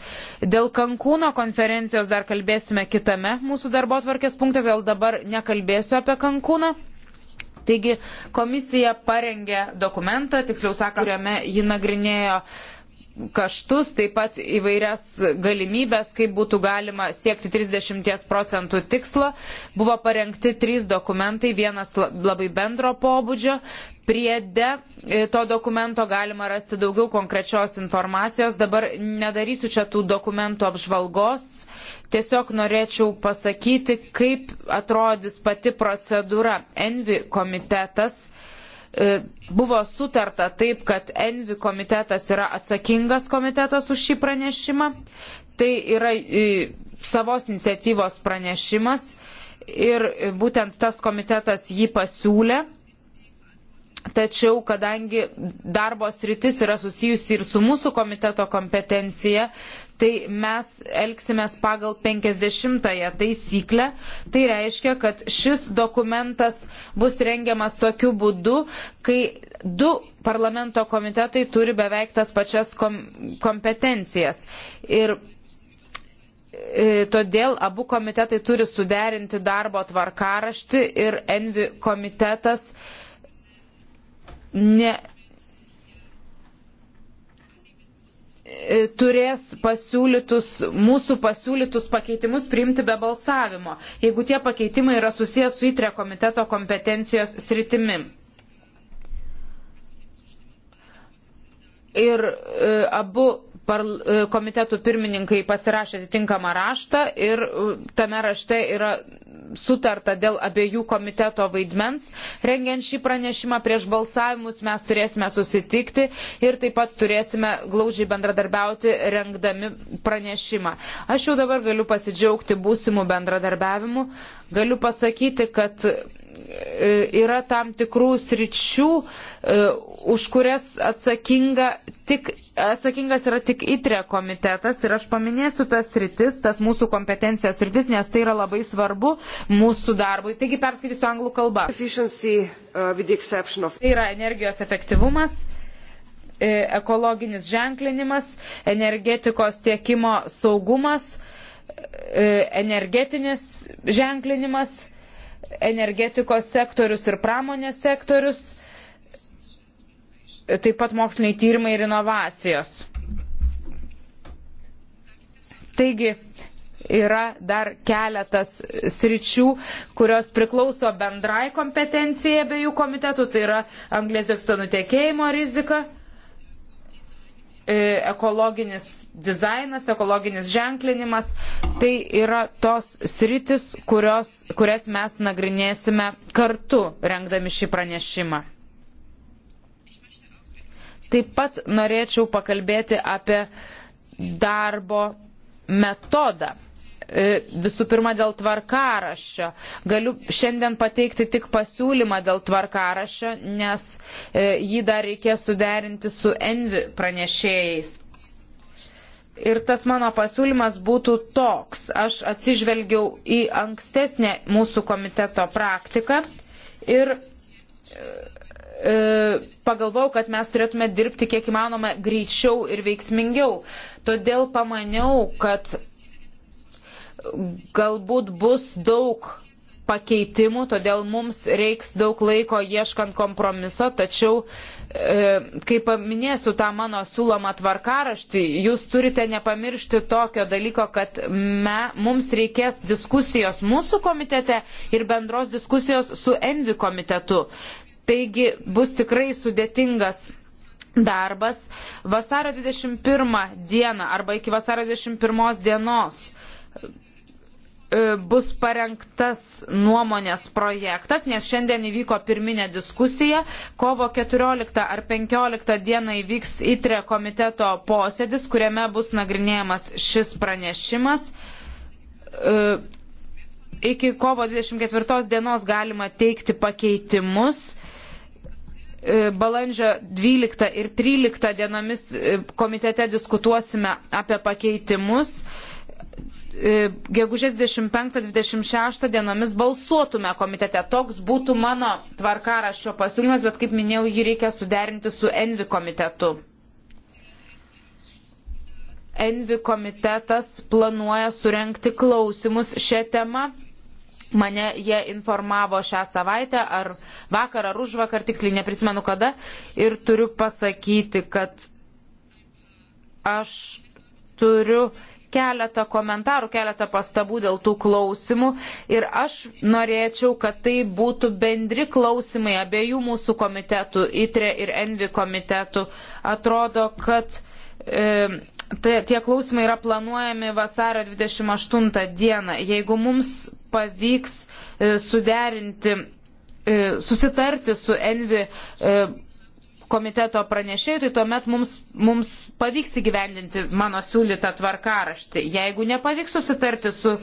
Dėl Kankūno konferencijos dar kalbėsime kitame mūsų darbo tvarkės punkte, todėl dabar nekalbėsiu apie Kankūną. Taigi komisija parengė dokumentą, tiksliau sakant, kuriame ji nagrinėjo uh, kaštus, taip pat įvairias galimybės, kaip būtų galima siekti 30 procentų tikslo. Buvo parengti trys dokumentai, vienas labai bendro pobūdžio. Priede e, to dokumento galima rasti daugiau konkrečios informacijos. Dabar nedarysiu čia tų dokumentų apžvalgos. Tiesiog norėčiau pasakyti, kaip atrodys pati procedūra. Envi komitetas uh, E, buvo sutarta taip, kad Envi komitetas yra atsakingas komitetas už šį pranešimą. Tai yra e, savos iniciatyvos pranešimas ir būtent tas komitetas jį pasiūlė. Tačiau, kadangi darbo sritis yra susijusi ir su mūsų komiteto kompetencija, tai mes elgsimės pagal 50-ąją taisyklę. Tai reiškia, kad šis dokumentas bus rengiamas tokiu būdu, kai du parlamento komitetai turi beveik tas pačias kom kompetencijas. Ir e, Todėl abu komitetai turi suderinti darbo tvarkaraštį ir Envi komitetas ne, E, turės pasiūlytus, mūsų pasiūlytus pakeitimus priimti be balsavimo, jeigu tie pakeitimai yra susijęs su įtre komiteto kompetencijos sritimi. Ir e, abu par, e, komitetų pirmininkai pasirašė atitinkamą raštą ir e, tame rašte yra sutarta dėl abiejų komiteto vaidmens. Rengiant šį pranešimą prieš balsavimus mes turėsime susitikti ir taip pat turėsime glaudžiai bendradarbiauti rengdami pranešimą. Aš jau dabar galiu pasidžiaugti būsimų bendradarbiavimų galiu pasakyti, kad e, yra tam tikrų sričių, e, už kurias atsakinga tik, atsakingas yra tik ITRE komitetas ir aš paminėsiu tas sritis, tas mūsų kompetencijos sritis, nes tai yra labai svarbu mūsų darbui. Taigi perskaitysiu anglų kalbą. Uh, tai yra energijos efektyvumas e, ekologinis ženklinimas, energetikos tiekimo saugumas, uh, E, energetinis ženklinimas, energetikos sektorius ir pramonės sektorius, taip pat moksliniai tyrimai ir inovacijos. Taigi, yra dar keletas sričių, kurios priklauso bendrai kompetencijai abiejų komitetų, tai yra anglės dioksito nutekėjimo rizika, E, ekologinis dizainas, ekologinis ženklinimas. Tai yra tos sritis, kurios, kurias mes nagrinėsime kartu rengdami šį pranešimą. Taip pat norėčiau pakalbėti apie darbo metodą. E, visų pirma dėl tvarkaraščio. Galiu šiandien pateikti tik pasiūlymą dėl tvarkaraščio, nes e, jį dar reikės suderinti su Envi pranešėjais. Ir tas mano pasiūlymas būtų toks. Aš atsižvelgiau į ankstesnę mūsų komiteto praktiką ir e, pagalvojau, kad mes turėtume dirbti kiek įmanoma greičiau ir veiksmingiau. Todėl pamaniau, kad galbūt bus daug pakeitimų, todėl mums reiks daug laiko ieškant kompromiso, tačiau, e, kai paminėsiu tą mano siūlomą tvarkaraštį, jūs turite nepamiršti tokio dalyko, kad me, mums reikės diskusijos mūsų komitete ir bendros diskusijos su Envi komitetu. Taigi bus tikrai sudėtingas darbas vasario 21 dieną arba iki vasario 21 dienos E, bus parengtas nuomonės projektas, nes šiandien įvyko pirminė diskusija. Kovo 14 ar 15 dieną įvyks ITRE komiteto posėdis, kuriame bus nagrinėjamas šis pranešimas. E, iki kovo 24 dienos galima teikti pakeitimus e, balandžio 12 ir 13 dienomis komitete diskutuosime apie pakeitimus. E, gegužės 25-26 dienomis balsuotume komitete. Toks būtų mano tvarkaraščio pasiūlymas, bet kaip minėjau, jį reikia suderinti su Envi komitetu. Envi komitetas planuoja surenkti klausimus šią temą. Mane jie informavo šią savaitę, ar vakar, ar už vakar, tiksliai neprisimenu kada. Ir turiu pasakyti, kad aš turiu keletą komentarų, keletą pastabų dėl tų klausimų ir aš norėčiau, kad tai būtų bendri klausimai abiejų mūsų komitetų, ITRE ir ENVI komitetų. Atrodo, kad e, Tai tie klausimai yra planuojami vasario 28 dieną. Jeigu mums pavyks e, suderinti, e, susitarti su Envi e, komiteto pranešėjų, tai tuomet mums, mums pavyks įgyvendinti mano siūlytą tvarkaraštį. Jeigu nepavyks susitarti su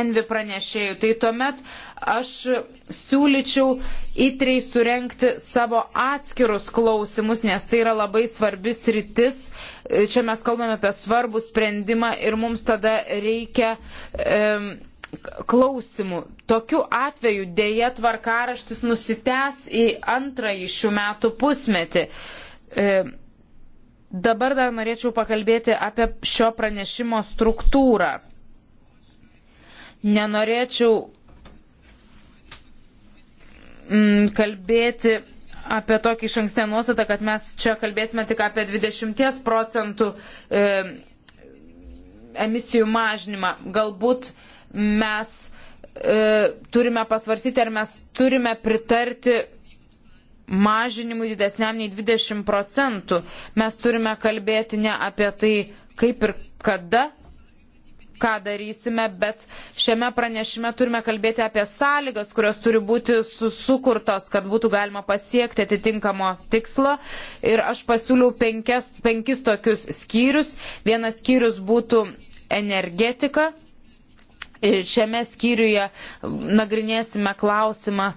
Envi pranešėjų, tai tuomet aš siūlyčiau įtrei surenkti savo atskirus klausimus, nes tai yra labai svarbis rytis. Čia mes kalbame apie svarbų sprendimą ir mums tada reikia. Um, e, klausimų. Tokiu atveju dėja tvarkaraštis nusitęs į antrąjį šių metų pusmetį. E, dabar dar norėčiau pakalbėti apie šio pranešimo struktūrą. Nenorėčiau mm, kalbėti apie tokį iš ankstę nuostatą, kad mes čia kalbėsime tik apie 20 procentų e, emisijų mažinimą. Galbūt e, mes e, turime pasvarsyti, ar mes turime pritarti mažinimui didesniam nei 20 procentų. Mes turime kalbėti ne apie tai, kaip ir kada ką darysime, bet šiame pranešime turime kalbėti apie sąlygas, kurios turi būti sukurtos, kad būtų galima pasiekti atitinkamo tikslo. Ir aš pasiūliau penkias, penkis tokius skyrius. Vienas skyrius būtų energetika, šiame skyriuje nagrinėsime klausimą,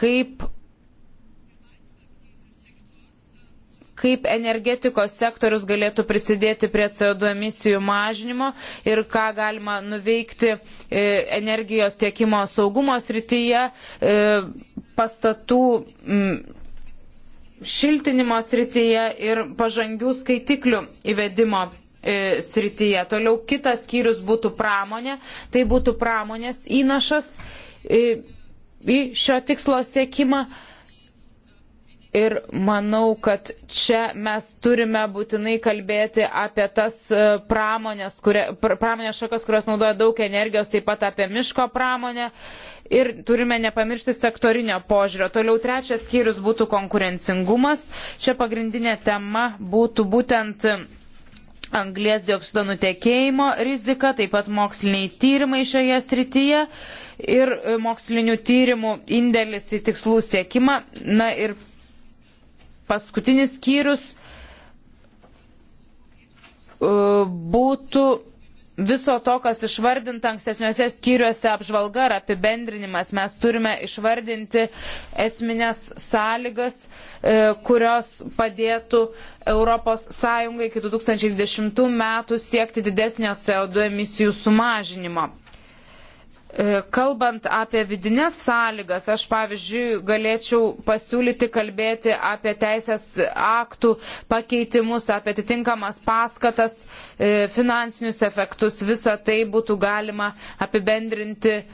kaip kaip energetikos sektorius galėtų prisidėti prie CO2 emisijų mažinimo ir ką galima nuveikti e, energijos tiekimo saugumo srityje, e, pastatų šiltinimo srityje ir pažangių skaitiklių įvedimo E, srityje. Toliau kitas skyrius būtų pramonė, tai būtų pramonės įnašas e, į šio tikslo siekimą. Ir manau, kad čia mes turime būtinai kalbėti apie tas e, pramonės, kurie, pramonės šakas, kurios naudoja daug energijos, taip pat apie miško pramonę. Ir turime nepamiršti sektorinio požiūrio. Toliau trečias skyrius būtų konkurencingumas. Čia pagrindinė tema būtų būtent anglės dioksido nutekėjimo rizika, taip pat moksliniai tyrimai šioje srityje ir e, mokslinių tyrimų indėlis į tikslų siekimą. Na ir paskutinis skyrius e, būtų viso to, kas išvardinta ankstesniuose skyriuose apžvalga ar apibendrinimas, mes turime išvardinti esminės sąlygas, e, kurios padėtų ES iki 2010 metų siekti didesnio CO2 emisijų sumažinimo. E, kalbant apie vidinės sąlygas, aš pavyzdžiui galėčiau pasiūlyti kalbėti apie teisės aktų pakeitimus, apie atitinkamas paskatas, e, finansinius efektus, visą tai būtų galima apibendrinti e,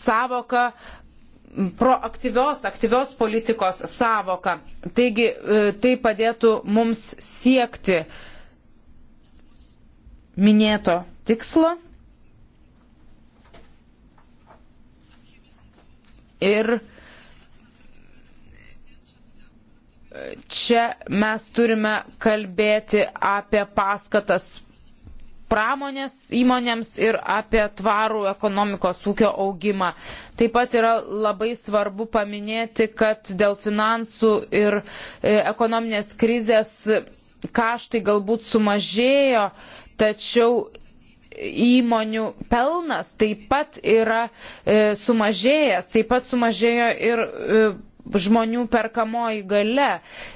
savoką proaktyvios, aktyvios politikos savoką. Taigi tai padėtų mums siekti minėto tikslo. Ir čia mes turime kalbėti apie paskatas pramonės įmonėms ir apie tvarų ekonomikos ūkio augimą. Taip pat yra labai svarbu paminėti, kad dėl finansų ir e, ekonominės krizės kaštai galbūt sumažėjo, tačiau įmonių pelnas taip pat yra e, sumažėjęs, taip pat sumažėjo ir e, žmonių perkamoji gale.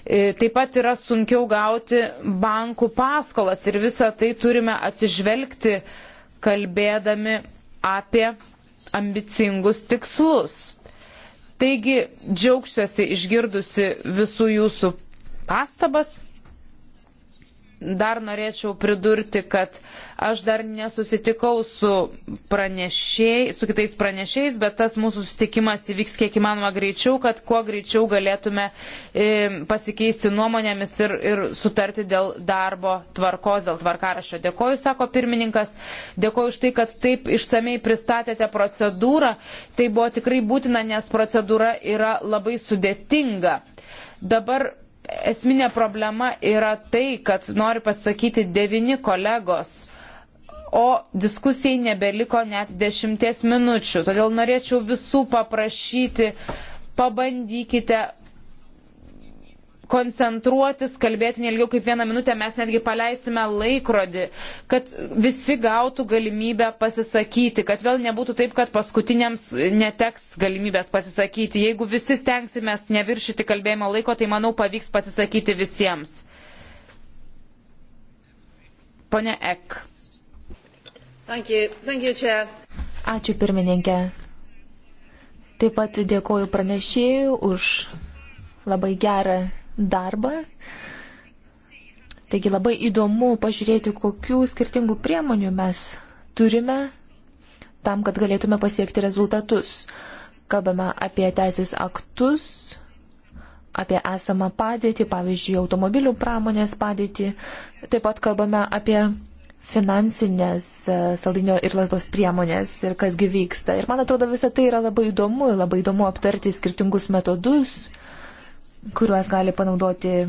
E, taip pat yra sunkiau gauti bankų paskolas ir visą tai turime atsižvelgti, kalbėdami apie ambicingus tikslus. Taigi džiaugsiuosi išgirdusi visų jūsų pastabas dar norėčiau pridurti, kad aš dar nesusitikau su, pranešėj, su kitais pranešėjais, bet tas mūsų susitikimas įvyks kiek įmanoma greičiau, kad kuo greičiau galėtume e, pasikeisti nuomonėmis ir, ir sutarti dėl darbo tvarkos, dėl tvarkarašio. Dėkoju, sako pirmininkas, dėkoju už tai, kad taip išsamei pristatėte procedūrą. Tai buvo tikrai būtina, nes procedūra yra labai sudėtinga. Dabar esminė problema yra tai, kad nori pasakyti devini kolegos, o diskusijai nebeliko net dešimties minučių. Todėl norėčiau visų paprašyti, pabandykite koncentruotis, kalbėti nelgiau kaip vieną minutę, mes netgi paleisime laikrodį, kad visi gautų galimybę pasisakyti, kad vėl nebūtų taip, kad paskutiniams neteks galimybės pasisakyti. Jeigu visi stengsimės neviršyti kalbėjimo laiko, tai manau pavyks pasisakyti visiems. Pone Ek. Thank you. Thank you, Chair.
Ačiū pirmininkė. Taip pat dėkoju pranešėjų už labai gerą darbą. Taigi labai įdomu pažiūrėti, kokių skirtingų priemonių mes turime tam, kad galėtume pasiekti rezultatus. Kalbame apie teisės aktus, apie esamą padėtį, pavyzdžiui, automobilių pramonės padėtį. Taip pat kalbame apie finansinės e, saldinio ir lasdos priemonės ir kasgi vyksta. Ir man atrodo, visa tai yra labai įdomu, labai įdomu aptarti skirtingus metodus, kuriuos gali panaudoti e,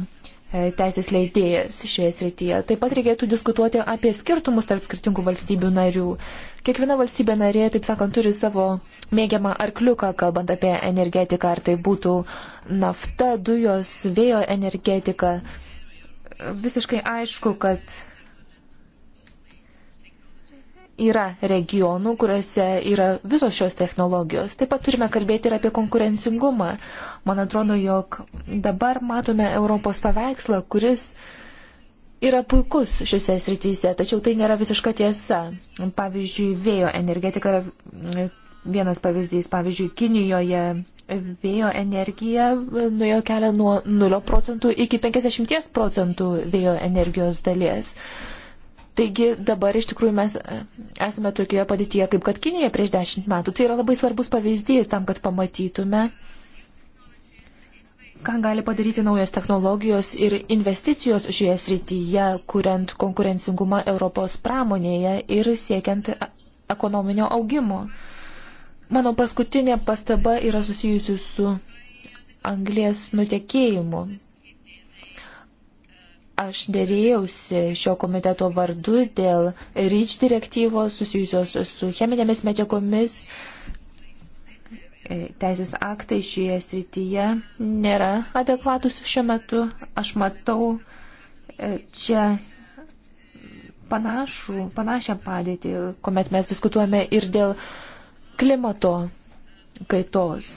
teisės leidėjas šioje srityje. Taip pat reikėtų diskutuoti apie skirtumus tarp skirtingų valstybių narių. Kiekviena valstybė narė, taip sakant, turi savo mėgiamą arkliuką, kalbant apie energetiką, ar tai būtų nafta, dujos, vėjo energetika. Visiškai aišku, kad yra regionų, kuriuose yra visos šios technologijos. Taip pat turime kalbėti ir apie konkurencingumą. Man atrodo, jog dabar matome Europos paveikslą, kuris yra puikus šiuose srityse, tačiau tai nėra visiška tiesa. Pavyzdžiui, vėjo energetika yra e, vienas pavyzdys. Pavyzdžiui, Kinijoje vėjo energija nuėjo e, kelią nuo 0 procentų iki 50 procentų vėjo energijos dalies. Taigi dabar iš tikrųjų mes e, esame tokioje padėtyje, kaip kad Kinija prieš dešimt metų. Tai yra labai svarbus pavyzdys tam, kad pamatytume, ką gali padaryti naujos technologijos ir investicijos šioje srityje, kuriant konkurencingumą Europos pramonėje ir siekiant ekonominio augimo. Mano paskutinė pastaba yra susijusi su anglės nutekėjimu. Aš dėrėjausi šio komiteto vardu dėl REACH direktyvos susijusios su cheminėmis medžiagomis, E, teisės aktai šioje srityje nėra adekvatus šiuo metu. Aš matau e, čia panašų, panašią padėtį, kuomet mes diskutuojame ir dėl klimato kaitos.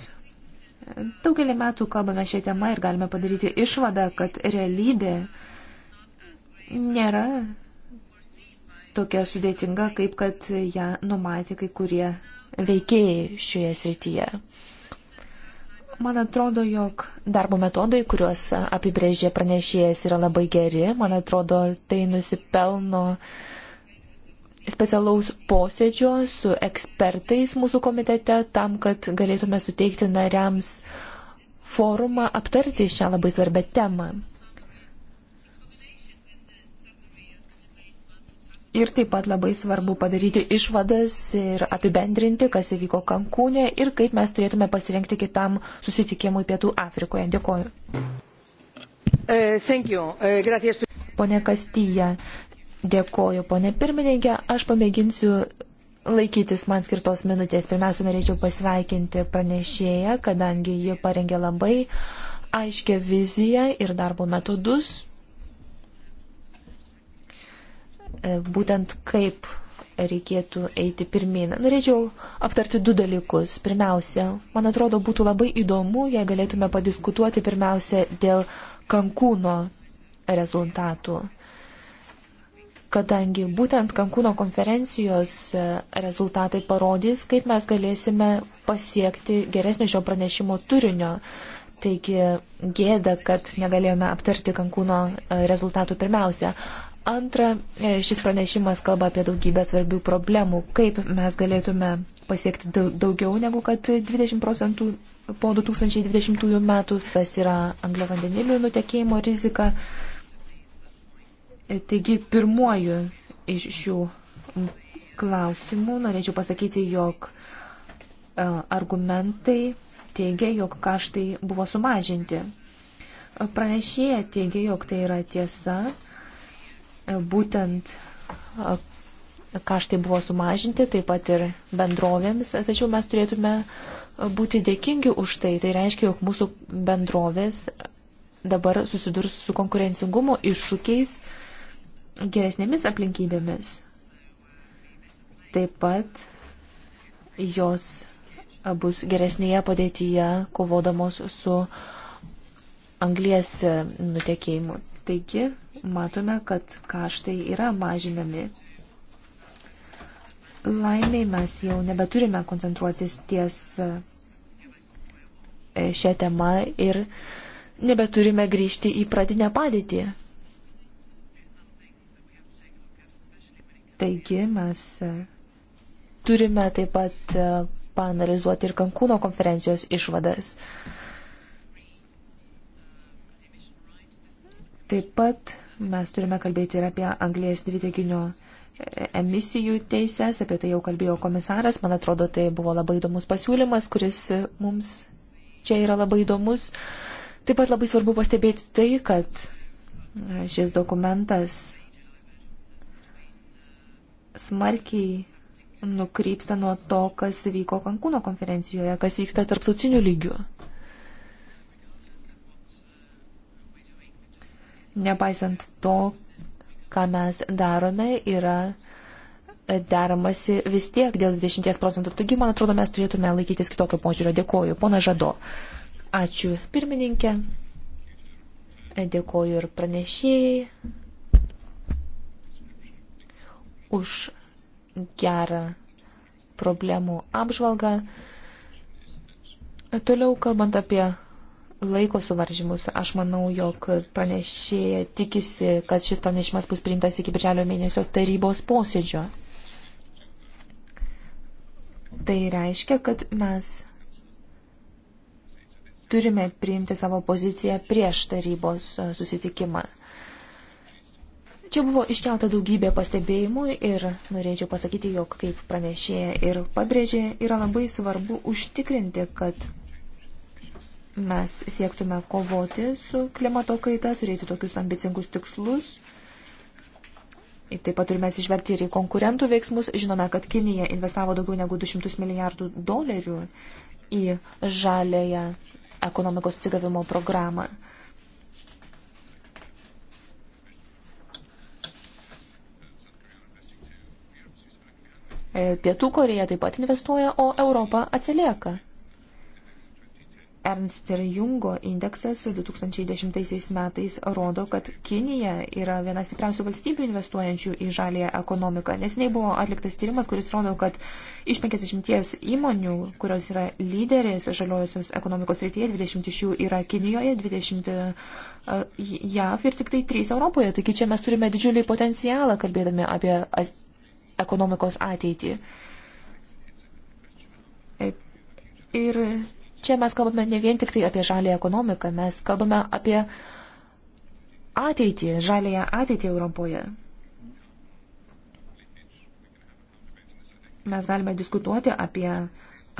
Daugelį metų kalbame šią temą ir galime padaryti išvadą, kad realybė nėra tokia sudėtinga, kaip kad ją numatė kai kurie veikėjai šioje srityje. Man atrodo, jog darbo metodai, kuriuos apibrėžė pranešėjas, yra labai geri. Man atrodo, tai nusipelno specialaus posėdžio su ekspertais mūsų komitete tam, kad galėtume suteikti nariams forumą aptarti šią labai svarbę temą. Ir taip pat labai svarbu padaryti išvadas ir apibendrinti, kas įvyko Kankūne ir kaip mes turėtume pasirinkti kitam susitikimui Pietų Afrikoje. Dėkoju. Uh,
uh
Pone Kastyje, dėkoju, pone pirmininkė. Aš pamėginsiu laikytis man skirtos minutės. Pirmiausia, norėčiau pasveikinti pranešėją, kadangi ji parengė labai aiškę viziją ir darbo metodus E, būtent kaip reikėtų eiti pirmin. Norėčiau aptarti du dalykus. Pirmiausia, man atrodo, būtų labai įdomu, jei galėtume padiskutuoti pirmiausia dėl Kankūno rezultatų. Kadangi būtent Kankūno konferencijos e, rezultatai parodys, kaip mes galėsime pasiekti geresnio šio pranešimo turinio. Taigi gėda, kad negalėjome aptarti Kankūno e, rezultatų pirmiausia. Antra, e, šis pranešimas kalba apie daugybę svarbių problemų, kaip mes galėtume pasiekti daugiau negu kad 20 procentų po 2020 metų. Tas yra anglio vandenilių nutekėjimo rizika. E, taigi, pirmuoju iš šių klausimų norėčiau pasakyti, jog e, argumentai teigia, jog kaštai buvo sumažinti. Pranešėja teigia, jog tai yra tiesa E, būtent e, kaštai buvo sumažinti, taip pat ir bendrovėms, tačiau mes turėtume e, būti dėkingi už tai. Tai reiškia, jog mūsų bendrovės dabar susidurs su konkurencingumo iššūkiais geresnėmis aplinkybėmis. Taip pat jos bus geresnėje padėtyje kovodamos su anglies nutekėjimu. Taigi, matome, kad kaštai yra mažinami. Laimiai mes jau nebeturime koncentruotis ties e, šią temą ir nebeturime grįžti į pradinę padėtį. Taigi mes e, turime taip pat e, panalizuoti ir Kankūno konferencijos išvadas. Taip pat mes turime kalbėti ir apie anglės dvideginio e, emisijų teises, apie tai jau kalbėjo komisaras, man atrodo, tai buvo labai įdomus pasiūlymas, kuris mums čia yra labai įdomus. Taip pat labai svarbu pastebėti tai, kad e, šis dokumentas smarkiai nukrypsta nuo to, kas vyko Kankūno konferencijoje, kas vyksta tarptautiniu lygiu. Nepaisant to, ką mes darome, yra deramasi vis tiek dėl 20 procentų. Taigi, man atrodo, mes turėtume laikytis kitokio požiūrio. Dėkoju, pona Žado. Ačiū pirmininkė. Dėkoju ir pranešėjai už gerą problemų apžvalgą. Toliau kalbant apie laiko suvaržymus. Aš manau, jog pranešėja tikisi, kad šis pranešimas bus priimtas iki birželio mėnesio tarybos posėdžio. Tai reiškia, kad mes turime priimti savo poziciją prieš tarybos e, susitikimą. Čia buvo iškelta daugybė pastebėjimų ir norėčiau pasakyti, jog kaip pranešėja ir pabrėžė, yra labai svarbu užtikrinti, kad mes siektume kovoti su klimato kaita, turėti tokius ambicingus tikslus. Ir taip pat turime atsižvelgti ir į konkurentų veiksmus. Žinome, kad Kinija investavo daugiau negu 200 milijardų dolerių į žalėją ekonomikos atsigavimo programą. E, Pietų Korėja taip pat investuoja, o Europa atsilieka. Ernst ir Jungo indeksas 2010 metais rodo, kad Kinija yra viena stipriausių valstybių investuojančių į žalėją ekonomiką. Nesiniai buvo atliktas tyrimas, kuris rodo, kad iš 50 įmonių, kurios yra lyderės žaliosios ekonomikos rytyje, 20 iš jų yra Kinijoje, 20 e, JAV ir tik tai 3 Europoje. Taigi čia mes turime didžiulį potencialą, kalbėdami apie ekonomikos ateitį. E, ir čia mes kalbame ne vien tik tai apie žalį ekonomiką, mes kalbame apie ateitį, žalėją ateitį Europoje. Mes galime diskutuoti apie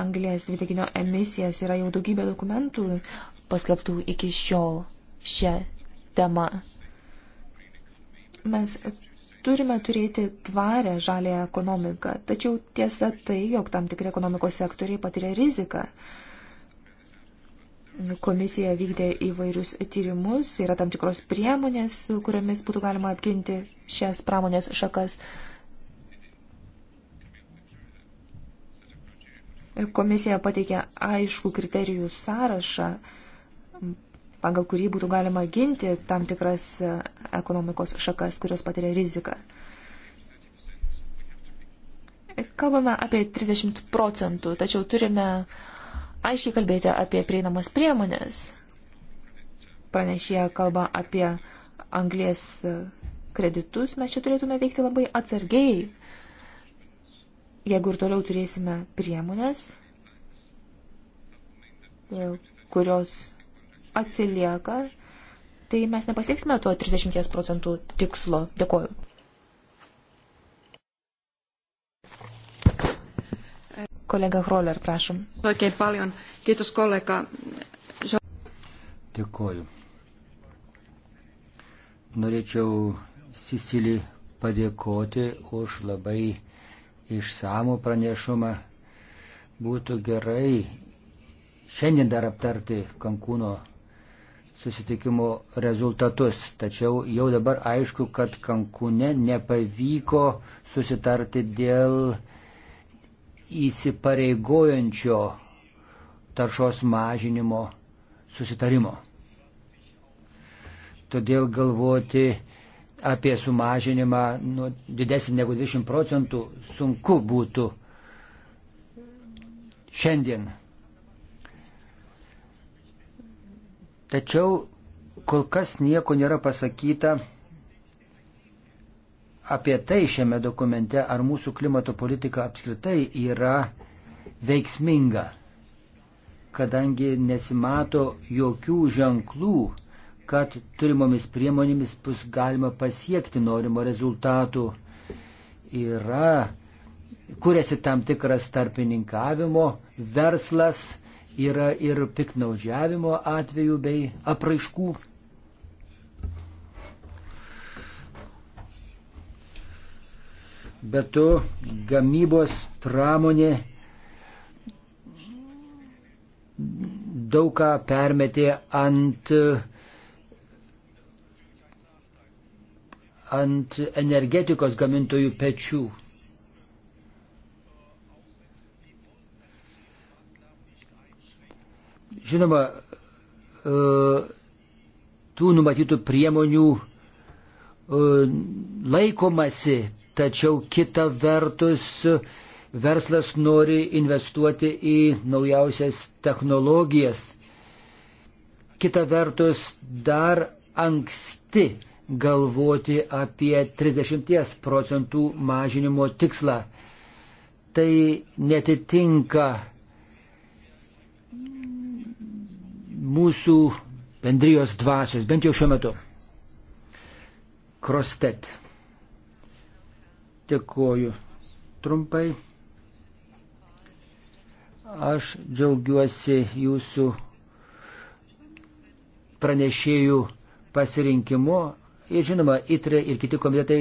anglės dvideginio emisijas, yra jau daugybė dokumentų paskelbtų iki šiol šią temą. Mes turime turėti tvarę žalę ekonomiką, tačiau tiesa tai, jog tam tikri ekonomikos sektoriai patiria riziką. Uh, Komisija vykdė įvairius tyrimus, yra tam tikros priemonės, kuriamis būtų galima apginti šias pramonės šakas. Komisija pateikė aišku kriterijų sąrašą, pagal kurį būtų galima ginti tam tikras ekonomikos šakas, kurios patiria riziką. Kalbame apie 30 procentų, tačiau turime uh, aiškiai kalbėti apie prieinamas priemonės. Pranešėja kalba apie anglės kreditus, mes čia turėtume veikti labai atsargiai. Jeigu ir toliau turėsime priemonės, e, kurios atsilieka, tai mes nepasieksime to 30 procentų tikslo. Dėkuoju. Kolega Hroller, prašom. Oikein paljon. Kiitos kollega.
Dėkoju. Norėčiau Sisili padėkoti už labai išsamų pranešumą. Būtų gerai šiandien dar aptarti Kankūno susitikimo rezultatus, tačiau jau dabar aišku, kad Kankūne nepavyko susitarti dėl įsipareigojančio taršos mažinimo susitarimo. Todėl galvoti apie sumažinimą nu, didesnį negu 20 procentų sunku būtų šiandien. Tačiau kol kas nieko nėra pasakyta apie tai šiame dokumente, ar mūsų klimato politika apskritai yra veiksminga, kadangi nesimato jokių ženklų, kad turimomis priemonėmis bus galima pasiekti norimo rezultatų. Yra, kuriasi tam tikras tarpininkavimo verslas, yra ir piknaudžiavimo atvejų bei apraiškų. bet to gamybos pramonė daugą permetė ant, ant energetikos gamintojų pečių. Žinoma, e, tų numatytų priemonių e, laikomasi tačiau kita vertus verslas nori investuoti į naujausias technologijas. Kita vertus dar anksti galvoti apie 30 procentų mažinimo tikslą. Tai netitinka mūsų bendrijos dvasios, bent jau šiuo metu. Krostet. Dėkuoju trumpai. Aš džiaugiuosi jūsų pranešėjų pasirinkimu. Ir žinoma, ITRE ir kiti komitetai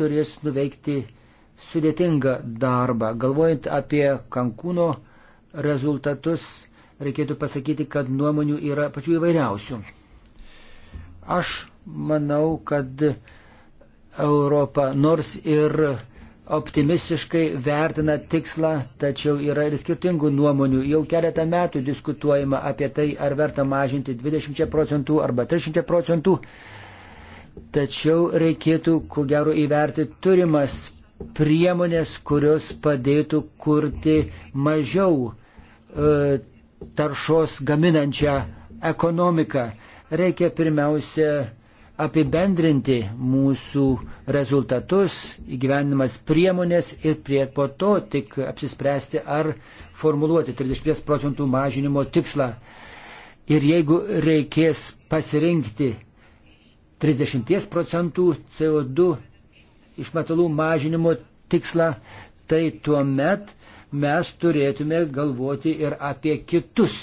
turės nuveikti sudėtingą darbą. Galvojant apie Kankūno rezultatus, reikėtų pasakyti, kad nuomonių yra pačių įvairiausių. Aš manau, kad Europa nors ir optimistiškai vertina tikslą, tačiau yra ir skirtingų nuomonių. Jau keletą metų diskutuojama apie tai, ar verta mažinti 20 procentų arba 30 procentų. Tačiau reikėtų, ko gero, įverti turimas priemonės, kurios padėtų kurti mažiau e, taršos gaminančią ekonomiką. Reikia pirmiausia apibendrinti mūsų rezultatus, įgyvenimas priemonės ir prie po to tik apsispręsti ar formuluoti 30 procentų mažinimo tikslą. Ir jeigu reikės pasirinkti 30 procentų CO2 išmetalų mažinimo tikslą, tai tuomet mes turėtume galvoti ir apie kitus,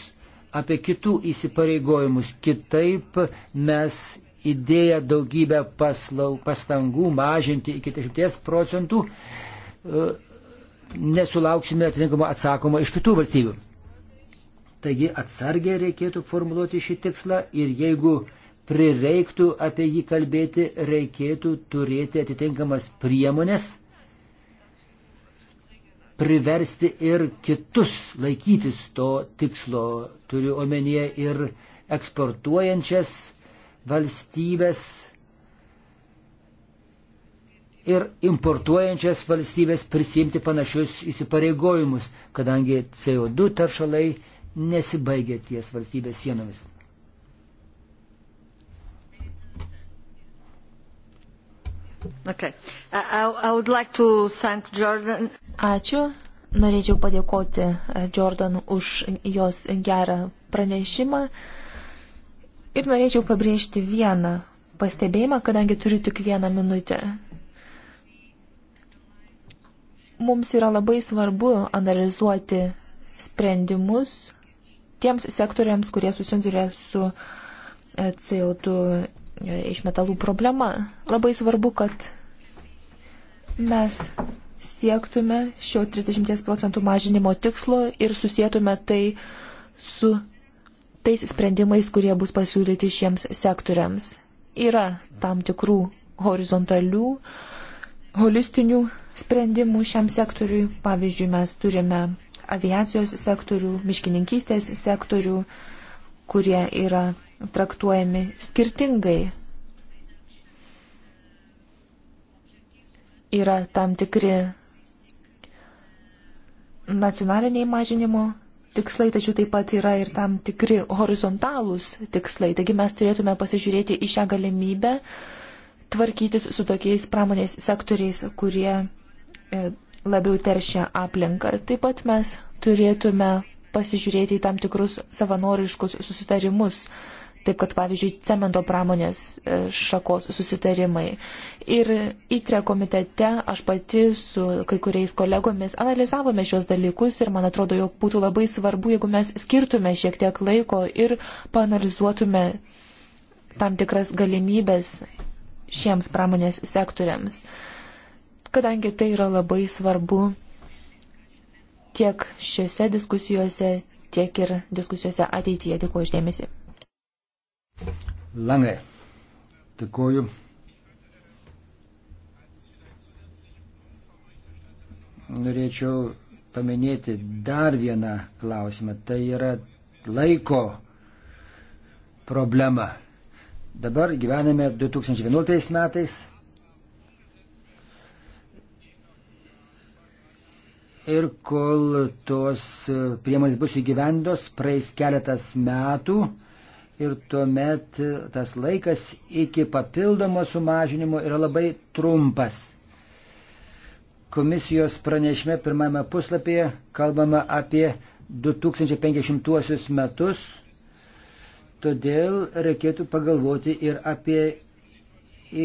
apie kitų įsipareigojimus. Kitaip mes įdėję daugybę paslau, pastangų mažinti iki 10 procentų, e, nesulauksime atitinkamo atsakomo iš kitų valstybių. Taigi atsargiai reikėtų formuluoti šį tikslą ir jeigu prireiktų apie jį kalbėti, reikėtų turėti atitinkamas priemonės priversti ir kitus laikytis to tikslo, turiu omenyje ir eksportuojančias valstybės ir importuojančias valstybės prisimti panašius įsipareigojimus, kadangi CO2 taršalai nesibaigia ties valstybės sienomis.
Okay. I, I like
Ačiū. Norėčiau padėkoti Jordan už jos gerą pranešimą. Ir norėčiau pabrėžti vieną pastebėjimą, kadangi turiu tik vieną minutę. Mums yra labai svarbu analizuoti sprendimus tiems sektoriams, kurie susiduria su e, CO2 e, iš metalų problema. Labai svarbu, kad mes siektume šio 30 procentų mažinimo tikslo ir susijėtume tai su tais sprendimais, kurie bus pasiūlyti šiems sektoriams. Yra tam tikrų horizontalių, holistinių sprendimų šiam sektoriui. Pavyzdžiui, mes turime aviacijos sektorių, miškininkystės sektorių, kurie yra traktuojami skirtingai. Yra tam tikri nacionaliniai mažinimo tikslai, tačiau taip pat yra ir tam tikri horizontalūs tikslai. Taigi mes turėtume pasižiūrėti į šią galimybę tvarkytis su tokiais pramonės sektoriais, kurie e, labiau teršia aplinką. Taip pat mes turėtume pasižiūrėti į tam tikrus savanoriškus susitarimus taip kad pavyzdžiui cemento pramonės e, šakos susitarimai. Ir įtre komitete aš pati su kai kuriais kolegomis analizavome šios dalykus ir man atrodo, jog būtų labai svarbu, jeigu mes skirtume šiek tiek laiko ir panalizuotume tam tikras galimybės šiems pramonės sektoriams, kadangi tai yra labai svarbu tiek šiuose diskusijose, tiek ir diskusijose ateityje. Dėkuoju išdėmesi.
Langai. Dėkuoju. Norėčiau paminėti dar vieną klausimą. Tai yra laiko problema. Dabar gyvename 2011 metais. Ir kol tos priemonės bus įgyvendos, praeis keletas metų, ir tuomet tas laikas iki papildomo sumažinimo yra labai trumpas. Komisijos pranešime pirmame puslapyje kalbama apie 2050 metus, todėl reikėtų pagalvoti ir apie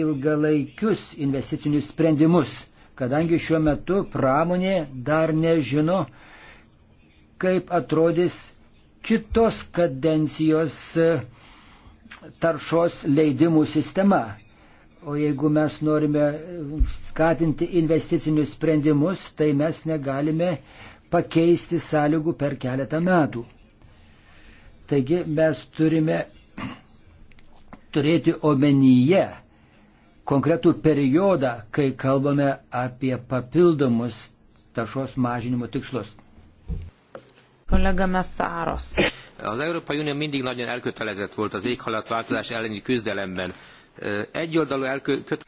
ilgalaikius investicinius sprendimus, kadangi šiuo metu pramonė dar nežino, kaip atrodys kitos kadencijos e, taršos leidimų sistema. O jeigu mes norime e, skatinti investicinius sprendimus, tai mes negalime pakeisti sąlygų per keletą metų. Taigi mes turime turėti omenyje konkretų periodą, kai kalbame apie papildomus taršos mažinimo tikslus. Kollega Messzáros.
Az Európai Unió mindig nagyon elkötelezett volt az éghajlatváltozás elleni küzdelemben. Egyoldalú elköt...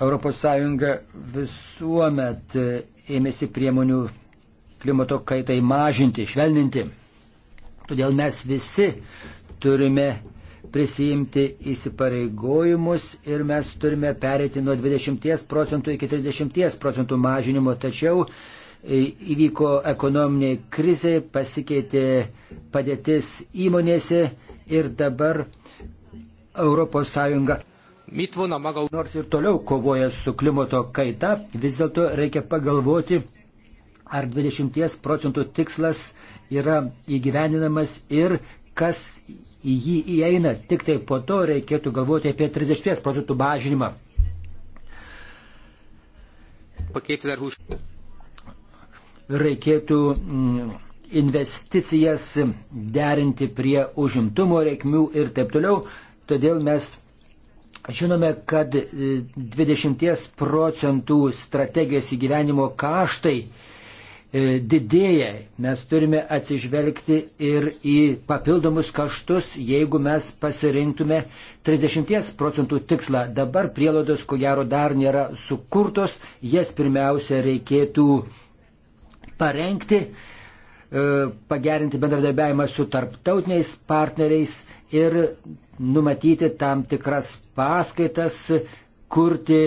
Europos Sąjunga visuomet ėmėsi priemonių klimato kaitai mažinti, švelninti. Todėl mes visi turime prisijimti įsipareigojimus ir mes turime perėti nuo 20 procentų iki 30 procentų mažinimo. Tačiau įvyko ekonominė krizė, pasikeitė padėtis įmonėse ir dabar ES nors ir toliau kovoja su klimato kaita, vis dėlto reikia pagalvoti, ar 20 procentų tikslas yra įgyveninamas ir kas į jį įeina. Tik tai po to reikėtų galvoti apie 30 procentų mažinimą. Pakeitis ar už reikėtų mm, investicijas derinti prie užimtumo reikmių ir taip toliau. Todėl mes žinome, kad 20 e, procentų strategijos įgyvenimo kaštai e, didėja. Mes turime atsižvelgti ir į papildomus kaštus, jeigu mes pasirinktume 30 procentų tikslą. Dabar prielaidos, ko gero, dar nėra sukurtos, jas pirmiausia reikėtų parengti, e, pagerinti bendradarbiavimą su tarptautiniais partneriais ir numatyti tam tikras paskaitas, kurti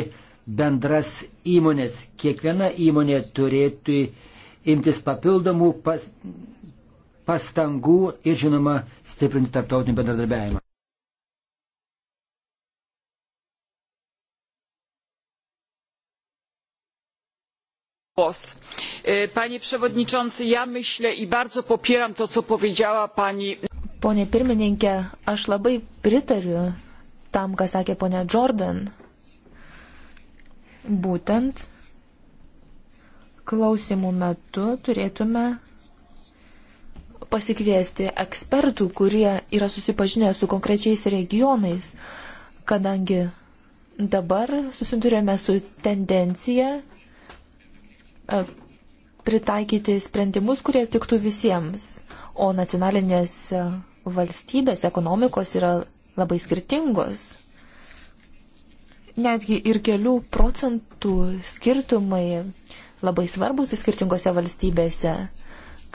bendras įmonės. Kiekviena įmonė turėtų imtis papildomų pas, pastangų ir, žinoma, stiprinti tarptautinį bendradarbiavimą.
pos. E, panie przewodniczący
ja myślę i bardzo popieram to co powiedziała pani
Pone pirmininkė, aš labai pritariu tam, ką sakė ponia Jordan. Būtent klausimų metu turėtume pasikviesti ekspertų, kurie yra susipažinę su konkrečiais regionais, kadangi dabar susidurėme su tendencija E, pritaikyti sprendimus, kurie tiktų visiems. O nacionalinės e, valstybės ekonomikos yra labai skirtingos. Netgi ir kelių procentų skirtumai labai svarbus skirtingose valstybėse.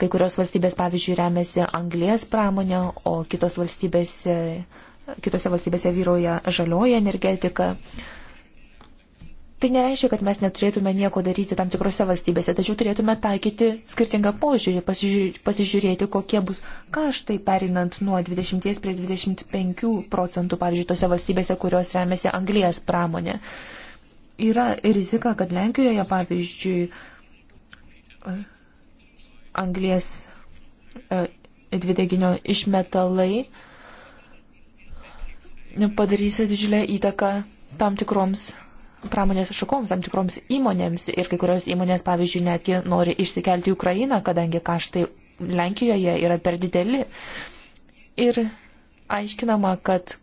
Kai kurios valstybės, pavyzdžiui, remiasi anglės pramonė, o kitos valstybėse, kitose valstybėse vyroja žalioji energetika. Uh, Tai nereiškia, kad mes neturėtume nieko daryti tam tikrose valstybėse, tačiau turėtume taikyti skirtingą požiūrį, pasižiūrėti, pasižiūrėti kokie bus kaštai perinant nuo 20 prie 25 procentų, pavyzdžiui, tose valstybėse, kurios remiasi anglijas pramonė. Yra rizika, kad Lenkijoje, pavyzdžiui, anglijas e, dvideginio išmetalai padarys didžiulę įtaką tam tikroms pramonės šakoms, tam tikroms įmonėms ir kai kurios įmonės, pavyzdžiui, netgi nori išsikelti į Ukrainą, kadangi kaštai Lenkijoje yra per dideli. Ir aiškinama, kad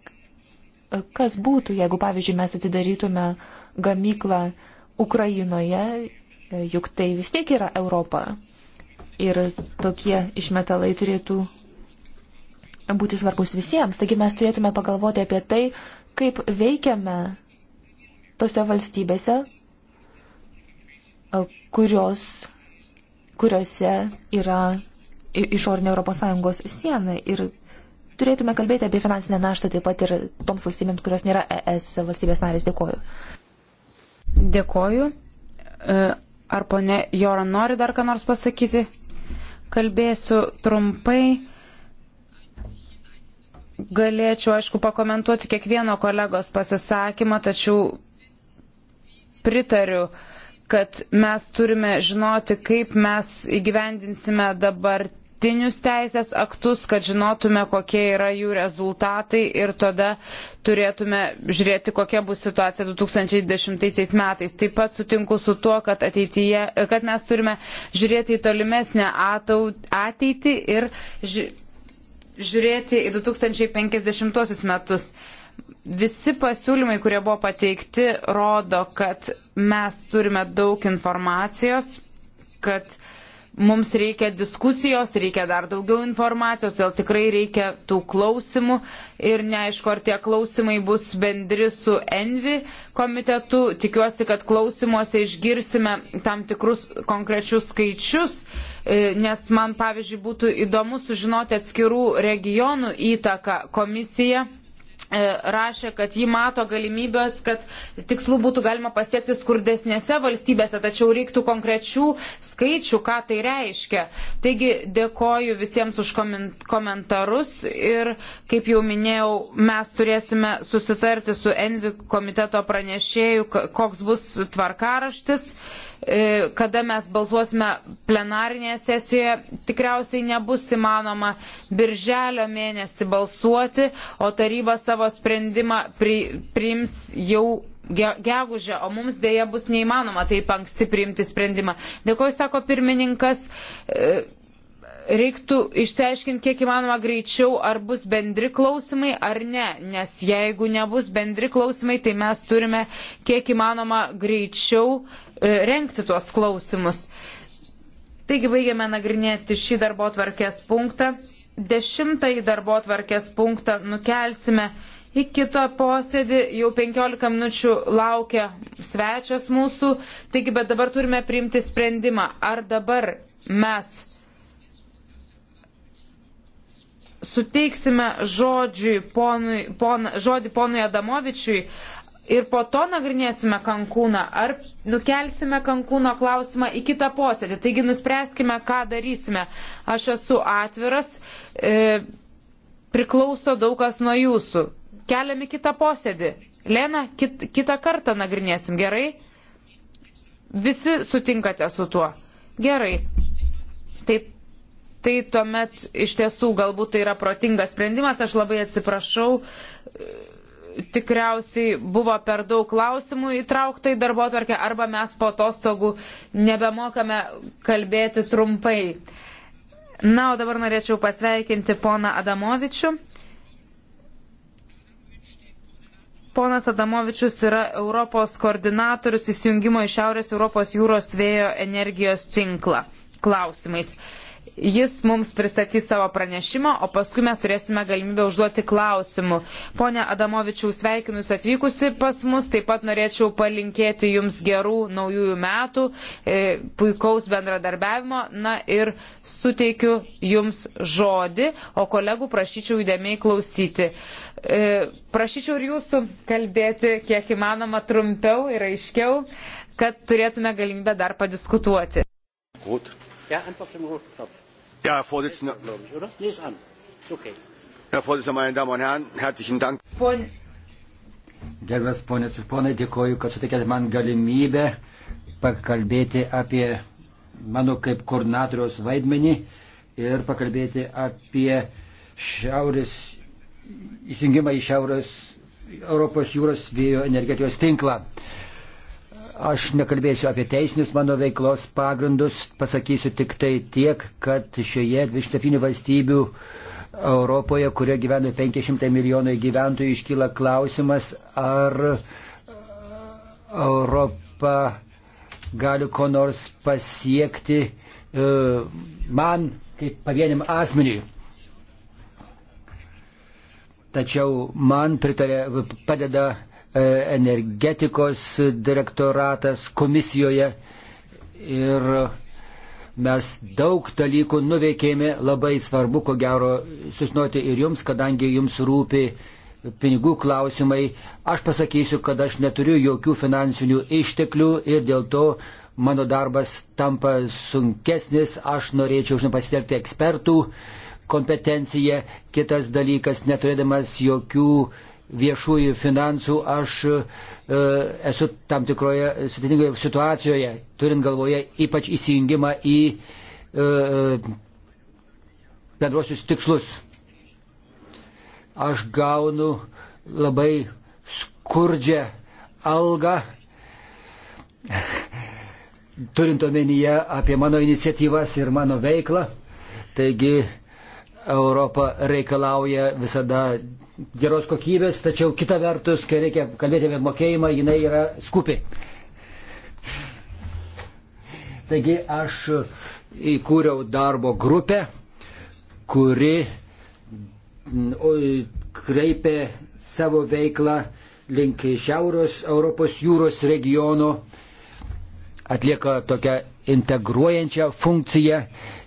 kas būtų, jeigu, pavyzdžiui, mes atidarytume gamyklą Ukrainoje, juk tai vis tiek yra Europa. Ir tokie išmetalai turėtų būti svarbus visiems. Taigi mes turėtume pagalvoti apie tai, kaip veikiame tose valstybėse, e, kurios, kuriuose yra išorinė ES siena ir turėtume kalbėti apie finansinę naštą taip pat ir toms valstybėms, kurios nėra ES valstybės narės. Dėkoju.
Dėkoju. E, ar ponė Joran nori dar ką nors pasakyti? Kalbėsiu trumpai. Galėčiau, aišku, pakomentuoti kiekvieno kolegos pasisakymą, tačiau pritariu kad mes turime žinoti, kaip mes įgyvendinsime dabar dabartinius teisės aktus, kad žinotume, kokie yra jų rezultatai ir tada turėtume žiūrėti, kokia bus situacija 2010 metais. Taip pat sutinku su tuo, kad, ateityje, kad mes turime žiūrėti į tolimesnę ateitį ir žiūrėti į 2050 metus. Visi pasiūlymai, kurie buvo pateikti, rodo, kad mes turime daug informacijos, kad mums reikia diskusijos, reikia dar daugiau informacijos, dėl tikrai reikia tų klausimų ir neaišku, ar tie klausimai bus bendri su Envi komitetu. Tikiuosi, kad klausimuose išgirsime tam tikrus konkrečius skaičius e, nes man, pavyzdžiui, būtų įdomu sužinoti atskirų regionų įtaką komisiją E, rašė, kad ji mato galimybės, kad tikslų būtų galima pasiekti skurdesnėse valstybėse, tačiau reiktų konkrečių skaičių, ką tai reiškia. Taigi dėkoju visiems už komentarus ir, kaip jau minėjau, mes turėsime susitarti su Envi komiteto pranešėju, koks bus tvarkaraštis. E, kada mes balsuosime plenarinėje sesijoje, tikriausiai nebus įmanoma birželio mėnesį balsuoti, o taryba savo sprendimą pri, priims jau gegužę, o mums dėja bus neįmanoma taip anksti priimti sprendimą. Dėkuoju, sako pirmininkas. E, reiktų išsiaiškinti, kiek įmanoma greičiau, ar bus bendri klausimai ar ne, nes jeigu nebus bendri klausimai, tai mes turime kiek įmanoma greičiau E, renkti tuos klausimus. Taigi baigiame nagrinėti šį darbo tvarkės punktą. Dešimtąjį darbo tvarkės punktą nukelsime į kitą posėdį. Jau 15 minučių laukia svečias mūsų. Taigi, bet dabar turime priimti sprendimą. Ar dabar mes suteiksime žodžiui ponui, pon, žodį ponui Adamovičiui, ir po to nagrinėsime Kankūną, ar nukelsime Kankūno klausimą į kitą posėdį. Taigi nuspręskime, ką darysime. Aš esu atviras, e, priklauso daug kas nuo jūsų. Keliam į kitą posėdį. Lena, kit, kitą kartą nagrinėsim, gerai? Visi sutinkate su tuo. Gerai. Tai, tai tuomet iš tiesų galbūt tai yra protingas sprendimas, aš labai atsiprašau. E, tikriausiai buvo per daug klausimų įtraukta į darbo atvarkę, arba mes po atostogų nebemokame kalbėti trumpai. Na, o dabar norėčiau pasveikinti poną Adamovičių. Ponas Adamovičius yra Europos koordinatorius įsijungimo į Šiaurės Europos jūros vėjo energijos tinklą klausimais. Jis mums pristatys savo pranešimą, o paskui mes turėsime galimybę užduoti klausimų. Pone Adamovičiau, sveikinu Jūs atvykusi pas mus, taip pat norėčiau palinkėti Jums gerų naujųjų metų, e, puikaus bendradarbiavimo, na ir suteikiu Jums žodį, o kolegų prašyčiau įdėmiai klausyti. E, prašyčiau ir Jūsų kalbėti kiek įmanoma trumpiau ir aiškiau kad turėtume galimybę dar padiskutuoti.
Rot. Ja, einfach den roten
Knopf. Ja, Herr Vorsitzender. Okay. Herr Vorsitzender, meine Damen und Herren, herzlichen Dank. Pon... Gerbės ponės ir ponai, dėkoju, kad suteikėte man galimybę pakalbėti apie mano kaip koordinatoriaus vaidmenį ir pakalbėti apie šiaurės, įsijungimą į šiaurės Europos jūros vėjo energetijos tinklą. Uh, Aš nekalbėsiu apie teisinius mano veiklos pagrindus, pasakysiu tik tai tiek, kad šioje 27 valstybių Europoje, kurioje gyvena 500 milijonai gyventojų, iškyla klausimas, ar Europa gali ko nors pasiekti e, man kaip pavieniam asmeniui. Tačiau man pritarė, padeda E, energetikos direktoratas komisijoje ir mes daug dalykų nuveikėme, labai svarbu, ko gero, sužinoti ir jums, kadangi jums rūpi pinigų klausimai. Aš pasakysiu, kad aš neturiu jokių finansinių išteklių ir dėl to mano darbas tampa sunkesnis, aš norėčiau žinoma pasitelkti ekspertų kompetenciją, kitas dalykas, neturėdamas jokių viešųjų finansų aš e, esu tam tikroje sudėtingoje situacijoje, turint galvoje ypač įsijungimą į e, e, bendruosius tikslus. Aš gaunu labai skurdžią algą, turint omenyje apie mano iniciatyvas ir mano veiklą. Taigi Europa reikalauja visada geros kokybės, tačiau kita vertus, kai reikia kalbėti apie mokėjimą, jinai yra skupi. Taigi aš įkūriau darbo grupę, kuri mm, kreipė savo veiklą link Šiaurės Europos jūros regiono, atlieka tokią integruojančią funkciją.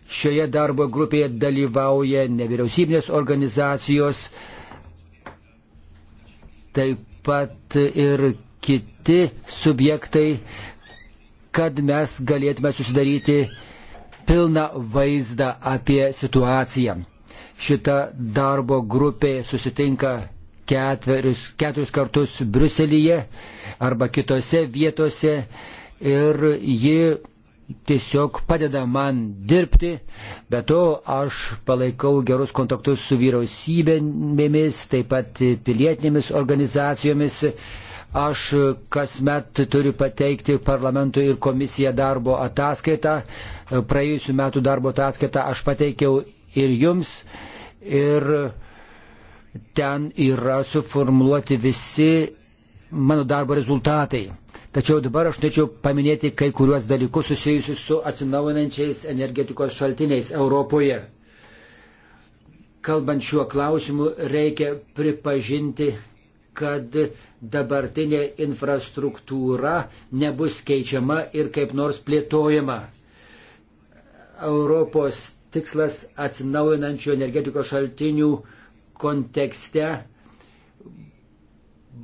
Šioje darbo grupėje dalyvauja nevyriausybinės organizacijos, taip pat ir kiti subjektai, kad mes galėtume susidaryti pilną vaizdą apie situaciją. Šita darbo grupė susitinka ketverius, keturis kartus Bruselėje arba kitose vietose ir ji tiesiog padeda man dirbti, bet to aš palaikau gerus kontaktus su vyriausybėmis, taip pat pilietinėmis organizacijomis. Aš kasmet turiu pateikti parlamentui ir komisiją darbo ataskaitą. Praėjusiu metu darbo ataskaitą aš pateikiau ir jums. Ir ten yra suformuoluoti visi mano darbo rezultatai. Tačiau dabar aš norėčiau paminėti kai kuriuos dalykus susijusius su atsinaujinančiais energetikos šaltiniais Europoje. Kalbant šiuo klausimu, reikia pripažinti, kad dabartinė infrastruktūra nebus keičiama ir kaip nors plėtojama. Europos tikslas atsinaujinančių energetikos šaltinių kontekste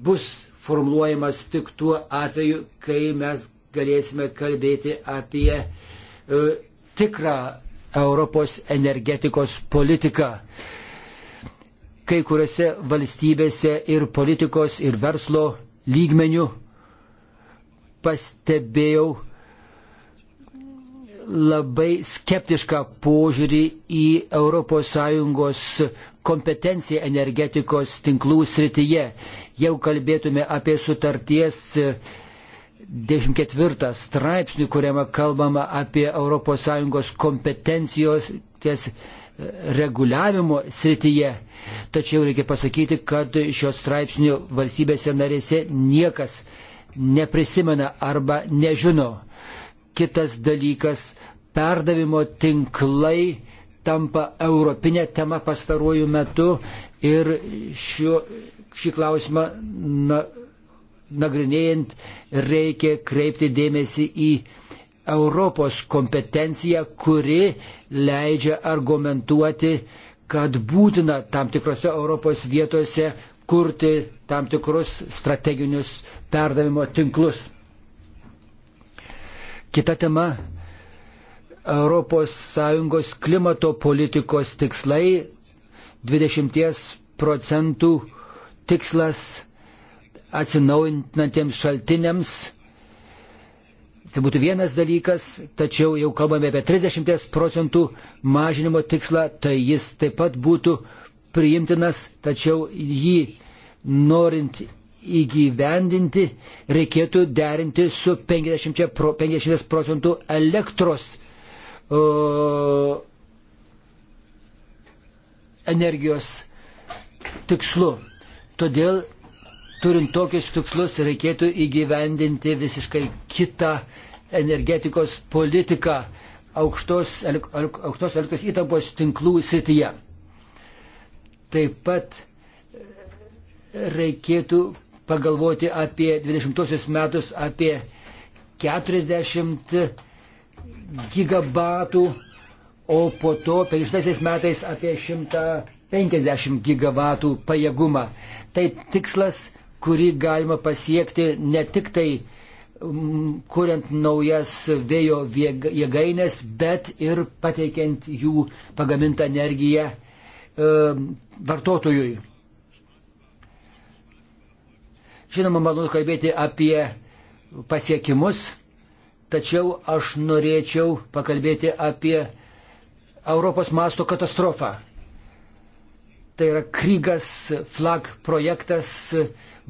bus formuluojamas tik tuo atveju, kai mes galėsime kalbėti apie e, tikrą Europos energetikos politiką. Kai kuriuose valstybėse ir politikos, ir verslo lygmenių pastebėjau, labai skeptišką požiūrį į ES kompetenciją energetikos tinklų srityje. Jau kalbėtume apie sutarties 24 straipsnį, kuriame kalbama apie ES kompetencijos ties reguliavimo srityje. Tačiau reikia pasakyti, kad šios straipsnių valstybėse narėse niekas neprisimena arba nežino. Kitas dalykas perdavimo tinklai tampa europinė tema pastaruoju metu ir šio, šį klausimą na, nagrinėjant reikia kreipti dėmesį į Europos kompetenciją, kuri leidžia argumentuoti, kad būtina tam tikrose Europos vietose kurti tam tikrus strateginius perdavimo tinklus. Kita tema ES klimato politikos tikslai 20 procentų tikslas atsinaujinantiems šaltiniams. Tai būtų vienas dalykas, tačiau jau kalbame apie 30 procentų mažinimo tikslą, tai jis taip pat būtų priimtinas, tačiau jį norint įgyvendinti reikėtų derinti su 50 procentų elektros energijos tikslu. Todėl, turint tokius tikslus, reikėtų įgyvendinti visiškai kitą energetikos politiką aukštos, aukštos elektros įtampos tinklų srityje. Taip pat e, reikėtų pagalvoti apie 20 metus, apie 40 gigabatų, o po to 50 metais apie 150 gigabatų pajėgumą. Tai tikslas, kurį galima pasiekti ne tik tai mm, kuriant naujas vėjo jėgainės, bet ir pateikiant jų pagamintą energiją e, vartotojui. Žinoma, malonu kalbėti apie pasiekimus, Tačiau aš norėčiau pakalbėti apie Europos masto katastrofą. Tai yra Krygas flag projektas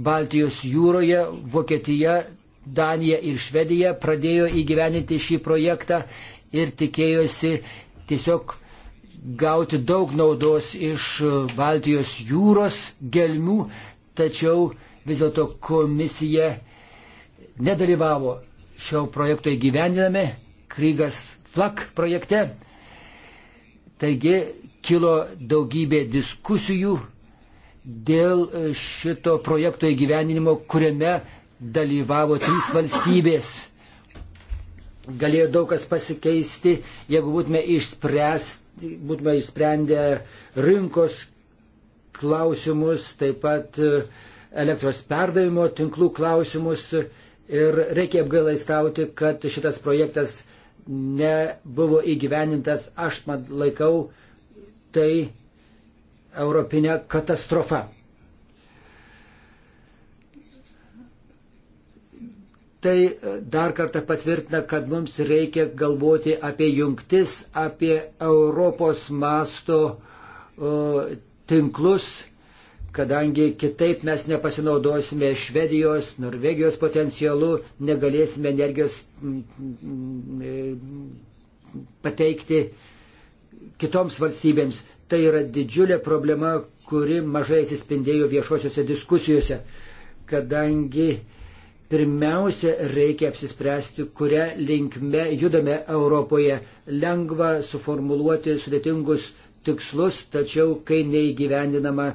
Baltijos jūroje. Vokietija, Danija ir Švedija pradėjo įgyveninti šį projektą ir tikėjosi tiesiog gauti daug naudos iš Baltijos jūros gelmių, tačiau vis dėlto komisija nedalyvavo šio projekto įgyvendiname, Krygas Flak projekte. Taigi kilo daugybė diskusijų dėl šito projekto įgyvendinimo, kuriame dalyvavo trys valstybės. Galėjo daug kas pasikeisti, jeigu būtume, būtume išsprendę rinkos klausimus, taip pat e, elektros perdavimo tinklų klausimus, Ir reikia apgailaiskauti, kad šitas projektas nebuvo įgyvenintas, aš man laikau tai europinė katastrofa. Tai dar kartą patvirtina, kad mums reikia galvoti apie jungtis, apie Europos masto uh, tinklus kadangi kitaip mes nepasinaudosime Švedijos, Norvegijos potencialu, negalėsime energijos mm, mm, mm, pateikti kitoms valstybėms. Tai yra didžiulė problema, kuri mažai atsispindėjo viešosiuose diskusijose, kadangi pirmiausia reikia apsispręsti, kurią linkme judame Europoje. Lengva suformuluoti sudėtingus tikslus, tačiau kai neįgyvendinama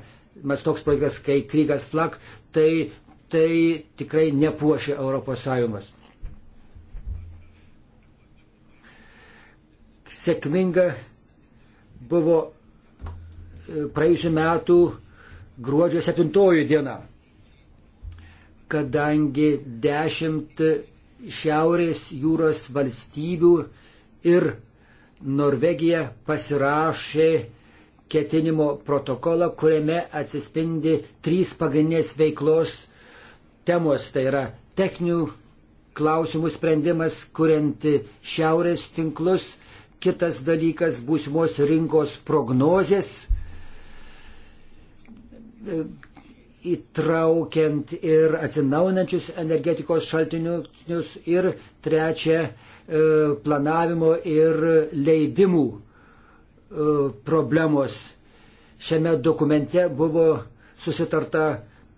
mes toks projektas kaip Krygas Flak, tai, tai tikrai nepuošia ES. Sėkminga buvo e, praėjusiu metu gruodžio 7 diena, kadangi 10 Šiaurės jūros valstybių ir Norvegija pasirašė ketinimo protokolą, kuriame atsispindi trys pagrindinės veiklos temos. Tai yra techninių klausimų sprendimas, kuriant šiaurės tinklus, kitas dalykas būsimos rinkos prognozės, įtraukiant ir atsinaunančius energetikos šaltinius ir trečia e, planavimo ir leidimų E, problemos. Šiame dokumente buvo susitarta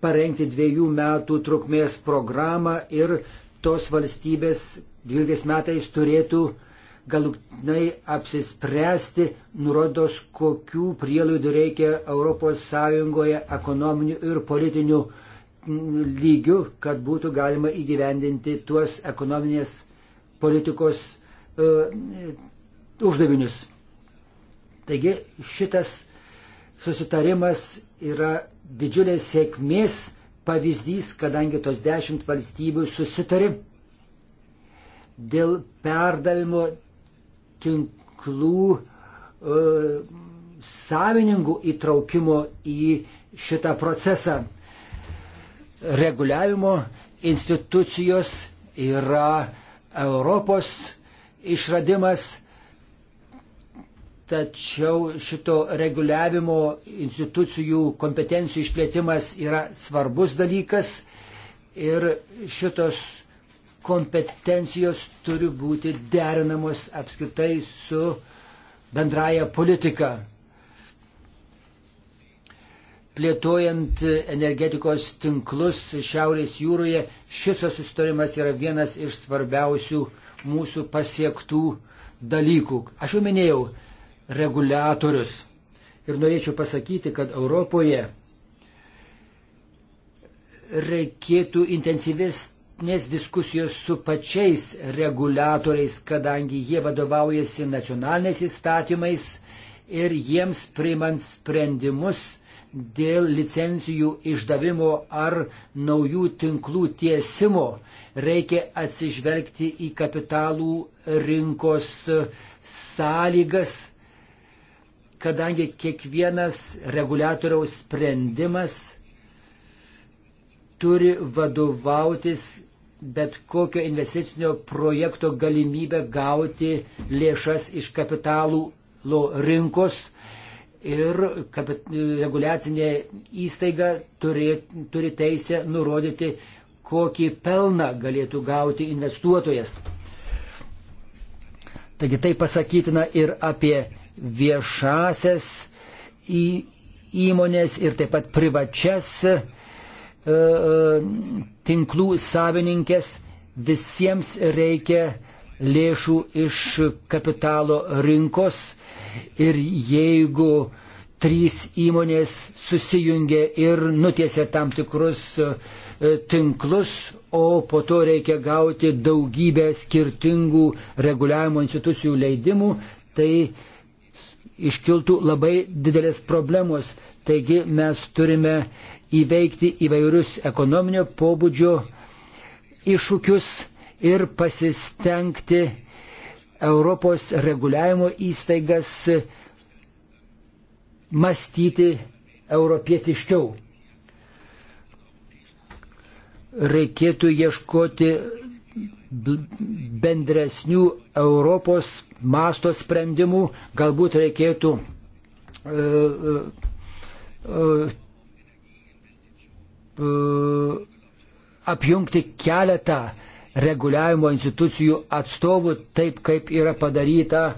parengti dviejų metų trukmės programą ir tos valstybės 12 metais turėtų galutinai apsispręsti, nurodos, kokių prielaidų reikia ES ekonominių ir politinių lygių, kad būtų galima įgyvendinti tuos ekonominės politikos uh, uždavinius. Taigi šitas susitarimas yra didžiulės sėkmės pavyzdys, kadangi tos dešimt valstybių susitari dėl perdavimo tinklų e, savininkų įtraukimo į šitą procesą. Reguliavimo institucijos yra Europos išradimas, tačiau šito reguliavimo institucijų kompetencijų išplėtimas yra svarbus dalykas ir šitos kompetencijos turi būti derinamos apskritai su bendraja politika. Plėtojant energetikos tinklus Šiaurės jūroje, šis susitarimas yra vienas iš svarbiausių mūsų pasiektų dalykų. Aš jau minėjau, reguliatorius. Ir norėčiau pasakyti, kad Europoje reikėtų intensyvesnės diskusijos su pačiais reguliatoriais, kadangi jie vadovaujasi nacionaliniais įstatymais ir jiems priimant sprendimus dėl licencijų išdavimo ar naujų tinklų tiesimo reikia atsižvelgti į kapitalų rinkos sąlygas kadangi kiekvienas reguliatoriaus sprendimas turi vadovautis bet kokio investicinio projekto galimybę gauti lėšas iš kapitalų rinkos ir reguliacinė įstaiga turi, turi teisę nurodyti, kokį pelną galėtų gauti investuotojas. Taigi tai pasakytina ir apie viešasias į įmonės ir taip pat privačias e, e, tinklų savininkės, visiems reikia lėšų iš kapitalo rinkos ir jeigu trys įmonės susijungia ir nutiesia tam tikrus e, tinklus, o po to reikia gauti daugybę skirtingų reguliavimo institucijų leidimų, tai uh, iškiltų labai didelės problemos. Taigi mes turime įveikti įvairius ekonominio pobūdžio iššūkius ir pasistengti Europos reguliavimo įstaigas mąstyti europietiškiau. Reikėtų ieškoti bendresnių Europos masto sprendimų, galbūt reikėtų uh, uh, uh, apjungti keletą reguliavimo institucijų atstovų, taip kaip yra padaryta e,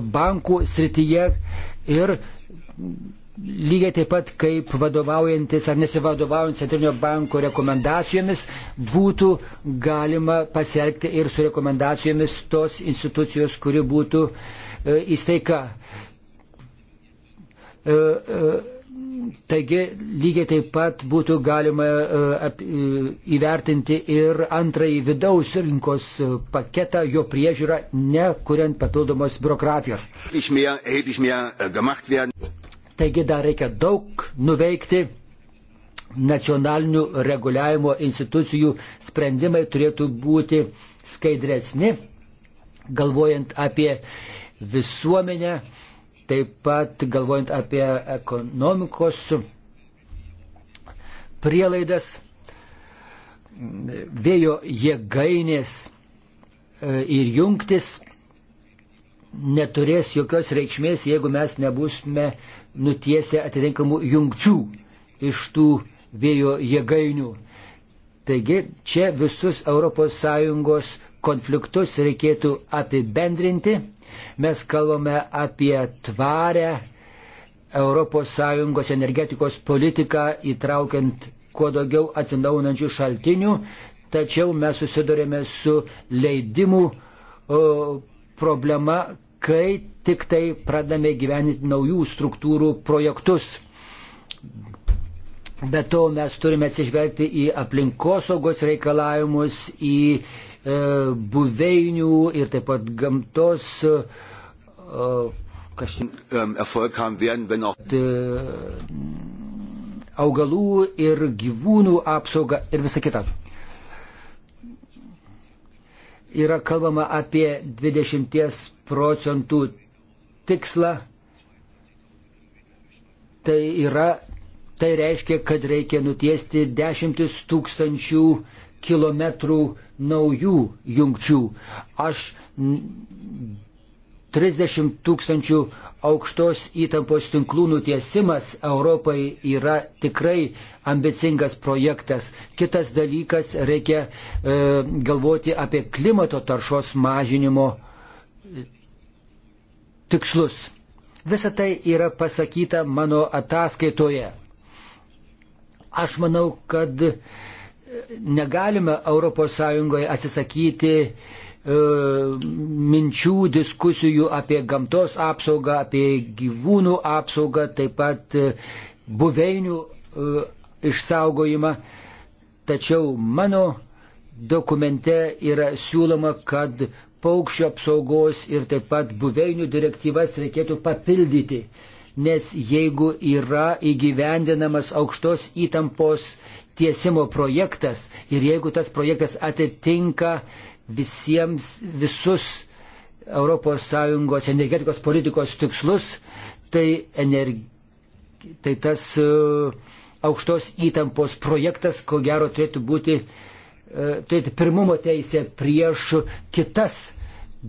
bankų srityje ir lygiai taip pat kaip vadovaujantis ar nesivadovaujant Centrinio banko rekomendacijomis būtų galima pasielgti ir su rekomendacijomis tos institucijos, kuri būtų e, įsteika. E, e, Taigi lygiai taip pat būtų galima e, e, įvertinti ir antrąjį vidaus rinkos paketą, jo priežiūrą, nekuriant papildomos biurokratijos. Taigi dar reikia daug nuveikti. Nacionalinių reguliavimo institucijų sprendimai turėtų būti skaidresni, galvojant apie visuomenę, taip pat galvojant apie ekonomikos prielaidas, vėjo jėgainės e, ir jungtis neturės jokios reikšmės, jeigu mes nebusime nutiesia atitinkamų jungčių iš tų vėjo jėgainių. Taigi čia visus ES konfliktus reikėtų apibendrinti. Mes kalbame apie tvarę ES energetikos politiką įtraukiant kuo daugiau atsinaunančių šaltinių, tačiau mes susidurėme su leidimų problema, kai tik tai pradame gyveninti naujų struktūrų projektus. Be to mes turime atsižvelgti į aplinkosaugos reikalavimus, į e, buveinių ir taip pat gamtos e, kažin, ähm, augalų ir gyvūnų apsaugą ir visą kitą yra kalbama apie 20 procentų tikslą, tai yra, tai reiškia, kad reikia nutiesti dešimtis tūkstančių kilometrų naujų jungčių. Aš 30 tūkstančių aukštos įtampos tinklų nutiesimas Europai yra tikrai ambicingas projektas. Kitas dalykas, reikia e, galvoti apie klimato taršos mažinimo tikslus. Visa tai yra pasakyta mano ataskaitoje. Aš manau, kad negalime ES atsisakyti e, minčių, diskusijų apie gamtos apsaugą, apie gyvūnų apsaugą, taip pat e, buveinių e, išsaugojimą. Tačiau mano dokumente yra siūloma, kad paukščio apsaugos ir taip pat buveinių direktyvas reikėtų papildyti, nes jeigu yra įgyvendinamas aukštos įtampos tiesimo projektas ir jeigu tas projektas atitinka visiems visus ES energetikos politikos tikslus, tai, energi... tai tas e, aukštos įtampos projektas, ko gero, turėtų būti E, turėti pirmumo teisę prieš kitas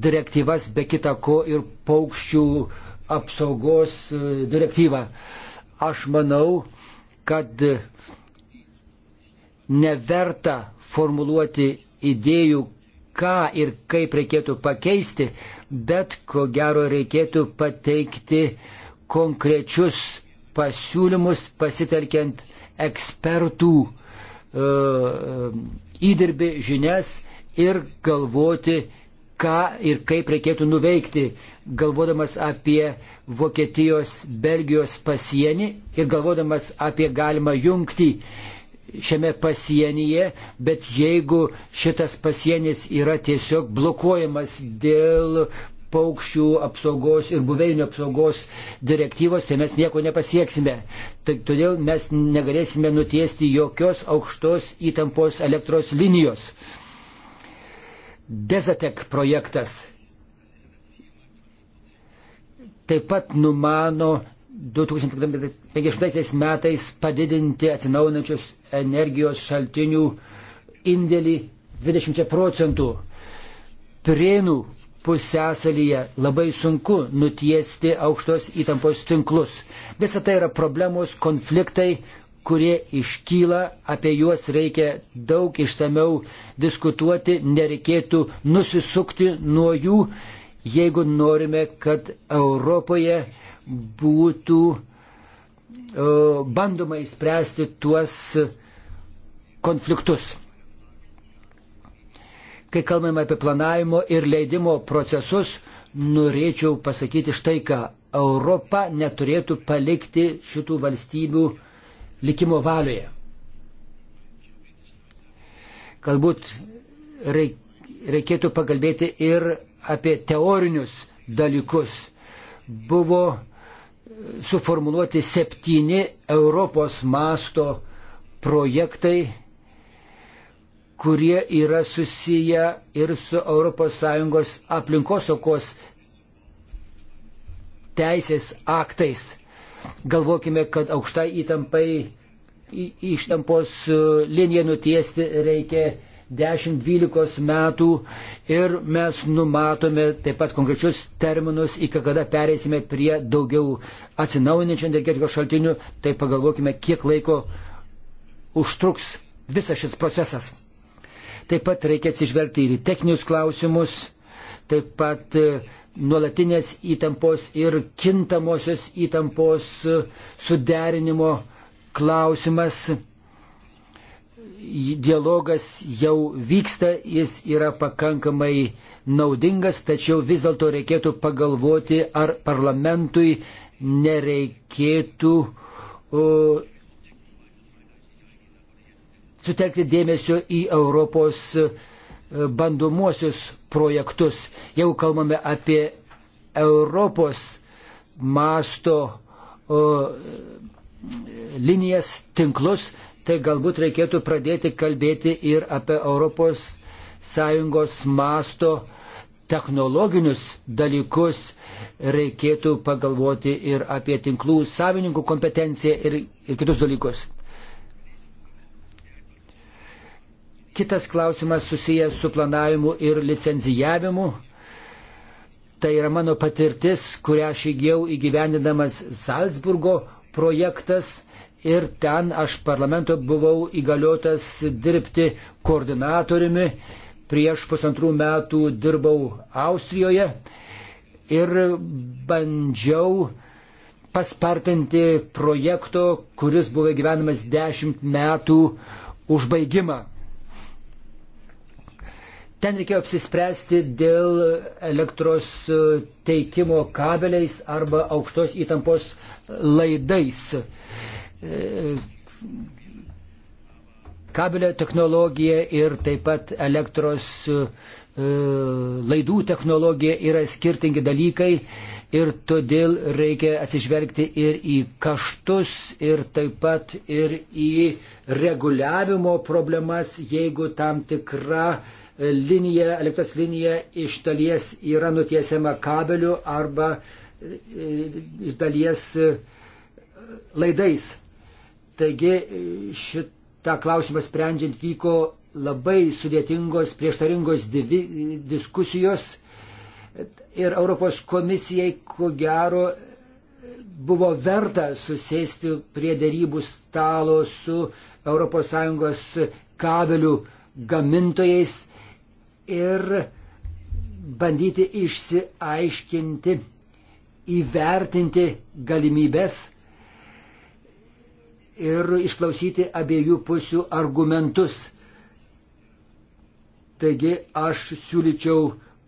direktyvas, be kita ko ir paukščių apsaugos e, direktyvą. Aš manau, kad neverta formuluoti idėjų, ką ir kaip reikėtų pakeisti, bet ko gero reikėtų pateikti konkrečius pasiūlymus pasitelkiant ekspertų uh, įdirbį žinias ir galvoti, ką ir kaip reikėtų nuveikti, galvodamas apie Vokietijos, Belgijos pasienį ir galvodamas apie galimą jungti šiame pasienyje, bet jeigu šitas pasienis yra tiesiog blokuojamas dėl paukščių apsaugos ir buveinių apsaugos direktyvos, tai mes nieko nepasieksime. Tai todėl mes negalėsime nutiesti jokios aukštos įtampos elektros linijos. Dezatek projektas taip pat numano 2050 metais padidinti atsinaujinančius energijos šaltinių indėlį 20 procentų. Prienų pusęsalyje labai sunku nutiesti aukštos įtampos tinklus. Visa tai yra problemos, konfliktai, kurie iškyla, apie juos reikia daug išsameu diskutuoti, nereikėtų nusisukti nuo jų, jeigu norime, kad Europoje būtų o, e, bandoma įspręsti tuos konfliktus. Kai kalbame apie planavimo ir leidimo procesus, norėčiau pasakyti štai ką. Europa neturėtų palikti šitų valstybių likimo valioje. Galbūt reikėtų pagalbėti ir apie teorinius dalykus. Buvo suformuluoti septyni Europos masto projektai kurie yra susiję ir su ES aplinkosaukos teisės aktais. Galvokime, kad aukštai įtampai ištampos e, liniją nutiesti reikia 10-12 metų ir mes numatome taip pat konkrečius terminus, iki kada pereisime prie daugiau atsinaujinančių energetikos šaltinių, tai pagalvokime, kiek laiko užtruks visas šis procesas. Taip pat reikia atsižvelgti ir į techninius klausimus, taip pat e, nuolatinės įtampos ir kintamosios įtampos e, suderinimo klausimas. Dialogas jau vyksta, jis yra pakankamai naudingas, tačiau vis dėlto reikėtų pagalvoti, ar parlamentui nereikėtų uh, sutelkti dėmesio į Europos e, bandomuosius projektus. Jeigu kalbame apie Europos masto o, linijas, tinklus, tai galbūt reikėtų pradėti kalbėti ir apie Europos Sąjungos masto technologinius dalykus, reikėtų pagalvoti ir apie tinklų savininkų kompetenciją ir, ir kitus dalykus. Kitas klausimas susijęs su planavimu ir licenzijavimu. Tai yra mano patirtis, kurią aš įgyjau įgyvendinamas Salzburgo projektas ir ten aš parlamento buvau įgaliotas dirbti koordinatoriumi. Prieš pusantrų metų dirbau Austrijoje ir bandžiau paspartinti projekto, kuris buvo gyvenamas dešimt metų užbaigimą. Ten reikėjo apsispręsti dėl elektros e, teikimo kabeliais arba aukštos įtampos laidais. E, kabelio technologija ir taip pat elektros e, laidų technologija yra skirtingi dalykai ir todėl reikia atsižvelgti ir į kaštus, ir taip pat ir į reguliavimo problemas, jeigu tam tikra linija, elektros linija iš dalies yra nutiesiama kabeliu arba e, iš dalies e, laidais. Taigi e, šitą klausimą sprendžiant vyko labai sudėtingos, prieštaringos divi, diskusijos ir Europos komisijai, ko gero, buvo verta susėsti prie dėrybų stalo su ES kabelių gamintojais ir bandyti išsiaiškinti, įvertinti galimybės ir išklausyti abiejų pusių argumentus. Taigi aš siūlyčiau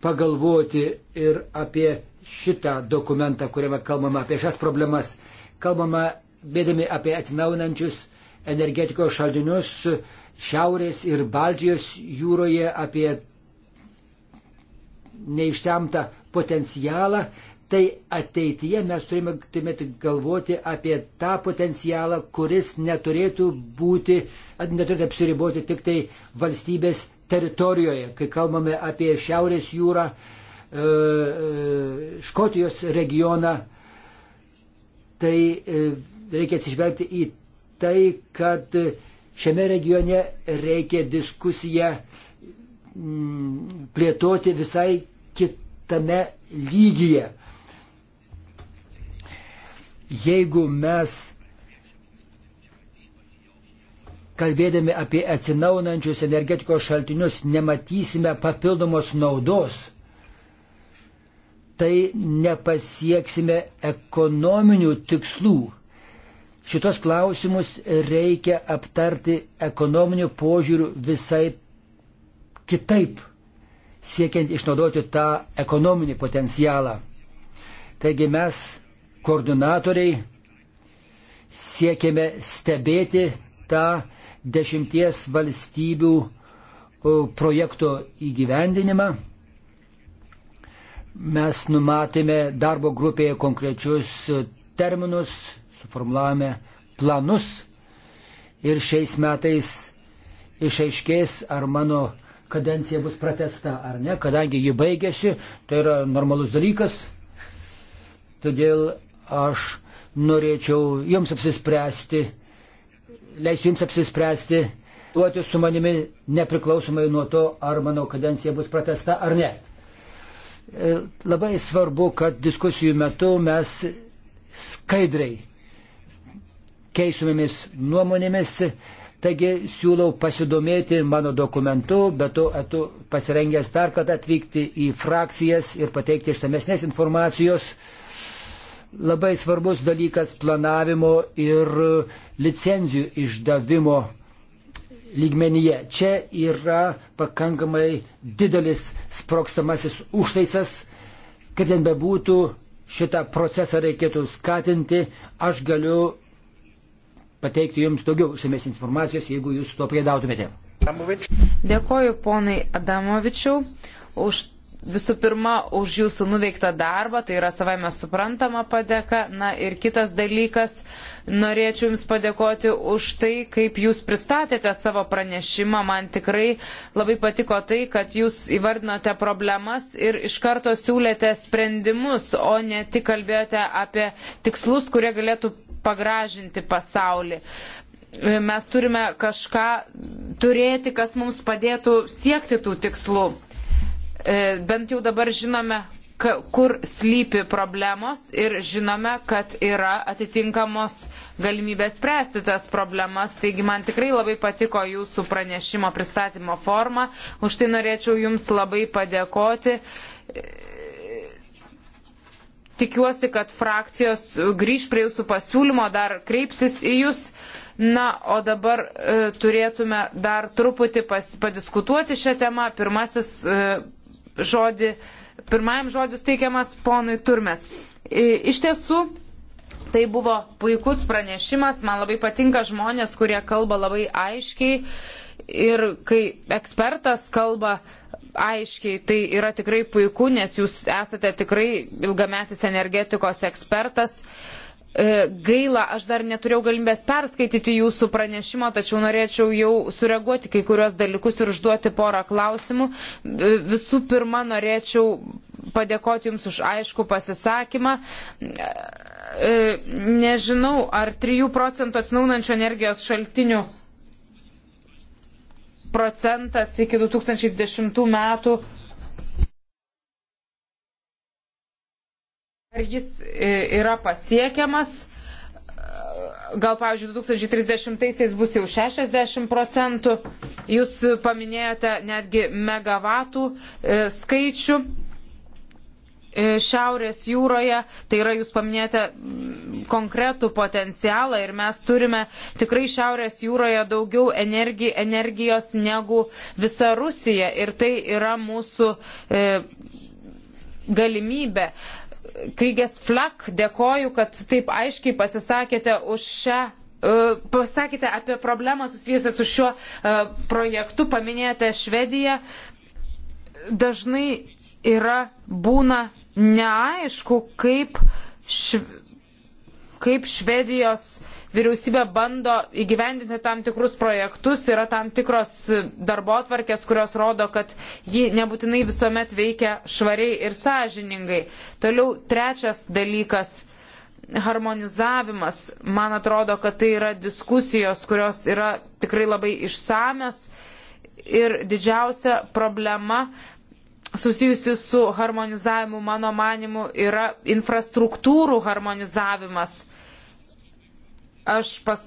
pagalvoti ir apie šitą dokumentą, kuriame kalbama apie šias problemas. Kalbama, bėdami apie atsinaunančius energetikos šaltinius Šiaurės ir Baltijos jūroje, apie neišsemtą potencialą, tai ateityje mes turime, turime galvoti apie tą potencialą, kuris neturėtų būti, neturėtų apsiriboti tik tai valstybės teritorijoje. Kai kalbame apie Šiaurės jūrą, e, e, Škotijos regioną, tai e, reikia atsižvelgti į tai, kad šiame regione reikia diskusiją plėtoti visai kitame lygyje. Jeigu mes kalbėdami apie atsinaunančius energetikos šaltinius nematysime papildomos naudos, tai nepasieksime ekonominių tikslų. Šitos klausimus reikia aptarti ekonominių požiūrių visai kitaip siekiant išnaudoti tą ekonominį potencialą. Taigi mes, koordinatoriai, siekėme stebėti tą dešimties valstybių projekto įgyvendinimą. Mes numatėme darbo grupėje konkrečius terminus, suformulavome planus ir šiais metais išaiškės, ar mano kadencija bus pratesta ar ne, kadangi ji baigėsi, tai yra normalus dalykas. Todėl aš norėčiau jums apsispręsti, leisiu jums apsispręsti, duoti su manimi nepriklausomai nuo to, ar mano kadencija bus pratesta ar ne. E, labai svarbu, kad diskusijų metu mes skaidriai keistumėmis nuomonėmis Taigi siūlau pasidomėti mano dokumentu, bet tu esu pasirengęs dar kartą atvykti į frakcijas ir pateikti išsamesnės informacijos. Labai svarbus dalykas planavimo ir licenzijų išdavimo lygmenyje. Čia yra pakankamai didelis sprokstamasis užtaisas. Kaip ten bebūtų, šitą procesą reikėtų skatinti. Aš galiu pateikti jums daugiau išsamės informacijos, jeigu jūs to priedautumėte.
Dėkoju ponai Adamovičiau už visų pirma už jūsų nuveiktą darbą, tai yra savai mes suprantama padėka. Na ir kitas dalykas, norėčiau Jums padėkoti už tai, kaip Jūs pristatėte savo pranešimą. Man tikrai labai patiko tai, kad Jūs įvardinote problemas ir iš karto siūlėte sprendimus, o ne tik kalbėjote apie tikslus, kurie galėtų pagražinti pasaulį. Mes turime kažką turėti, kas mums padėtų siekti tų tikslų. E, bent jau dabar žinome, kur slypi problemos ir žinome, kad yra atitinkamos galimybės spręsti tas problemas. Taigi man tikrai labai patiko jūsų pranešimo pristatymo forma. Už tai norėčiau Jums labai padėkoti tikiuosi, kad frakcijos e, grįž prie jūsų pasiūlymo, dar kreipsis į jūs. Na, o dabar e, turėtume dar truputį pas, padiskutuoti šią temą. Pirmasis e, žodį, pirmajam žodis teikiamas ponui Turmes. E, iš tiesų, tai buvo puikus pranešimas, man labai patinka žmonės, kurie kalba labai aiškiai ir kai ekspertas kalba, e, aiškiai, tai yra tikrai puiku, nes jūs esate tikrai ilgametis energetikos ekspertas. E, gaila, aš dar neturėjau galimybės perskaityti jūsų pranešimo, tačiau norėčiau jau sureaguoti kai kurios dalykus ir užduoti porą klausimų. E, visų pirma, norėčiau padėkoti Jums už aišku pasisakymą. E, nežinau, ar 3 procentų atsinaunančių energijos šaltinių procentas iki 2010 metų. Ar jis e, yra pasiekiamas? Gal, pavyzdžiui, 2030-aisiais bus jau 60 procentų. Jūs paminėjote netgi megavatų e, skaičių E, Šiaurės jūroje, tai yra jūs paminėjote mm, konkretų potencialą ir mes turime tikrai Šiaurės jūroje daugiau energi, energijos negu visa Rusija ir tai yra mūsų e, galimybė. Krygės Flak, dėkoju, kad taip aiškiai pasisakėte už šią e, pasakėte apie problemą susijusią su šiuo e, projektu, paminėjote Švediją. Dažnai yra būna neaišku, kaip, šv... kaip Švedijos vyriausybė bando įgyvendinti tam tikrus projektus, yra tam tikros darbo atvarkės, kurios rodo, kad ji nebūtinai visuomet veikia švariai ir sąžiningai. Toliau trečias dalykas harmonizavimas. Man atrodo, kad tai yra diskusijos, kurios yra tikrai labai išsamios. Ir didžiausia problema susijusi su harmonizavimu, mano manimu, yra infrastruktūrų harmonizavimas. Aš pas,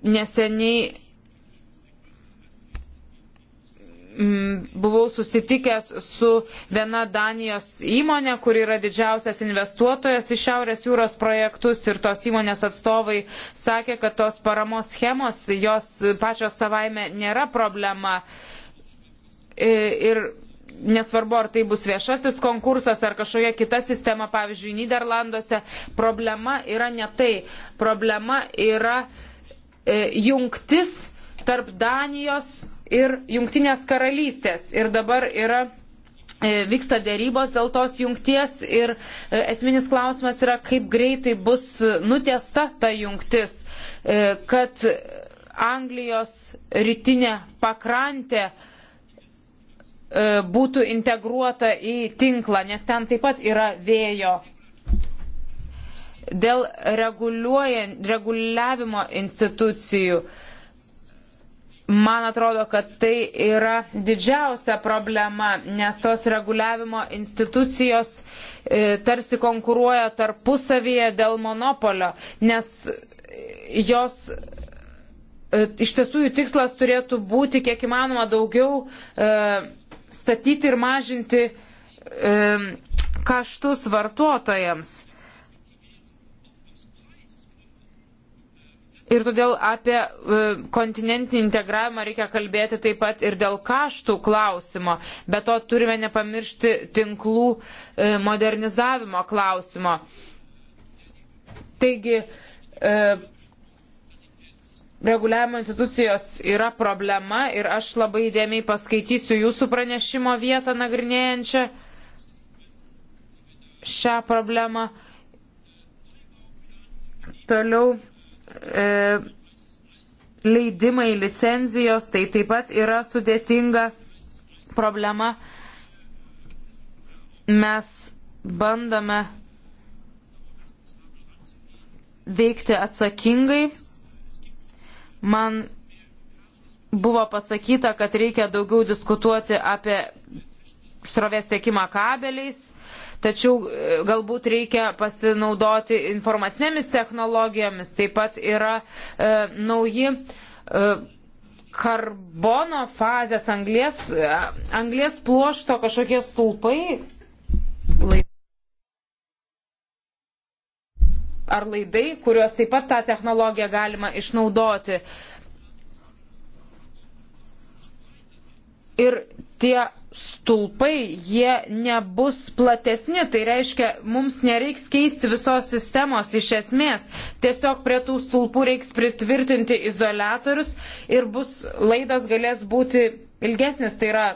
neseniai mm, buvau susitikęs su viena Danijos įmonė, kuri yra didžiausias investuotojas į Šiaurės jūros projektus ir tos įmonės atstovai sakė, kad tos paramos schemos, jos pačios savaime nėra problema. Ir nesvarbu, ar tai bus viešasis konkursas ar kažkokia kita sistema, pavyzdžiui, Niderlanduose, problema yra ne tai. Problema yra e, jungtis tarp Danijos ir Jungtinės karalystės. Ir dabar yra e, vyksta dėrybos dėl tos jungties ir e, esminis klausimas yra, kaip greitai bus nutiesta ta jungtis, e, kad Anglijos rytinė pakrantė E, būtų integruota į tinklą, nes ten taip pat yra vėjo. Dėl reguliavimo institucijų, man atrodo, kad tai yra didžiausia problema, nes tos reguliavimo institucijos e, tarsi konkuruoja tarpusavyje dėl monopolio, nes jos e, iš tiesų jų tikslas turėtų būti kiek įmanoma daugiau e, statyti ir mažinti e, kaštus vartotojams. Ir todėl apie e, kontinentinį integravimą reikia kalbėti taip pat ir dėl kaštų klausimo. Be to turime nepamiršti tinklų e, modernizavimo klausimo. Taigi, e, reguliavimo institucijos yra problema ir aš labai įdėmiai paskaitysiu jūsų pranešimo vietą nagrinėjančią šią problemą. Toliau e, leidimai, licenzijos, tai taip pat yra sudėtinga problema. Mes bandome veikti atsakingai Man buvo pasakyta, kad reikia daugiau diskutuoti apie srovės tiekimą kabeliais, tačiau e, galbūt reikia pasinaudoti informacinėmis technologijomis. Taip pat yra e, nauji e, karbono fazės anglės, e, anglės pluošto kažkokie stulpai, ar laidai, kuriuos taip pat tą technologiją galima išnaudoti. Ir tie stulpai, jie nebus platesni, tai reiškia, mums nereiks keisti visos sistemos iš esmės. Tiesiog prie tų stulpų reiks pritvirtinti izolatorius ir bus laidas galės būti ilgesnis, tai yra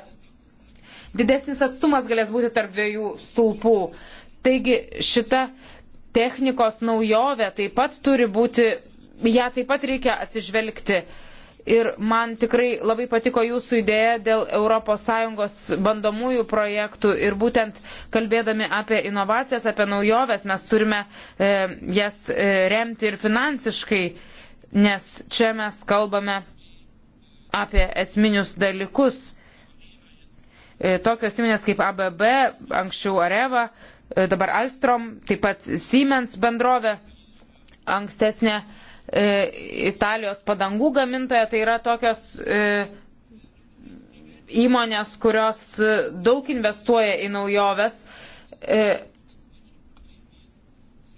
didesnis atstumas galės būti tarp dviejų stulpų. Taigi šita technikos naujovė taip pat turi būti, ją taip pat reikia atsižvelgti. Ir man tikrai labai patiko jūsų idėja dėl ES bandomųjų projektų ir būtent kalbėdami apie inovacijas, apie naujoves, mes turime e, jas e, remti ir finansiškai, nes čia mes kalbame apie esminius dalykus. E, tokios įmonės kaip ABB, anksčiau Areva, e, E, dabar Alstrom, taip pat Siemens bendrovė, ankstesnė e, Italijos padangų gamintoja, tai yra tokios e, įmonės, kurios daug investuoja į naujoves. E,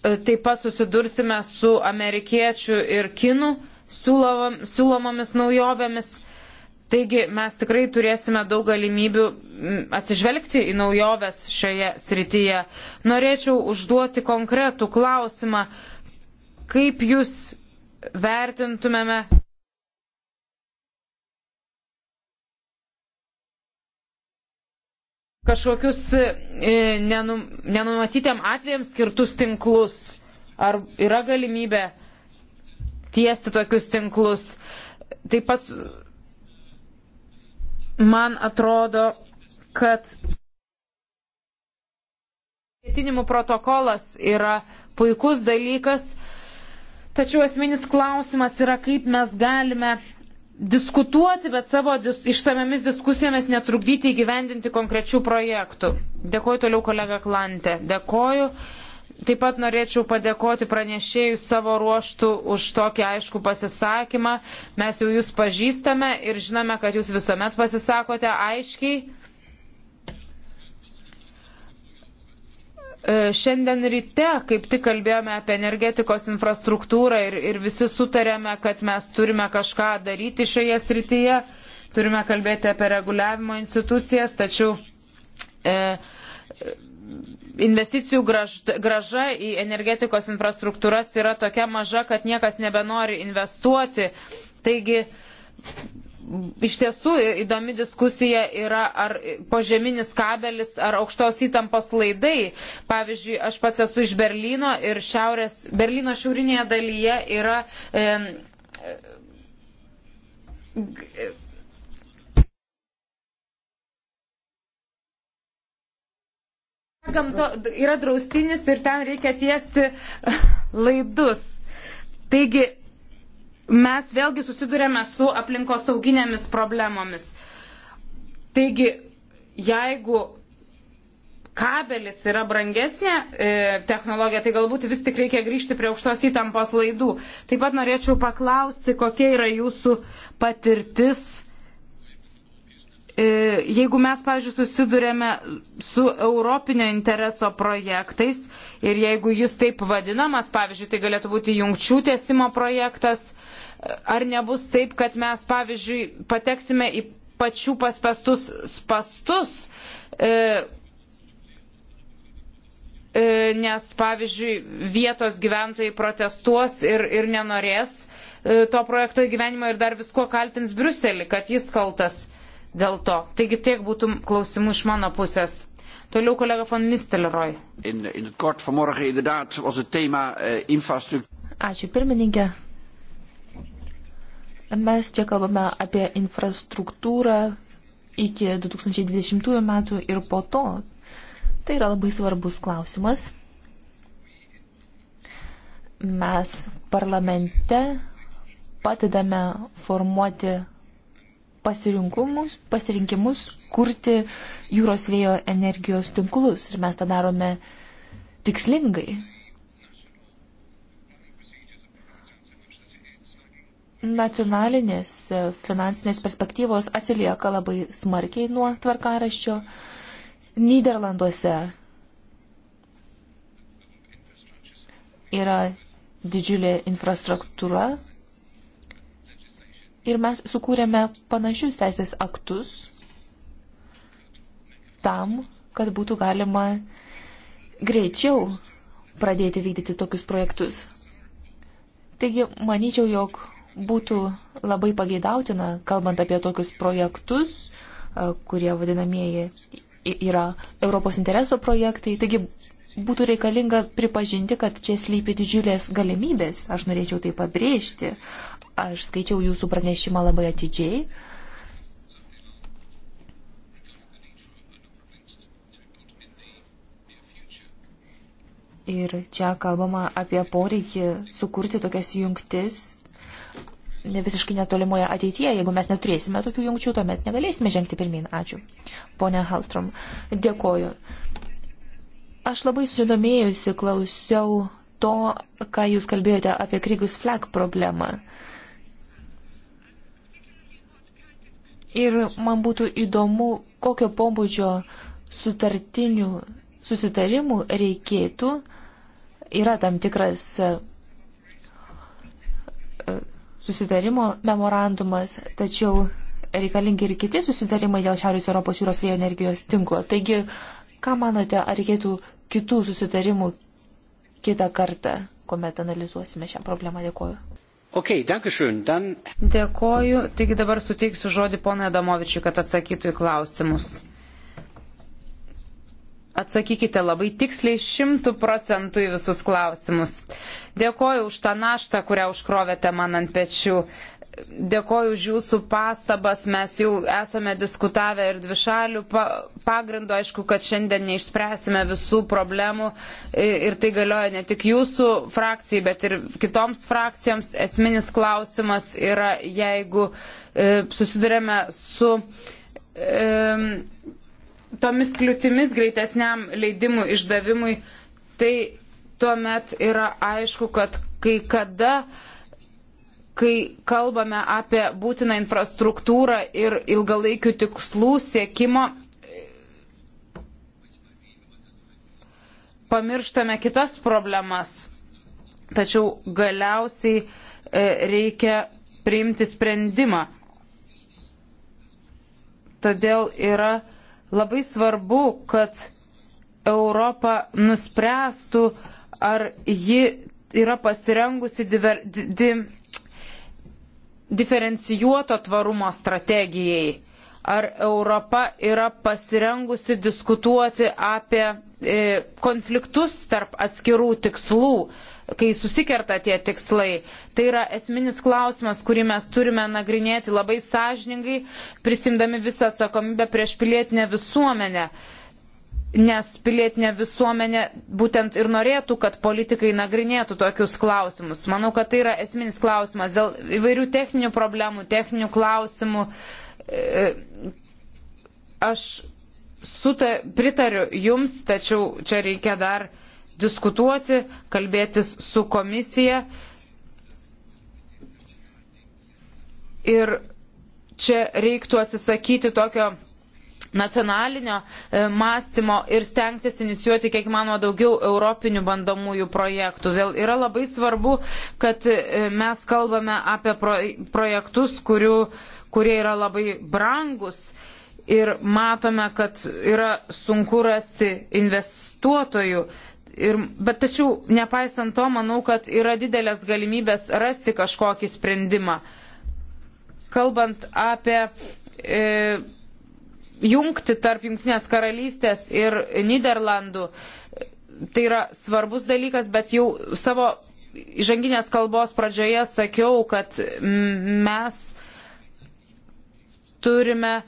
e taip pat susidursime su amerikiečių ir kinų siūlomomis naujovėmis. E, Taigi mes tikrai turėsime daug galimybių atsižvelgti į naujoves šioje srityje. Norėčiau užduoti konkretų klausimą, kaip jūs vertintumėme. kažkokius e, nenum, nenumatytėm atvejams skirtus tinklus. Ar yra galimybė tiesti tokius tinklus? Taip pat Man atrodo, kad ketinimų protokolas yra puikus dalykas, tačiau esminis klausimas yra, kaip mes galime diskutuoti, bet savo dis išsamiamis diskusijomis netrukdyti įgyvendinti konkrečių projektų. Dėkoju toliau kolega Klantė. Dėkoju. Taip pat norėčiau padėkoti pranešėjus savo ruoštų už tokį aišku pasisakymą. Mes jau jūs pažįstame ir žinome, kad jūs visuomet pasisakote aiškiai. E, šiandien ryte kaip tik kalbėjome apie energetikos infrastruktūrą ir, ir visi sutarėme, kad mes turime kažką daryti šioje srityje, turime kalbėti apie reguliavimo institucijas, tačiau e, investicijų graža į energetikos infrastruktūras yra tokia maža, kad niekas nebenori investuoti. Taigi, iš tiesų įdomi diskusija yra ar požeminis kabelis, ar aukštos įtampos laidai. Pavyzdžiui, aš pats esu iš Berlyno ir šiaurės, Berlyno šiaurinėje dalyje yra. E, gamto, yra draustinis ir ten reikia tiesti laidus. Taigi mes vėlgi susidurėme su aplinkosauginėmis problemomis. Taigi, jeigu kabelis yra brangesnė e, technologija, tai galbūt vis tik reikia grįžti prie aukštos įtampos laidų. Taip pat norėčiau paklausti, kokia yra jūsų patirtis E, jeigu mes, pavyzdžiui, susidurėme su europinio intereso projektais ir jeigu jis taip vadinamas, pavyzdžiui, tai galėtų būti jungčių tiesimo projektas, ar nebus taip, kad mes, pavyzdžiui, pateksime į pačių paspestus spastus, e, e, nes, pavyzdžiui, vietos gyventojai protestuos ir, ir nenorės to projekto įgyvenimo ir dar visko kaltins Briuselį, kad jis kaltas dėl to. Taigi tiek būtų klausimų iš mano pusės. Toliau kolega von Nistelrooy. In, in kort, vanmorgen inderdaad was het thema uh, infrastructuur.
Ačiū pirmininkė. Mes čia kalbame apie infrastruktūrą iki 2020 metų ir po to. Tai yra labai svarbus klausimas. Mes parlamente padedame formuoti pasirinkimus kurti jūros vėjo energijos tinklus ir mes tą darome tikslingai. Nacionalinės finansinės perspektyvos atsilieka labai smarkiai nuo tvarkaraščio. Niderlanduose yra didžiulė infrastruktūra, Ir mes sukūrėme panašius teisės aktus tam, kad būtų galima greičiau pradėti vykdyti tokius projektus. Taigi, manyčiau, jog būtų labai pageidautina, kalbant apie tokius projektus, kurie vadinamieji yra Europos intereso projektai. Taigi, būtų reikalinga pripažinti, kad čia slypi didžiulės galimybės. Aš norėčiau tai pabrėžti. Aš skaičiau jūsų pranešimą labai atidžiai. Ir čia kalbama apie poreikį sukurti tokias jungtis ne visiškai netolimoje ateityje. Jeigu mes neturėsime tokių jungčių, tuomet negalėsime žengti pirmin. Ačiū. Pone Halstrom, dėkoju. Aš labai susidomėjusi klausiau to, ką jūs kalbėjote apie Krygus flag problemą. Ir man būtų įdomu, kokio pobūdžio sutartinių susitarimų reikėtų. Yra tam tikras e, susitarimo memorandumas, tačiau reikalingi ir kiti susitarimai dėl Šiaurės Europos jūros vėjo energijos tinklo. Taigi, ką manote, ar reikėtų kitų susitarimų kitą kartą, kuomet analizuosime
šią problemą. Dėkuoju.
Okay, Then...
Dėkoju. Taigi dabar suteiksiu žodį ponui Adamovičiui, kad atsakytų į klausimus. Atsakykite labai tiksliai šimtų procentų į visus klausimus. Dėkoju už tą naštą, kurią užkrovėte man ant pečių. Dėkoju už jūsų pastabas. Mes jau esame diskutavę ir dvišalių pagrindų. Aišku, kad šiandien neišspręsime visų problemų ir tai galioja ne tik jūsų frakcijai, bet ir kitoms frakcijoms. Esminis klausimas yra, jeigu e, susidurėme su tomis kliūtimis greitesniam leidimų išdavimui, tai tuomet yra aišku, kad kai kada uh, kai kalbame apie būtiną infrastruktūrą ir ilgalaikių tikslų siekimo, pamirštame kitas problemas. Tačiau galiausiai e, reikia priimti sprendimą. Todėl yra labai svarbu, kad Europa nuspręstų, ar ji yra pasirengusi diver, di, di, diferencijuoto tvarumo strategijai? Ar Europa yra pasirengusi diskutuoti apie e, konfliktus tarp atskirų tikslų, kai susikerta tie tikslai. Tai yra esminis klausimas, kurį mes turime nagrinėti labai sąžiningai, prisimdami visą atsakomybę prieš pilietinę visuomenę. Uh, nes pilietinė visuomenė būtent ir norėtų, kad politikai nagrinėtų tokius klausimus. Manau, kad tai yra esminis klausimas dėl įvairių techninių problemų, techninių klausimų. E, aš suta, pritariu Jums, tačiau čia reikia dar diskutuoti, kalbėtis su komisija. Ir čia reiktų atsisakyti tokio nacionalinio e, mąstymo ir stengtis inicijuoti kiek įmanoma daugiau europinių bandomųjų projektų. Dėl yra labai svarbu, kad e, mes kalbame apie projektus, kurių, kurie yra labai brangus ir matome, kad yra sunku rasti investuotojų. Ir, bet tačiau, nepaisant to, manau, kad yra didelės galimybės rasti kažkokį sprendimą. Kalbant apie e, jungti tarp Junktinės karalystės ir Niderlandų. Tai yra svarbus dalykas, bet jau savo žanginės kalbos pradžioje sakiau, kad mes turime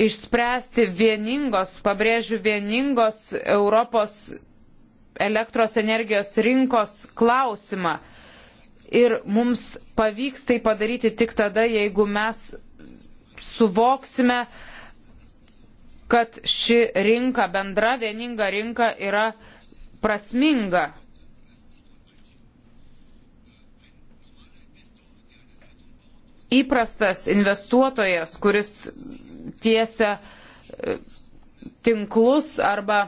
išspręsti vieningos, pabrėžiu, vieningos Europos elektros energijos rinkos klausimą. Ir mums pavyks tai padaryti tik tada, jeigu mes suvoksime, kad ši rinka, bendra vieninga rinka yra prasminga. Įprastas investuotojas, kuris tiesia e, tinklus arba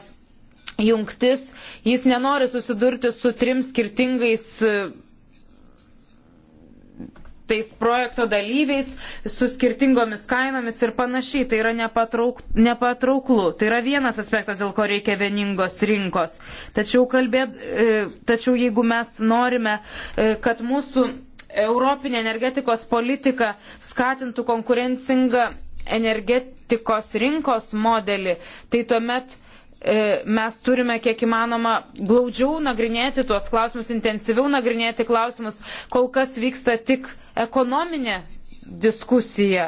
jungtis, jis nenori susidurti su trim skirtingais e, tais projekto dalyviais, su skirtingomis kainomis ir panašiai. Tai yra nepatrauk, nepatrauklu. Tai yra vienas aspektas, dėl ko reikia vieningos rinkos. Tačiau, kalbėt, e, tačiau jeigu mes norime, e, kad mūsų Europinė energetikos politika skatintų konkurencingą energetikos rinkos modelį, tai tuomet uh, E, mes turime kiek įmanoma glaudžiau nagrinėti tuos klausimus, intensyviau nagrinėti klausimus, kol kas vyksta tik ekonominė diskusija.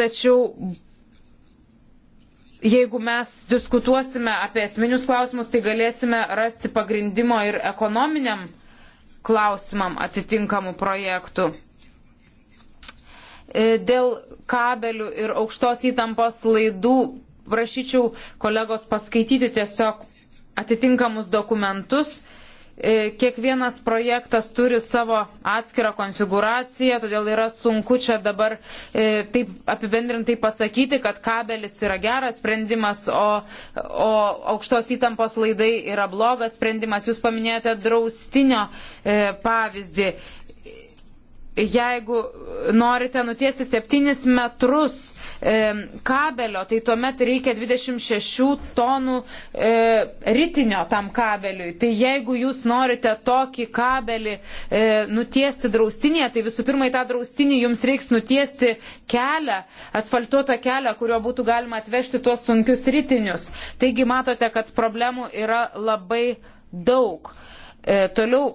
Tačiau jeigu mes diskutuosime apie esminius klausimus, tai galėsime rasti pagrindimo ir ekonominiam klausimam atitinkamų projektų e, dėl kabelių ir aukštos įtampos laidų prašyčiau kolegos paskaityti tiesiog atitinkamus dokumentus. E, kiekvienas projektas turi savo atskirą konfiguraciją, todėl yra sunku čia dabar e, taip apibendrintai pasakyti, kad kabelis yra geras sprendimas, o, o aukštos įtampos laidai yra blogas sprendimas. Jūs paminėjote draustinio e, pavyzdį jeigu norite nutiesti 7 metrus E, kabelio, tai tuomet reikia 26 tonų e, ritinio tam kabeliui. Tai jeigu jūs norite tokį kabelį e, nutiesti draustinėje, tai visų pirma į tą draustinį jums reiks nutiesti kelią, asfaltuotą kelią, kuriuo būtų galima atvežti tuos sunkius ritinius. Taigi matote, kad problemų yra labai daug. E, toliau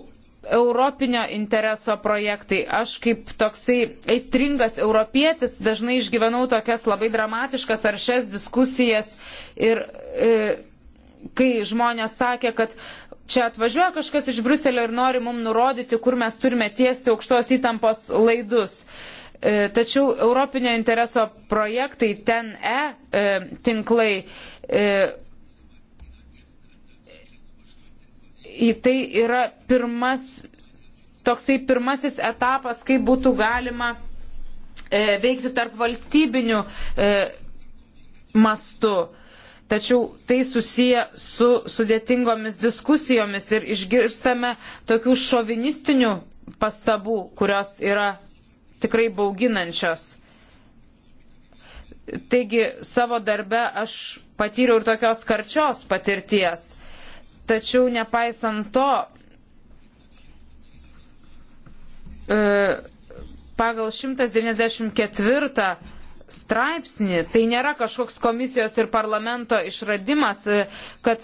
europinio intereso projektai. Aš kaip toksai aistringas europietis dažnai išgyvenau tokias labai dramatiškas aršias diskusijas ir e, kai žmonės sakė, kad čia atvažiuoja kažkas iš Bruselio ir nori mums nurodyti, kur mes turime tiesti aukštos įtampos laidus. E, tačiau europinio intereso projektai ten e, e tinklai e, į tai yra pirmas, toksai pirmasis etapas, kaip būtų galima e, veikti tarp valstybinių e, mastų. Tačiau tai susiję su sudėtingomis diskusijomis ir išgirstame tokių šovinistinių pastabų, kurios yra tikrai bauginančios. Taigi savo darbe aš patyriau ir tokios karčios patirties. Tačiau nepaisant to, e, pagal 194 straipsnį, tai nėra kažkoks komisijos ir parlamento išradimas, e, kad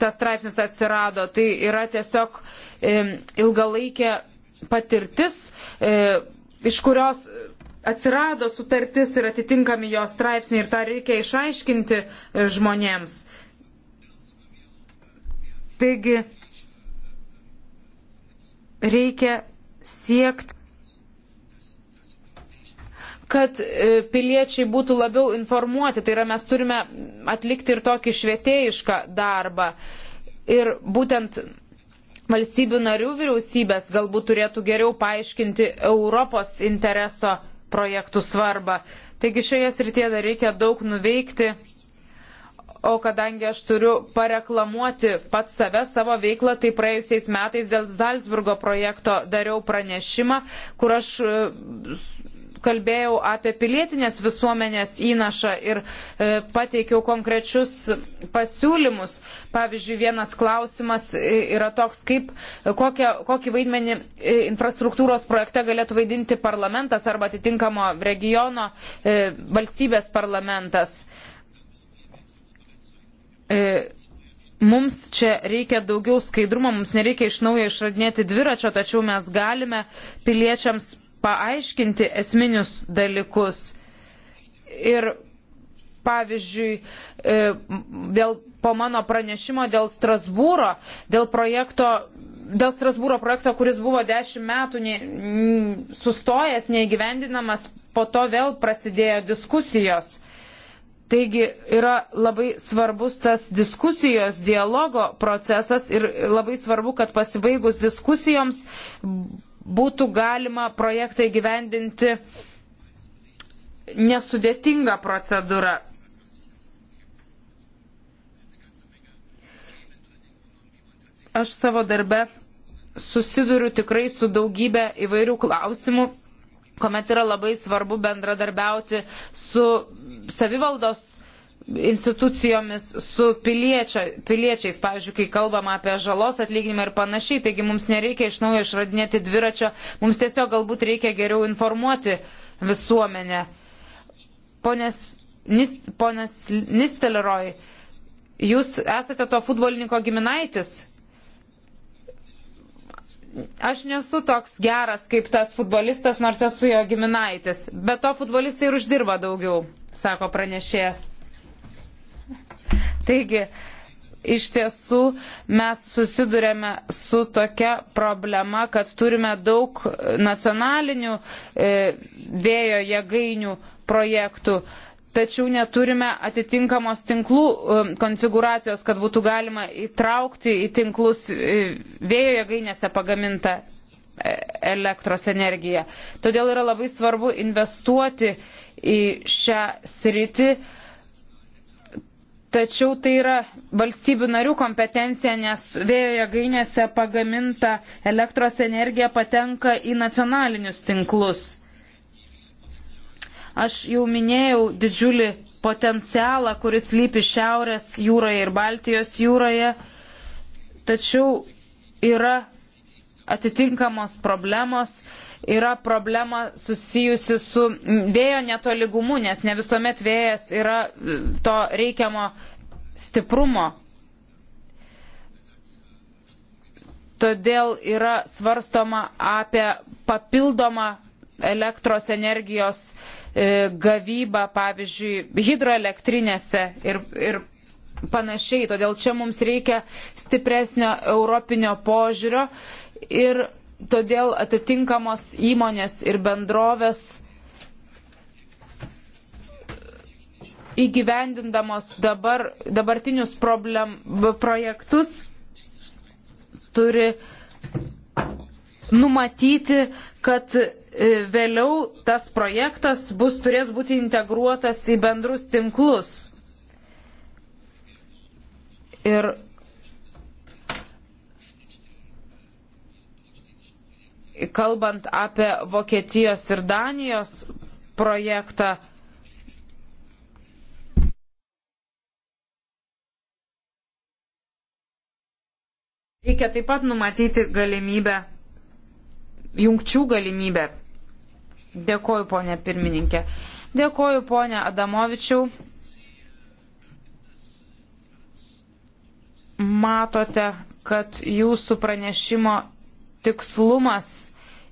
tas straipsnis atsirado, tai yra tiesiog e, ilgalaikė patirtis, iš kurios atsirado sutartis ir atitinkami jos straipsniai ir tą reikia išaiškinti žmonėms. Taigi reikia siekti kad e, piliečiai būtų labiau informuoti. Tai yra, mes turime atlikti ir tokį švietėjišką darbą. Ir būtent valstybių narių vyriausybės galbūt turėtų geriau paaiškinti Europos intereso projektų svarbą. Taigi šioje srityje dar reikia daug nuveikti o kadangi aš turiu pareklamuoti pat save, savo veiklą, tai praėjusiais metais dėl Zalzburgo projekto dariau pranešimą, kur aš e, kalbėjau apie pilietinės visuomenės įnašą ir e, pateikiau konkrečius pasiūlymus. Pavyzdžiui, vienas klausimas e, yra toks, kaip, kokią, kokį vaidmenį e, infrastruktūros projekte galėtų vaidinti parlamentas arba atitinkamo regiono e, valstybės parlamentas. E, E, mums čia reikia daugiau skaidrumo, mums nereikia iš naujo išradinėti dviračio, tačiau mes galime piliečiams paaiškinti esminius dalykus. Ir pavyzdžiui, e, dėl, po mano pranešimo dėl Strasbūro, dėl projekto. Dėl Strasbūro projekto, kuris buvo dešimt metų ne, sustojęs, neįgyvendinamas, po to vėl prasidėjo diskusijos. Taigi yra labai svarbus tas diskusijos, dialogo procesas ir labai svarbu, kad pasibaigus diskusijoms būtų galima projektą įgyvendinti nesudėtinga procedūra. Aš savo darbe susiduriu tikrai su daugybė įvairių klausimų kuomet yra labai svarbu bendradarbiauti su savivaldos institucijomis, su piliečia, piliečiais, pavyzdžiui, kai kalbam apie žalos atlyginimą ir panašiai, taigi mums nereikia iš naujo išradinėti dviračio, mums tiesiog galbūt reikia geriau informuoti visuomenę. Ponės, nis, ponės Nistelroj, jūs esate to futbolininko giminaitis, aš nesu toks geras kaip tas futbolistas, nors esu jo giminaitis. Bet to futbolistai ir uždirba daugiau, sako pranešėjas. Taigi, iš tiesų mes susidurėme su tokia problema, kad turime daug nacionalinių e, vėjo jėgainių projektų. E, tačiau neturime atitinkamos tinklų e, konfiguracijos, kad būtų galima įtraukti į tinklus e, vėjo jėgainėse pagamintą e, elektros energiją. Todėl yra labai svarbu investuoti į šią sritį. Tačiau tai yra valstybių narių kompetencija, nes vėjo jėgainėse pagaminta elektros energija patenka į nacionalinius tinklus. Aš jau minėjau didžiulį potencialą, kuris lypi Šiaurės jūroje ir Baltijos jūroje, tačiau yra atitinkamos problemos yra problema susijusi su vėjo netoligumu, nes ne visuomet vėjas yra e, to reikiamo stiprumo. Todėl yra svarstoma apie papildomą elektros energijos E, gavybą, pavyzdžiui, hidroelektrinėse ir, ir panašiai. Todėl čia mums reikia stipresnio europinio požiūrio ir todėl atitinkamos įmonės ir bendrovės įgyvendindamos dabar, dabartinius problem, projektus turi numatyti, kad E, vėliau tas projektas bus, turės būti integruotas į bendrus tinklus. Ir kalbant apie Vokietijos ir Danijos projektą, reikia taip pat numatyti galimybę, jungčių galimybę. Dėkoju, ponė pirmininkė. Dėkoju, ponė Adamovičiau. Matote, kad jūsų pranešimo tikslumas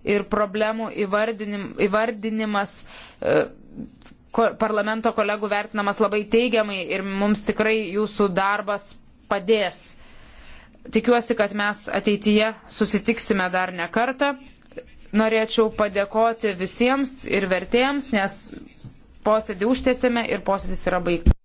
ir problemų įvardinim, įvardinimas e, ko, parlamento kolegų vertinamas labai teigiamai ir mums tikrai jūsų darbas padės. Tikiuosi, kad mes ateityje susitiksime dar ne kartą norėčiau padėkoti visiems ir vertėjams, nes posėdį užtėsėme ir posėdis yra baigtas.